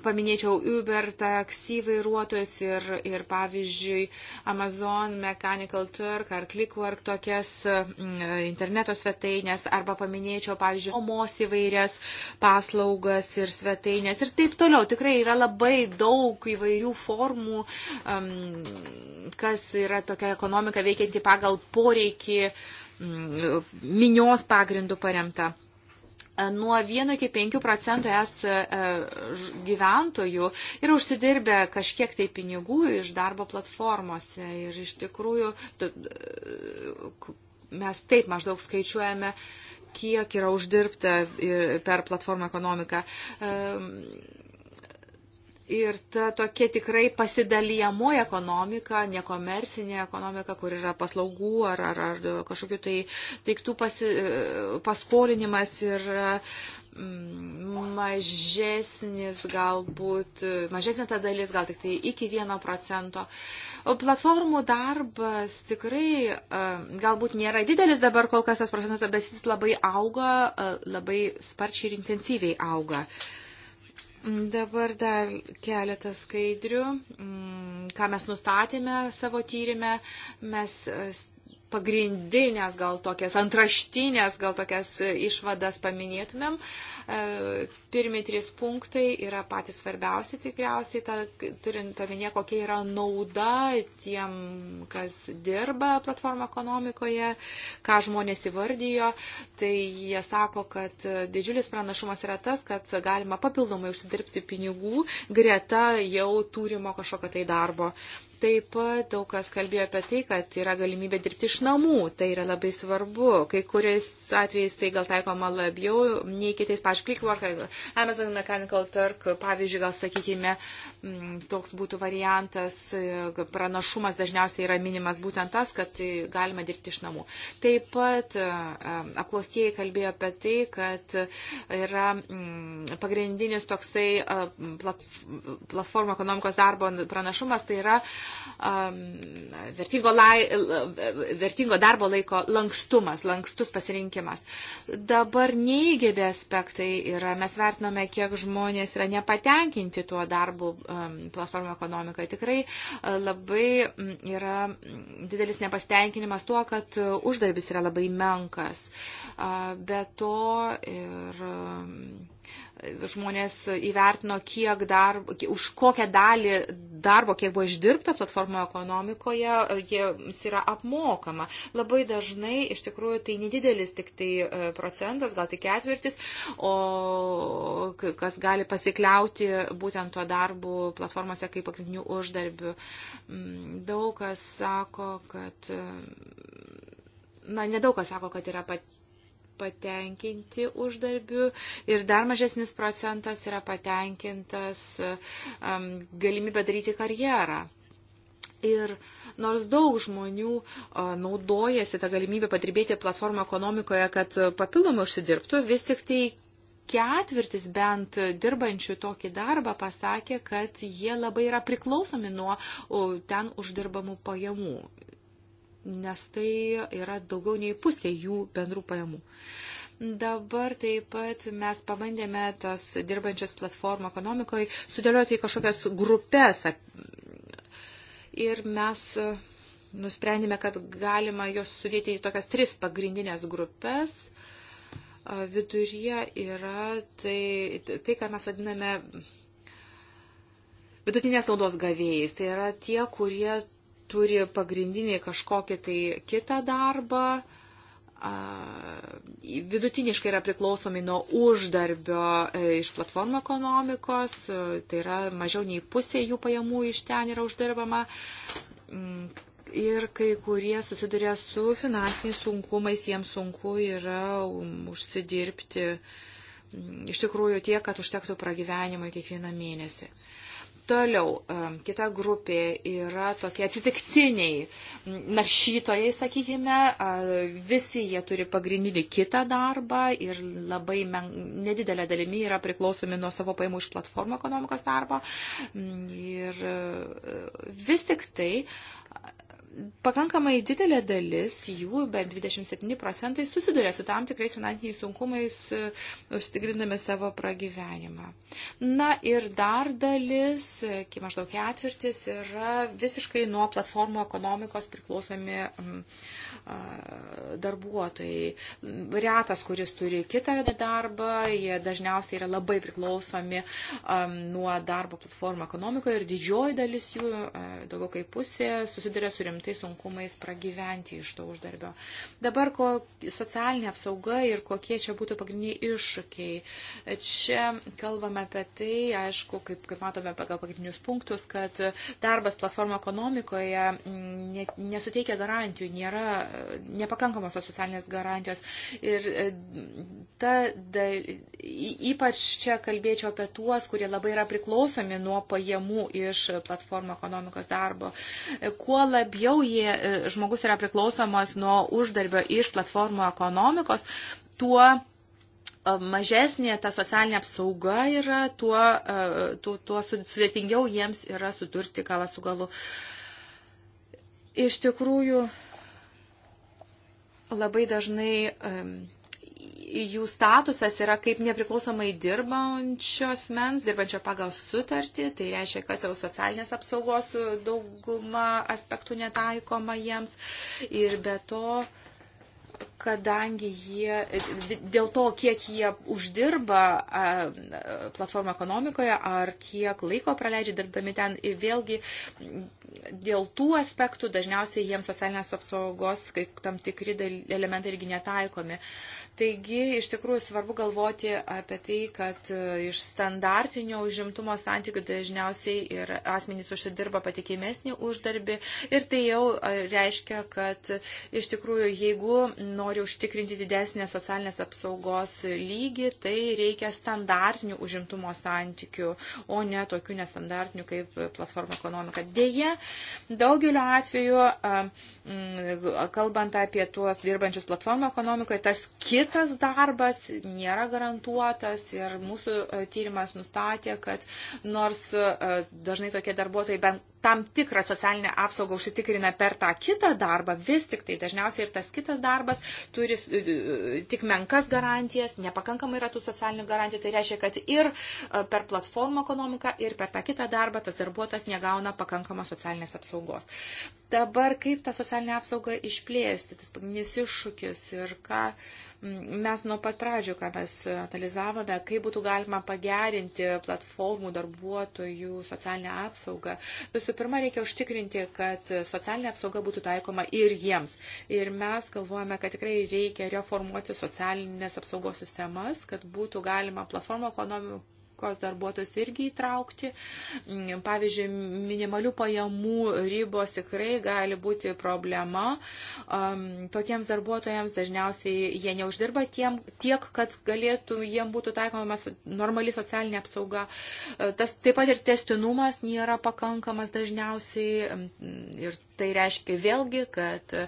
Paminėčiau Uber taksi vairuotojus ir, ir pavyzdžiui Amazon, Mechanical Turk ar Clickwork tokias mm, interneto svetainės arba paminėčiau, pavyzdžiui, omos įvairias paslaugas ir svetainės ir taip toliau. Tikrai yra labai daug įvairių formų, mm, kas yra tokia ekonomika veikianti pagal poreikį mm, minios pagrindų paremta. E, nuo 1 iki 5 procentų es e, gyventojų yra užsidirbę kažkiek tai pinigų iš darbo platformose. Ir iš tikrųjų e, mes taip maždaug skaičiuojame kiek yra uždirbta per platformą ekonomiką. Ir ta tokia tikrai pasidalyjamoji ekonomika, nekomercinė ekonomika, kur yra paslaugų ar, ar, ar kažkokiu tai daiktų pasi, paskolinimas ir mm, mažesnis galbūt, mažesnė ta dalis, gal tik tai iki vieno procento. Platformų darbas tikrai e, galbūt nėra didelis dabar kol kas tas procentas, bet jis labai auga, e, labai sparčiai ir intensyviai auga. Uh, Dabar dar keletą skaidrių, mm, ką mes nustatėme savo tyrimę. Mes pagrindinės, gal tokias antraštinės, gal tokias išvadas paminėtumėm. E, pirmi trys punktai yra patys svarbiausi tikriausiai, ta, turint omenyje, kokia yra nauda tiem, kas dirba platformą ekonomikoje, ką žmonės įvardijo. Tai jie sako, kad didžiulis pranašumas yra tas, kad galima papildomai užsidirbti pinigų greta jau turimo kažkokio tai darbo. Taip pat daug kas kalbėjo apie tai, kad yra galimybė dirbti iš namų. Tai yra labai svarbu. Kai kuriais atvejais tai gal taikoma labiau nei kitais, pavyzdžiui, Clickwork, Amazon Mechanical Turk, pavyzdžiui, gal sakykime, mm, toks būtų variantas, e, pranašumas dažniausiai yra minimas būtent tas, kad tai galima dirbti iš namų. Taip pat e, e, apklaustieji kalbėjo apie tai, kad yra mm, pagrindinis toksai platformų ekonomikos darbo pranašumas, tai yra vertingo, lai, vertingo darbo laiko lankstumas, lankstus pasirinkimas pasiūlymas. Dabar neįgėbė aspektai yra, mes vertiname, kiek žmonės yra nepatenkinti tuo darbu um, platformų ekonomikoje. Tikrai uh, labai mm, yra mm, didelis nepastenkinimas tuo, kad uh, uždarbis yra labai menkas. Uh, be to ir um, žmonės įvertino, kiek darbo, už kokią dalį darbo, kiek buvo išdirbta platformo ekonomikoje, jiems yra apmokama. Labai dažnai, iš tikrųjų, tai nedidelis tik tai e, procentas, gal tik ketvirtis, o kas gali pasikliauti būtent tuo darbu platformose kaip pagrindiniu uždarbiu. Mm, daug kas sako, kad na, nedaug kas sako, kad yra pat, patenkinti uždarbiu ir dar mažesnis procentas yra patenkintas um, galimybę daryti karjerą. Ir nors daug žmonių uh, naudojasi tą galimybę padirbėti platformą ekonomikoje, kad uh, papildomai užsidirbtų, vis tik tai ketvirtis bent dirbančių tokį darbą pasakė, kad jie labai yra priklausomi nuo uh, ten uždirbamų pajamų nes tai yra daugiau nei pusė jų bendrų pajamų. Dabar taip pat mes pabandėme tos dirbančios platformų ekonomikoje sudėlioti į kažkokias grupės. Ir mes nusprendėme, kad galima jos sudėti į tokias tris pagrindinės grupės. Viduryje yra tai, tai ką mes vadiname vidutinės naudos gavėjais. Tai yra tie, kurie turi pagrindinį kažkokį tai kitą darbą, vidutiniškai yra priklausomi nuo uždarbio e, iš platformų ekonomikos, e, tai yra mažiau nei pusė jų pajamų iš ten yra uždirbama. Mm, ir kai kurie susiduria su finansiniais sunkumais, jiems sunku yra um, užsidirbti mm, iš tikrųjų tiek, kad užtektų pragyvenimui kiekvieną mėnesį. Uh, Toliau, kita grupė yra tokie atsitiktiniai naršytojai, sakykime, visi jie turi pagrindinį kitą darbą ir labai men, nedidelė dalimi yra priklausomi nuo savo paimų iš platformų ekonomikos darbo. Ir e, vis tik tai pakankamai didelė dalis jų, bent 27 procentai, susiduria su tam tikrais finansiniais sunkumais, e, užtikrindami savo pragyvenimą. Na ir dar dalis, e, iki maždaug ketvirtis, yra visiškai nuo platformų ekonomikos priklausomi darbuotojai. Retas, kuris turi kitą darbą, jie dažniausiai yra labai priklausomi nuo darbo platformų ekonomikoje ir didžioji dalis jų, e, daugiau kaip pusė, susiduria su rimtu rimtais sunkumais pragyventi iš to uždarbio. Dabar ko socialinė apsauga ir kokie čia būtų pagrindiniai iššūkiai. Čia kalbame apie tai, aišku, kaip, kaip matome pagal pagrindinius punktus, kad darbas platformų ekonomikoje mm, ne, nesuteikia garantijų, nėra nepakankamos tos socialinės garantijos. Ir e, ta, da, ypač čia kalbėčiau apie tuos, kurie labai yra priklausomi nuo pajamų iš platformų ekonomikos darbo. E, kuo labiau toliau jie, e, žmogus yra priklausomas nuo uždarbio iš platformų ekonomikos, tuo e, mažesnė ta socialinė apsauga yra, tuo, e, tuo, tuo sudėtingiau jiems yra sudurti galą su galu. Iš tikrųjų, labai dažnai jų statusas yra kaip nepriklausomai dirbančios mens, dirbančio pagal sutartį, tai reiškia, kad savo socialinės apsaugos dauguma aspektų netaikoma jiems ir be to kadangi jie, dėl to, kiek jie uždirba platformą ekonomikoje ar kiek laiko praleidžia dirbdami ten, vėlgi dėl tų aspektų dažniausiai jiems socialinės apsaugos, kaip tam tikri elementai irgi netaikomi. Uh, Taigi, iš tikrųjų, svarbu galvoti apie tai, kad e, iš standartinio užimtumo santykių dažniausiai ir asmenys užsidirba patikimesnį uždarbį ir tai jau e, reiškia, kad iš tikrųjų, jeigu nori užtikrinti didesnę socialinės apsaugos lygį, tai reikia standartinių užimtumo santykių, o ne tokių nestandartinių kaip platformų ekonomika. Deja, daugeliu atveju, e, kalbant apie tuos dirbančius platformų ekonomikoje, tas kitas kitas darbas nėra garantuotas ir mūsų e, tyrimas nustatė, kad nors e, dažnai tokie darbuotojai bent tam tikrą socialinę apsaugą užsitikrina per tą kitą darbą, vis tik tai dažniausiai ir tas kitas darbas turi e, tik menkas garantijas, nepakankamai yra tų socialinių garantijų, tai reiškia, kad ir per platformų ekonomiką, ir per tą kitą darbą tas darbuotojas negauna pakankamos socialinės apsaugos. Dabar kaip tą socialinę apsaugą išplėsti, tas pagrindinis iššūkis ir ką mm, mes nuo pat pradžių, ką mes analizavome, kaip būtų galima pagerinti platformų darbuotojų socialinę apsaugą. Visų pirma, reikia užtikrinti, kad socialinė apsauga būtų taikoma ir jiems. Ir mes galvojame, kad tikrai reikia reformuoti socialinės apsaugos sistemas, kad būtų galima platformų ekonomikų rinkos darbuotojus irgi įtraukti. Mm, pavyzdžiui, minimalių pajamų ribos tikrai gali būti problema. Tokiems darbuotojams dažniausiai jie neuždirba tiem, tiek, kad galėtų jiem būtų taikoma normali socialinė apsauga. E, tas taip pat ir testinumas nėra pakankamas dažniausiai. Ir tai reiškia vėlgi, kad e,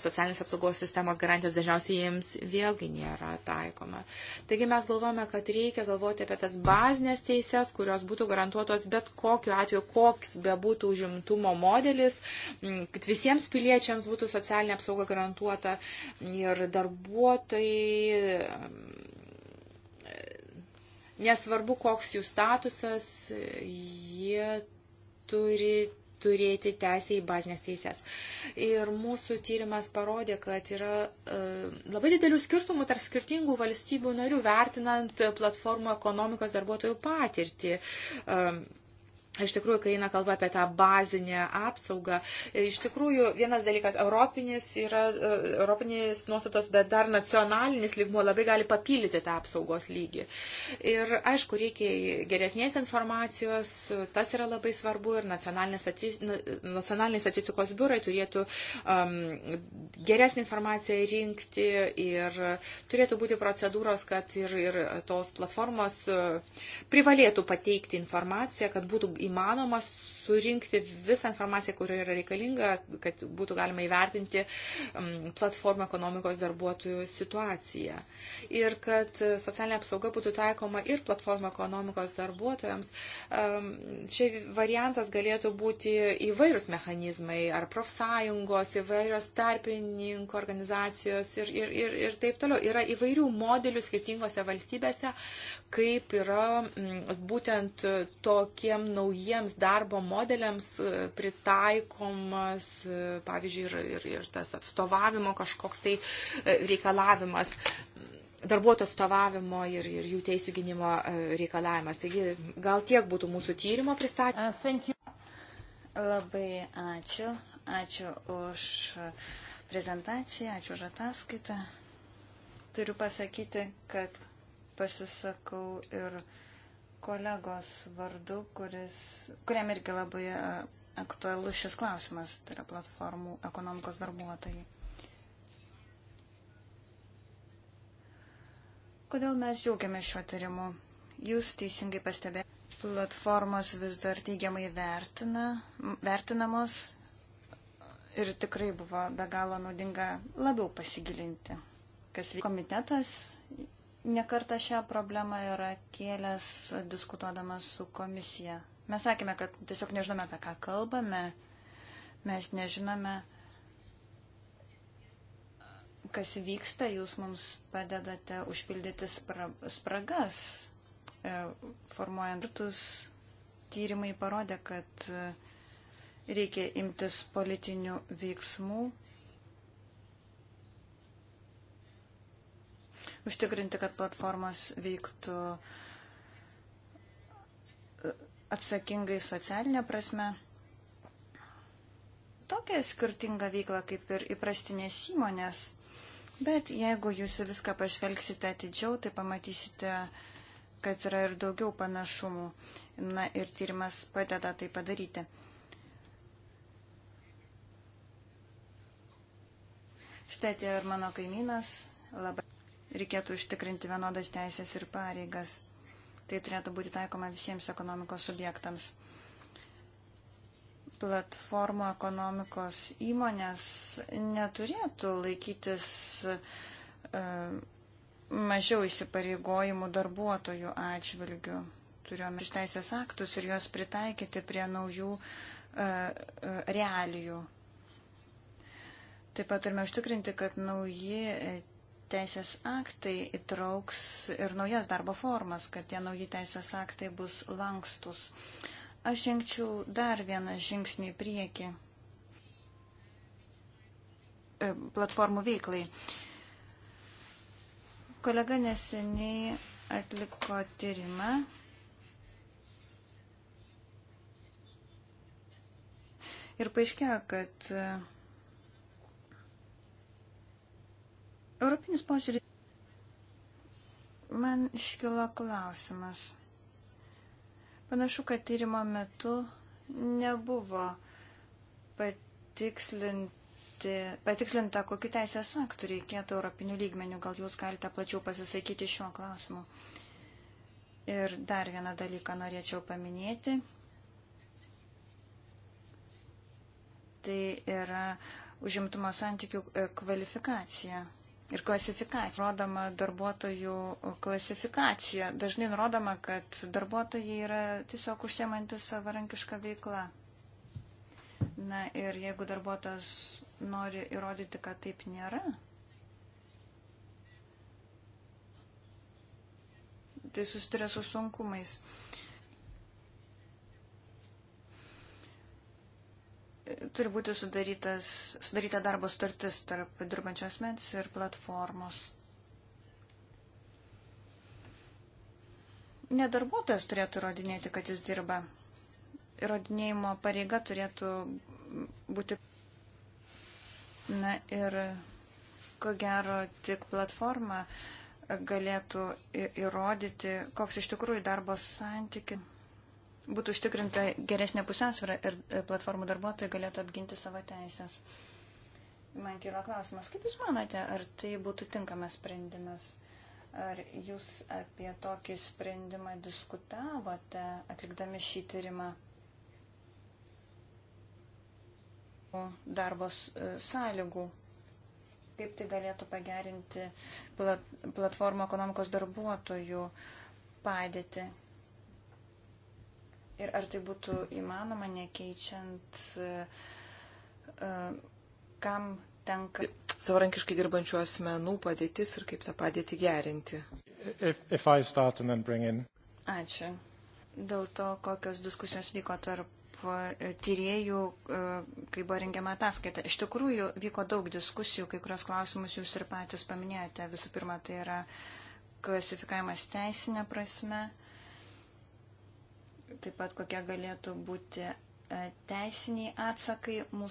socialinės apsaugos sistemos garantijos dažniausiai jiems vėlgi nėra taikoma. Taigi mes galvojame, kad reikia galvoti apie tas bazės bazinės teises, kurios būtų garantuotos bet kokiu atveju, koks bebūtų užimtumo modelis, kad visiems piliečiams būtų socialinė apsauga garantuota ir darbuotojai nesvarbu, koks jų statusas, jie turi turėti teisę į bazinės teisės. Ir mūsų tyrimas parodė, kad yra e, labai didelių skirtumų tarp skirtingų valstybių narių vertinant platformų ekonomikos darbuotojų patirtį. Um, Iš tikrųjų, kai eina kalba apie tą bazinę apsaugą, iš tikrųjų vienas dalykas europinis yra e, europinės nuostatos, bet dar nacionalinis lygmuo labai gali papildyti tą apsaugos lygį. Ir aišku, reikia geresnės informacijos, tas yra labai svarbu ir nacionaliniai statistikos biurai turėtų um, geresnį informaciją rinkti ir turėtų būti procedūros, kad ir, ir tos platformos e, privalėtų pateikti informaciją, kad būtų įmanoma surinkti visą informaciją, kuri yra reikalinga, kad būtų galima įvertinti mm, platformų ekonomikos darbuotojų situaciją. Ir kad socialinė apsauga būtų taikoma ir platformų ekonomikos darbuotojams. Čia mm, variantas galėtų būti įvairūs mechanizmai ar profsąjungos, įvairios tarpininkų organizacijos ir, ir, ir, ir taip toliau. Yra įvairių modelių skirtingose valstybėse, kaip yra mm, būtent tokiem naujiems darbo modeliams e, pritaikomas, e, pavyzdžiui, ir, ir, ir tas atstovavimo kažkoks tai e, reikalavimas darbuotojų atstovavimo ir, ir jų teisų gynimo reikalavimas. Taigi gal tiek būtų mūsų tyrimo pristatymas. Uh, Labai ačiū. Ačiū už prezentaciją, ačiū už ataskaitą. Turiu pasakyti, kad pasisakau ir kolegos vardu, kuris, kuriam irgi labai e, aktualus šis klausimas, tai yra platformų ekonomikos darbuotojai. Kodėl mes džiaugiamės šiuo tyrimu? Jūs teisingai pastebėjote, platformos vis dar teigiamai vertina, vertinamos ir tikrai buvo be galo naudinga labiau pasigilinti. Kas komitetas nekarta šią problemą yra kėlęs diskutuodamas su komisija. Mes sakėme, kad tiesiog nežinome, apie ką kalbame, mes nežinome, kas vyksta, jūs mums padedate užpildyti spra spragas, e, formuojant rytus. Tyrimai parodė, kad reikia imtis politinių veiksmų užtikrinti, kad platformos veiktų e, atsakingai socialinė prasme. Tokia skirtinga veikla kaip ir įprastinės įmonės, bet jeigu jūs viską pažvelgsite atidžiau, tai pamatysite, kad yra ir daugiau panašumų. Na ir tyrimas padeda tai padaryti. Štai atėjo ir mano kaimynas. Labai reikėtų užtikrinti vienodas teisės ir pareigas. Tai turėtų būti taikoma visiems ekonomikos subjektams. Platformų ekonomikos įmonės neturėtų laikytis e, mažiau įsipareigojimų darbuotojų atžvilgių. Turėjome iš teisės aktus ir juos pritaikyti prie naujų e, e, realijų. Taip pat turime užtikrinti, kad nauji teisės aktai įtrauks ir naujas darbo formas, kad tie nauji teisės aktai bus lankstus. Aš žengčiau dar vieną žingsnį į priekį e, platformų veiklai. Kolega neseniai atliko tyrimą ir paaiškėjo, kad e, Europinis požiūris. Man iškilo klausimas. Panašu, kad tyrimo metu nebuvo patikslinti, patikslinta, kokiu teisės aktų reikėtų europinių lygmenių. Gal jūs galite plačiau pasisakyti šiuo klausimu. Ir dar vieną dalyką norėčiau paminėti. Tai yra užimtumo santykių e, kvalifikacija ir klasifikacija. Rodoma darbuotojų klasifikacija. Dažnai nurodoma, kad darbuotojai yra tiesiog užsiemantis savarankišką veiklą. Na ir jeigu darbuotojas nori įrodyti, kad taip nėra, tai susituria su sunkumais. Uh, turi būti sudaryta darbo startis tarp dirbančio asmens ir platformos. Ne darbuotojas turėtų įrodinėti, kad jis dirba. Įrodinėjimo pareiga turėtų būti. Na ir ko gero tik platforma galėtų įrodyti, koks iš tikrųjų darbo santykis būtų užtikrinta geresnė pusiausvyrą ir e, platformų darbuotojai galėtų apginti savo teisės. Man kyla klausimas, kaip Jūs manote, ar tai būtų tinkamas sprendimas? Ar Jūs apie tokį sprendimą diskutavote atlikdami šį tyrimą? Darbos e, sąlygų. Kaip tai galėtų pagerinti platformų ekonomikos darbuotojų padėtį? Ir ar tai būtų įmanoma nekeičiant, e, kam tenka savarankiškai dirbančių asmenų padėtis ir kaip tą padėtį gerinti. If, if in... Ačiū. Dėl to, kokios diskusijos vyko tarp e, tyriejų, e, kai buvo rengiama ataskaita. Iš tikrųjų, vyko daug diskusijų, kai kurios klausimus jūs ir patys paminėjote. Visų pirma, tai yra klasifikavimas teisinė prasme taip pat kokie galėtų būti e, teisiniai atsakai mūsų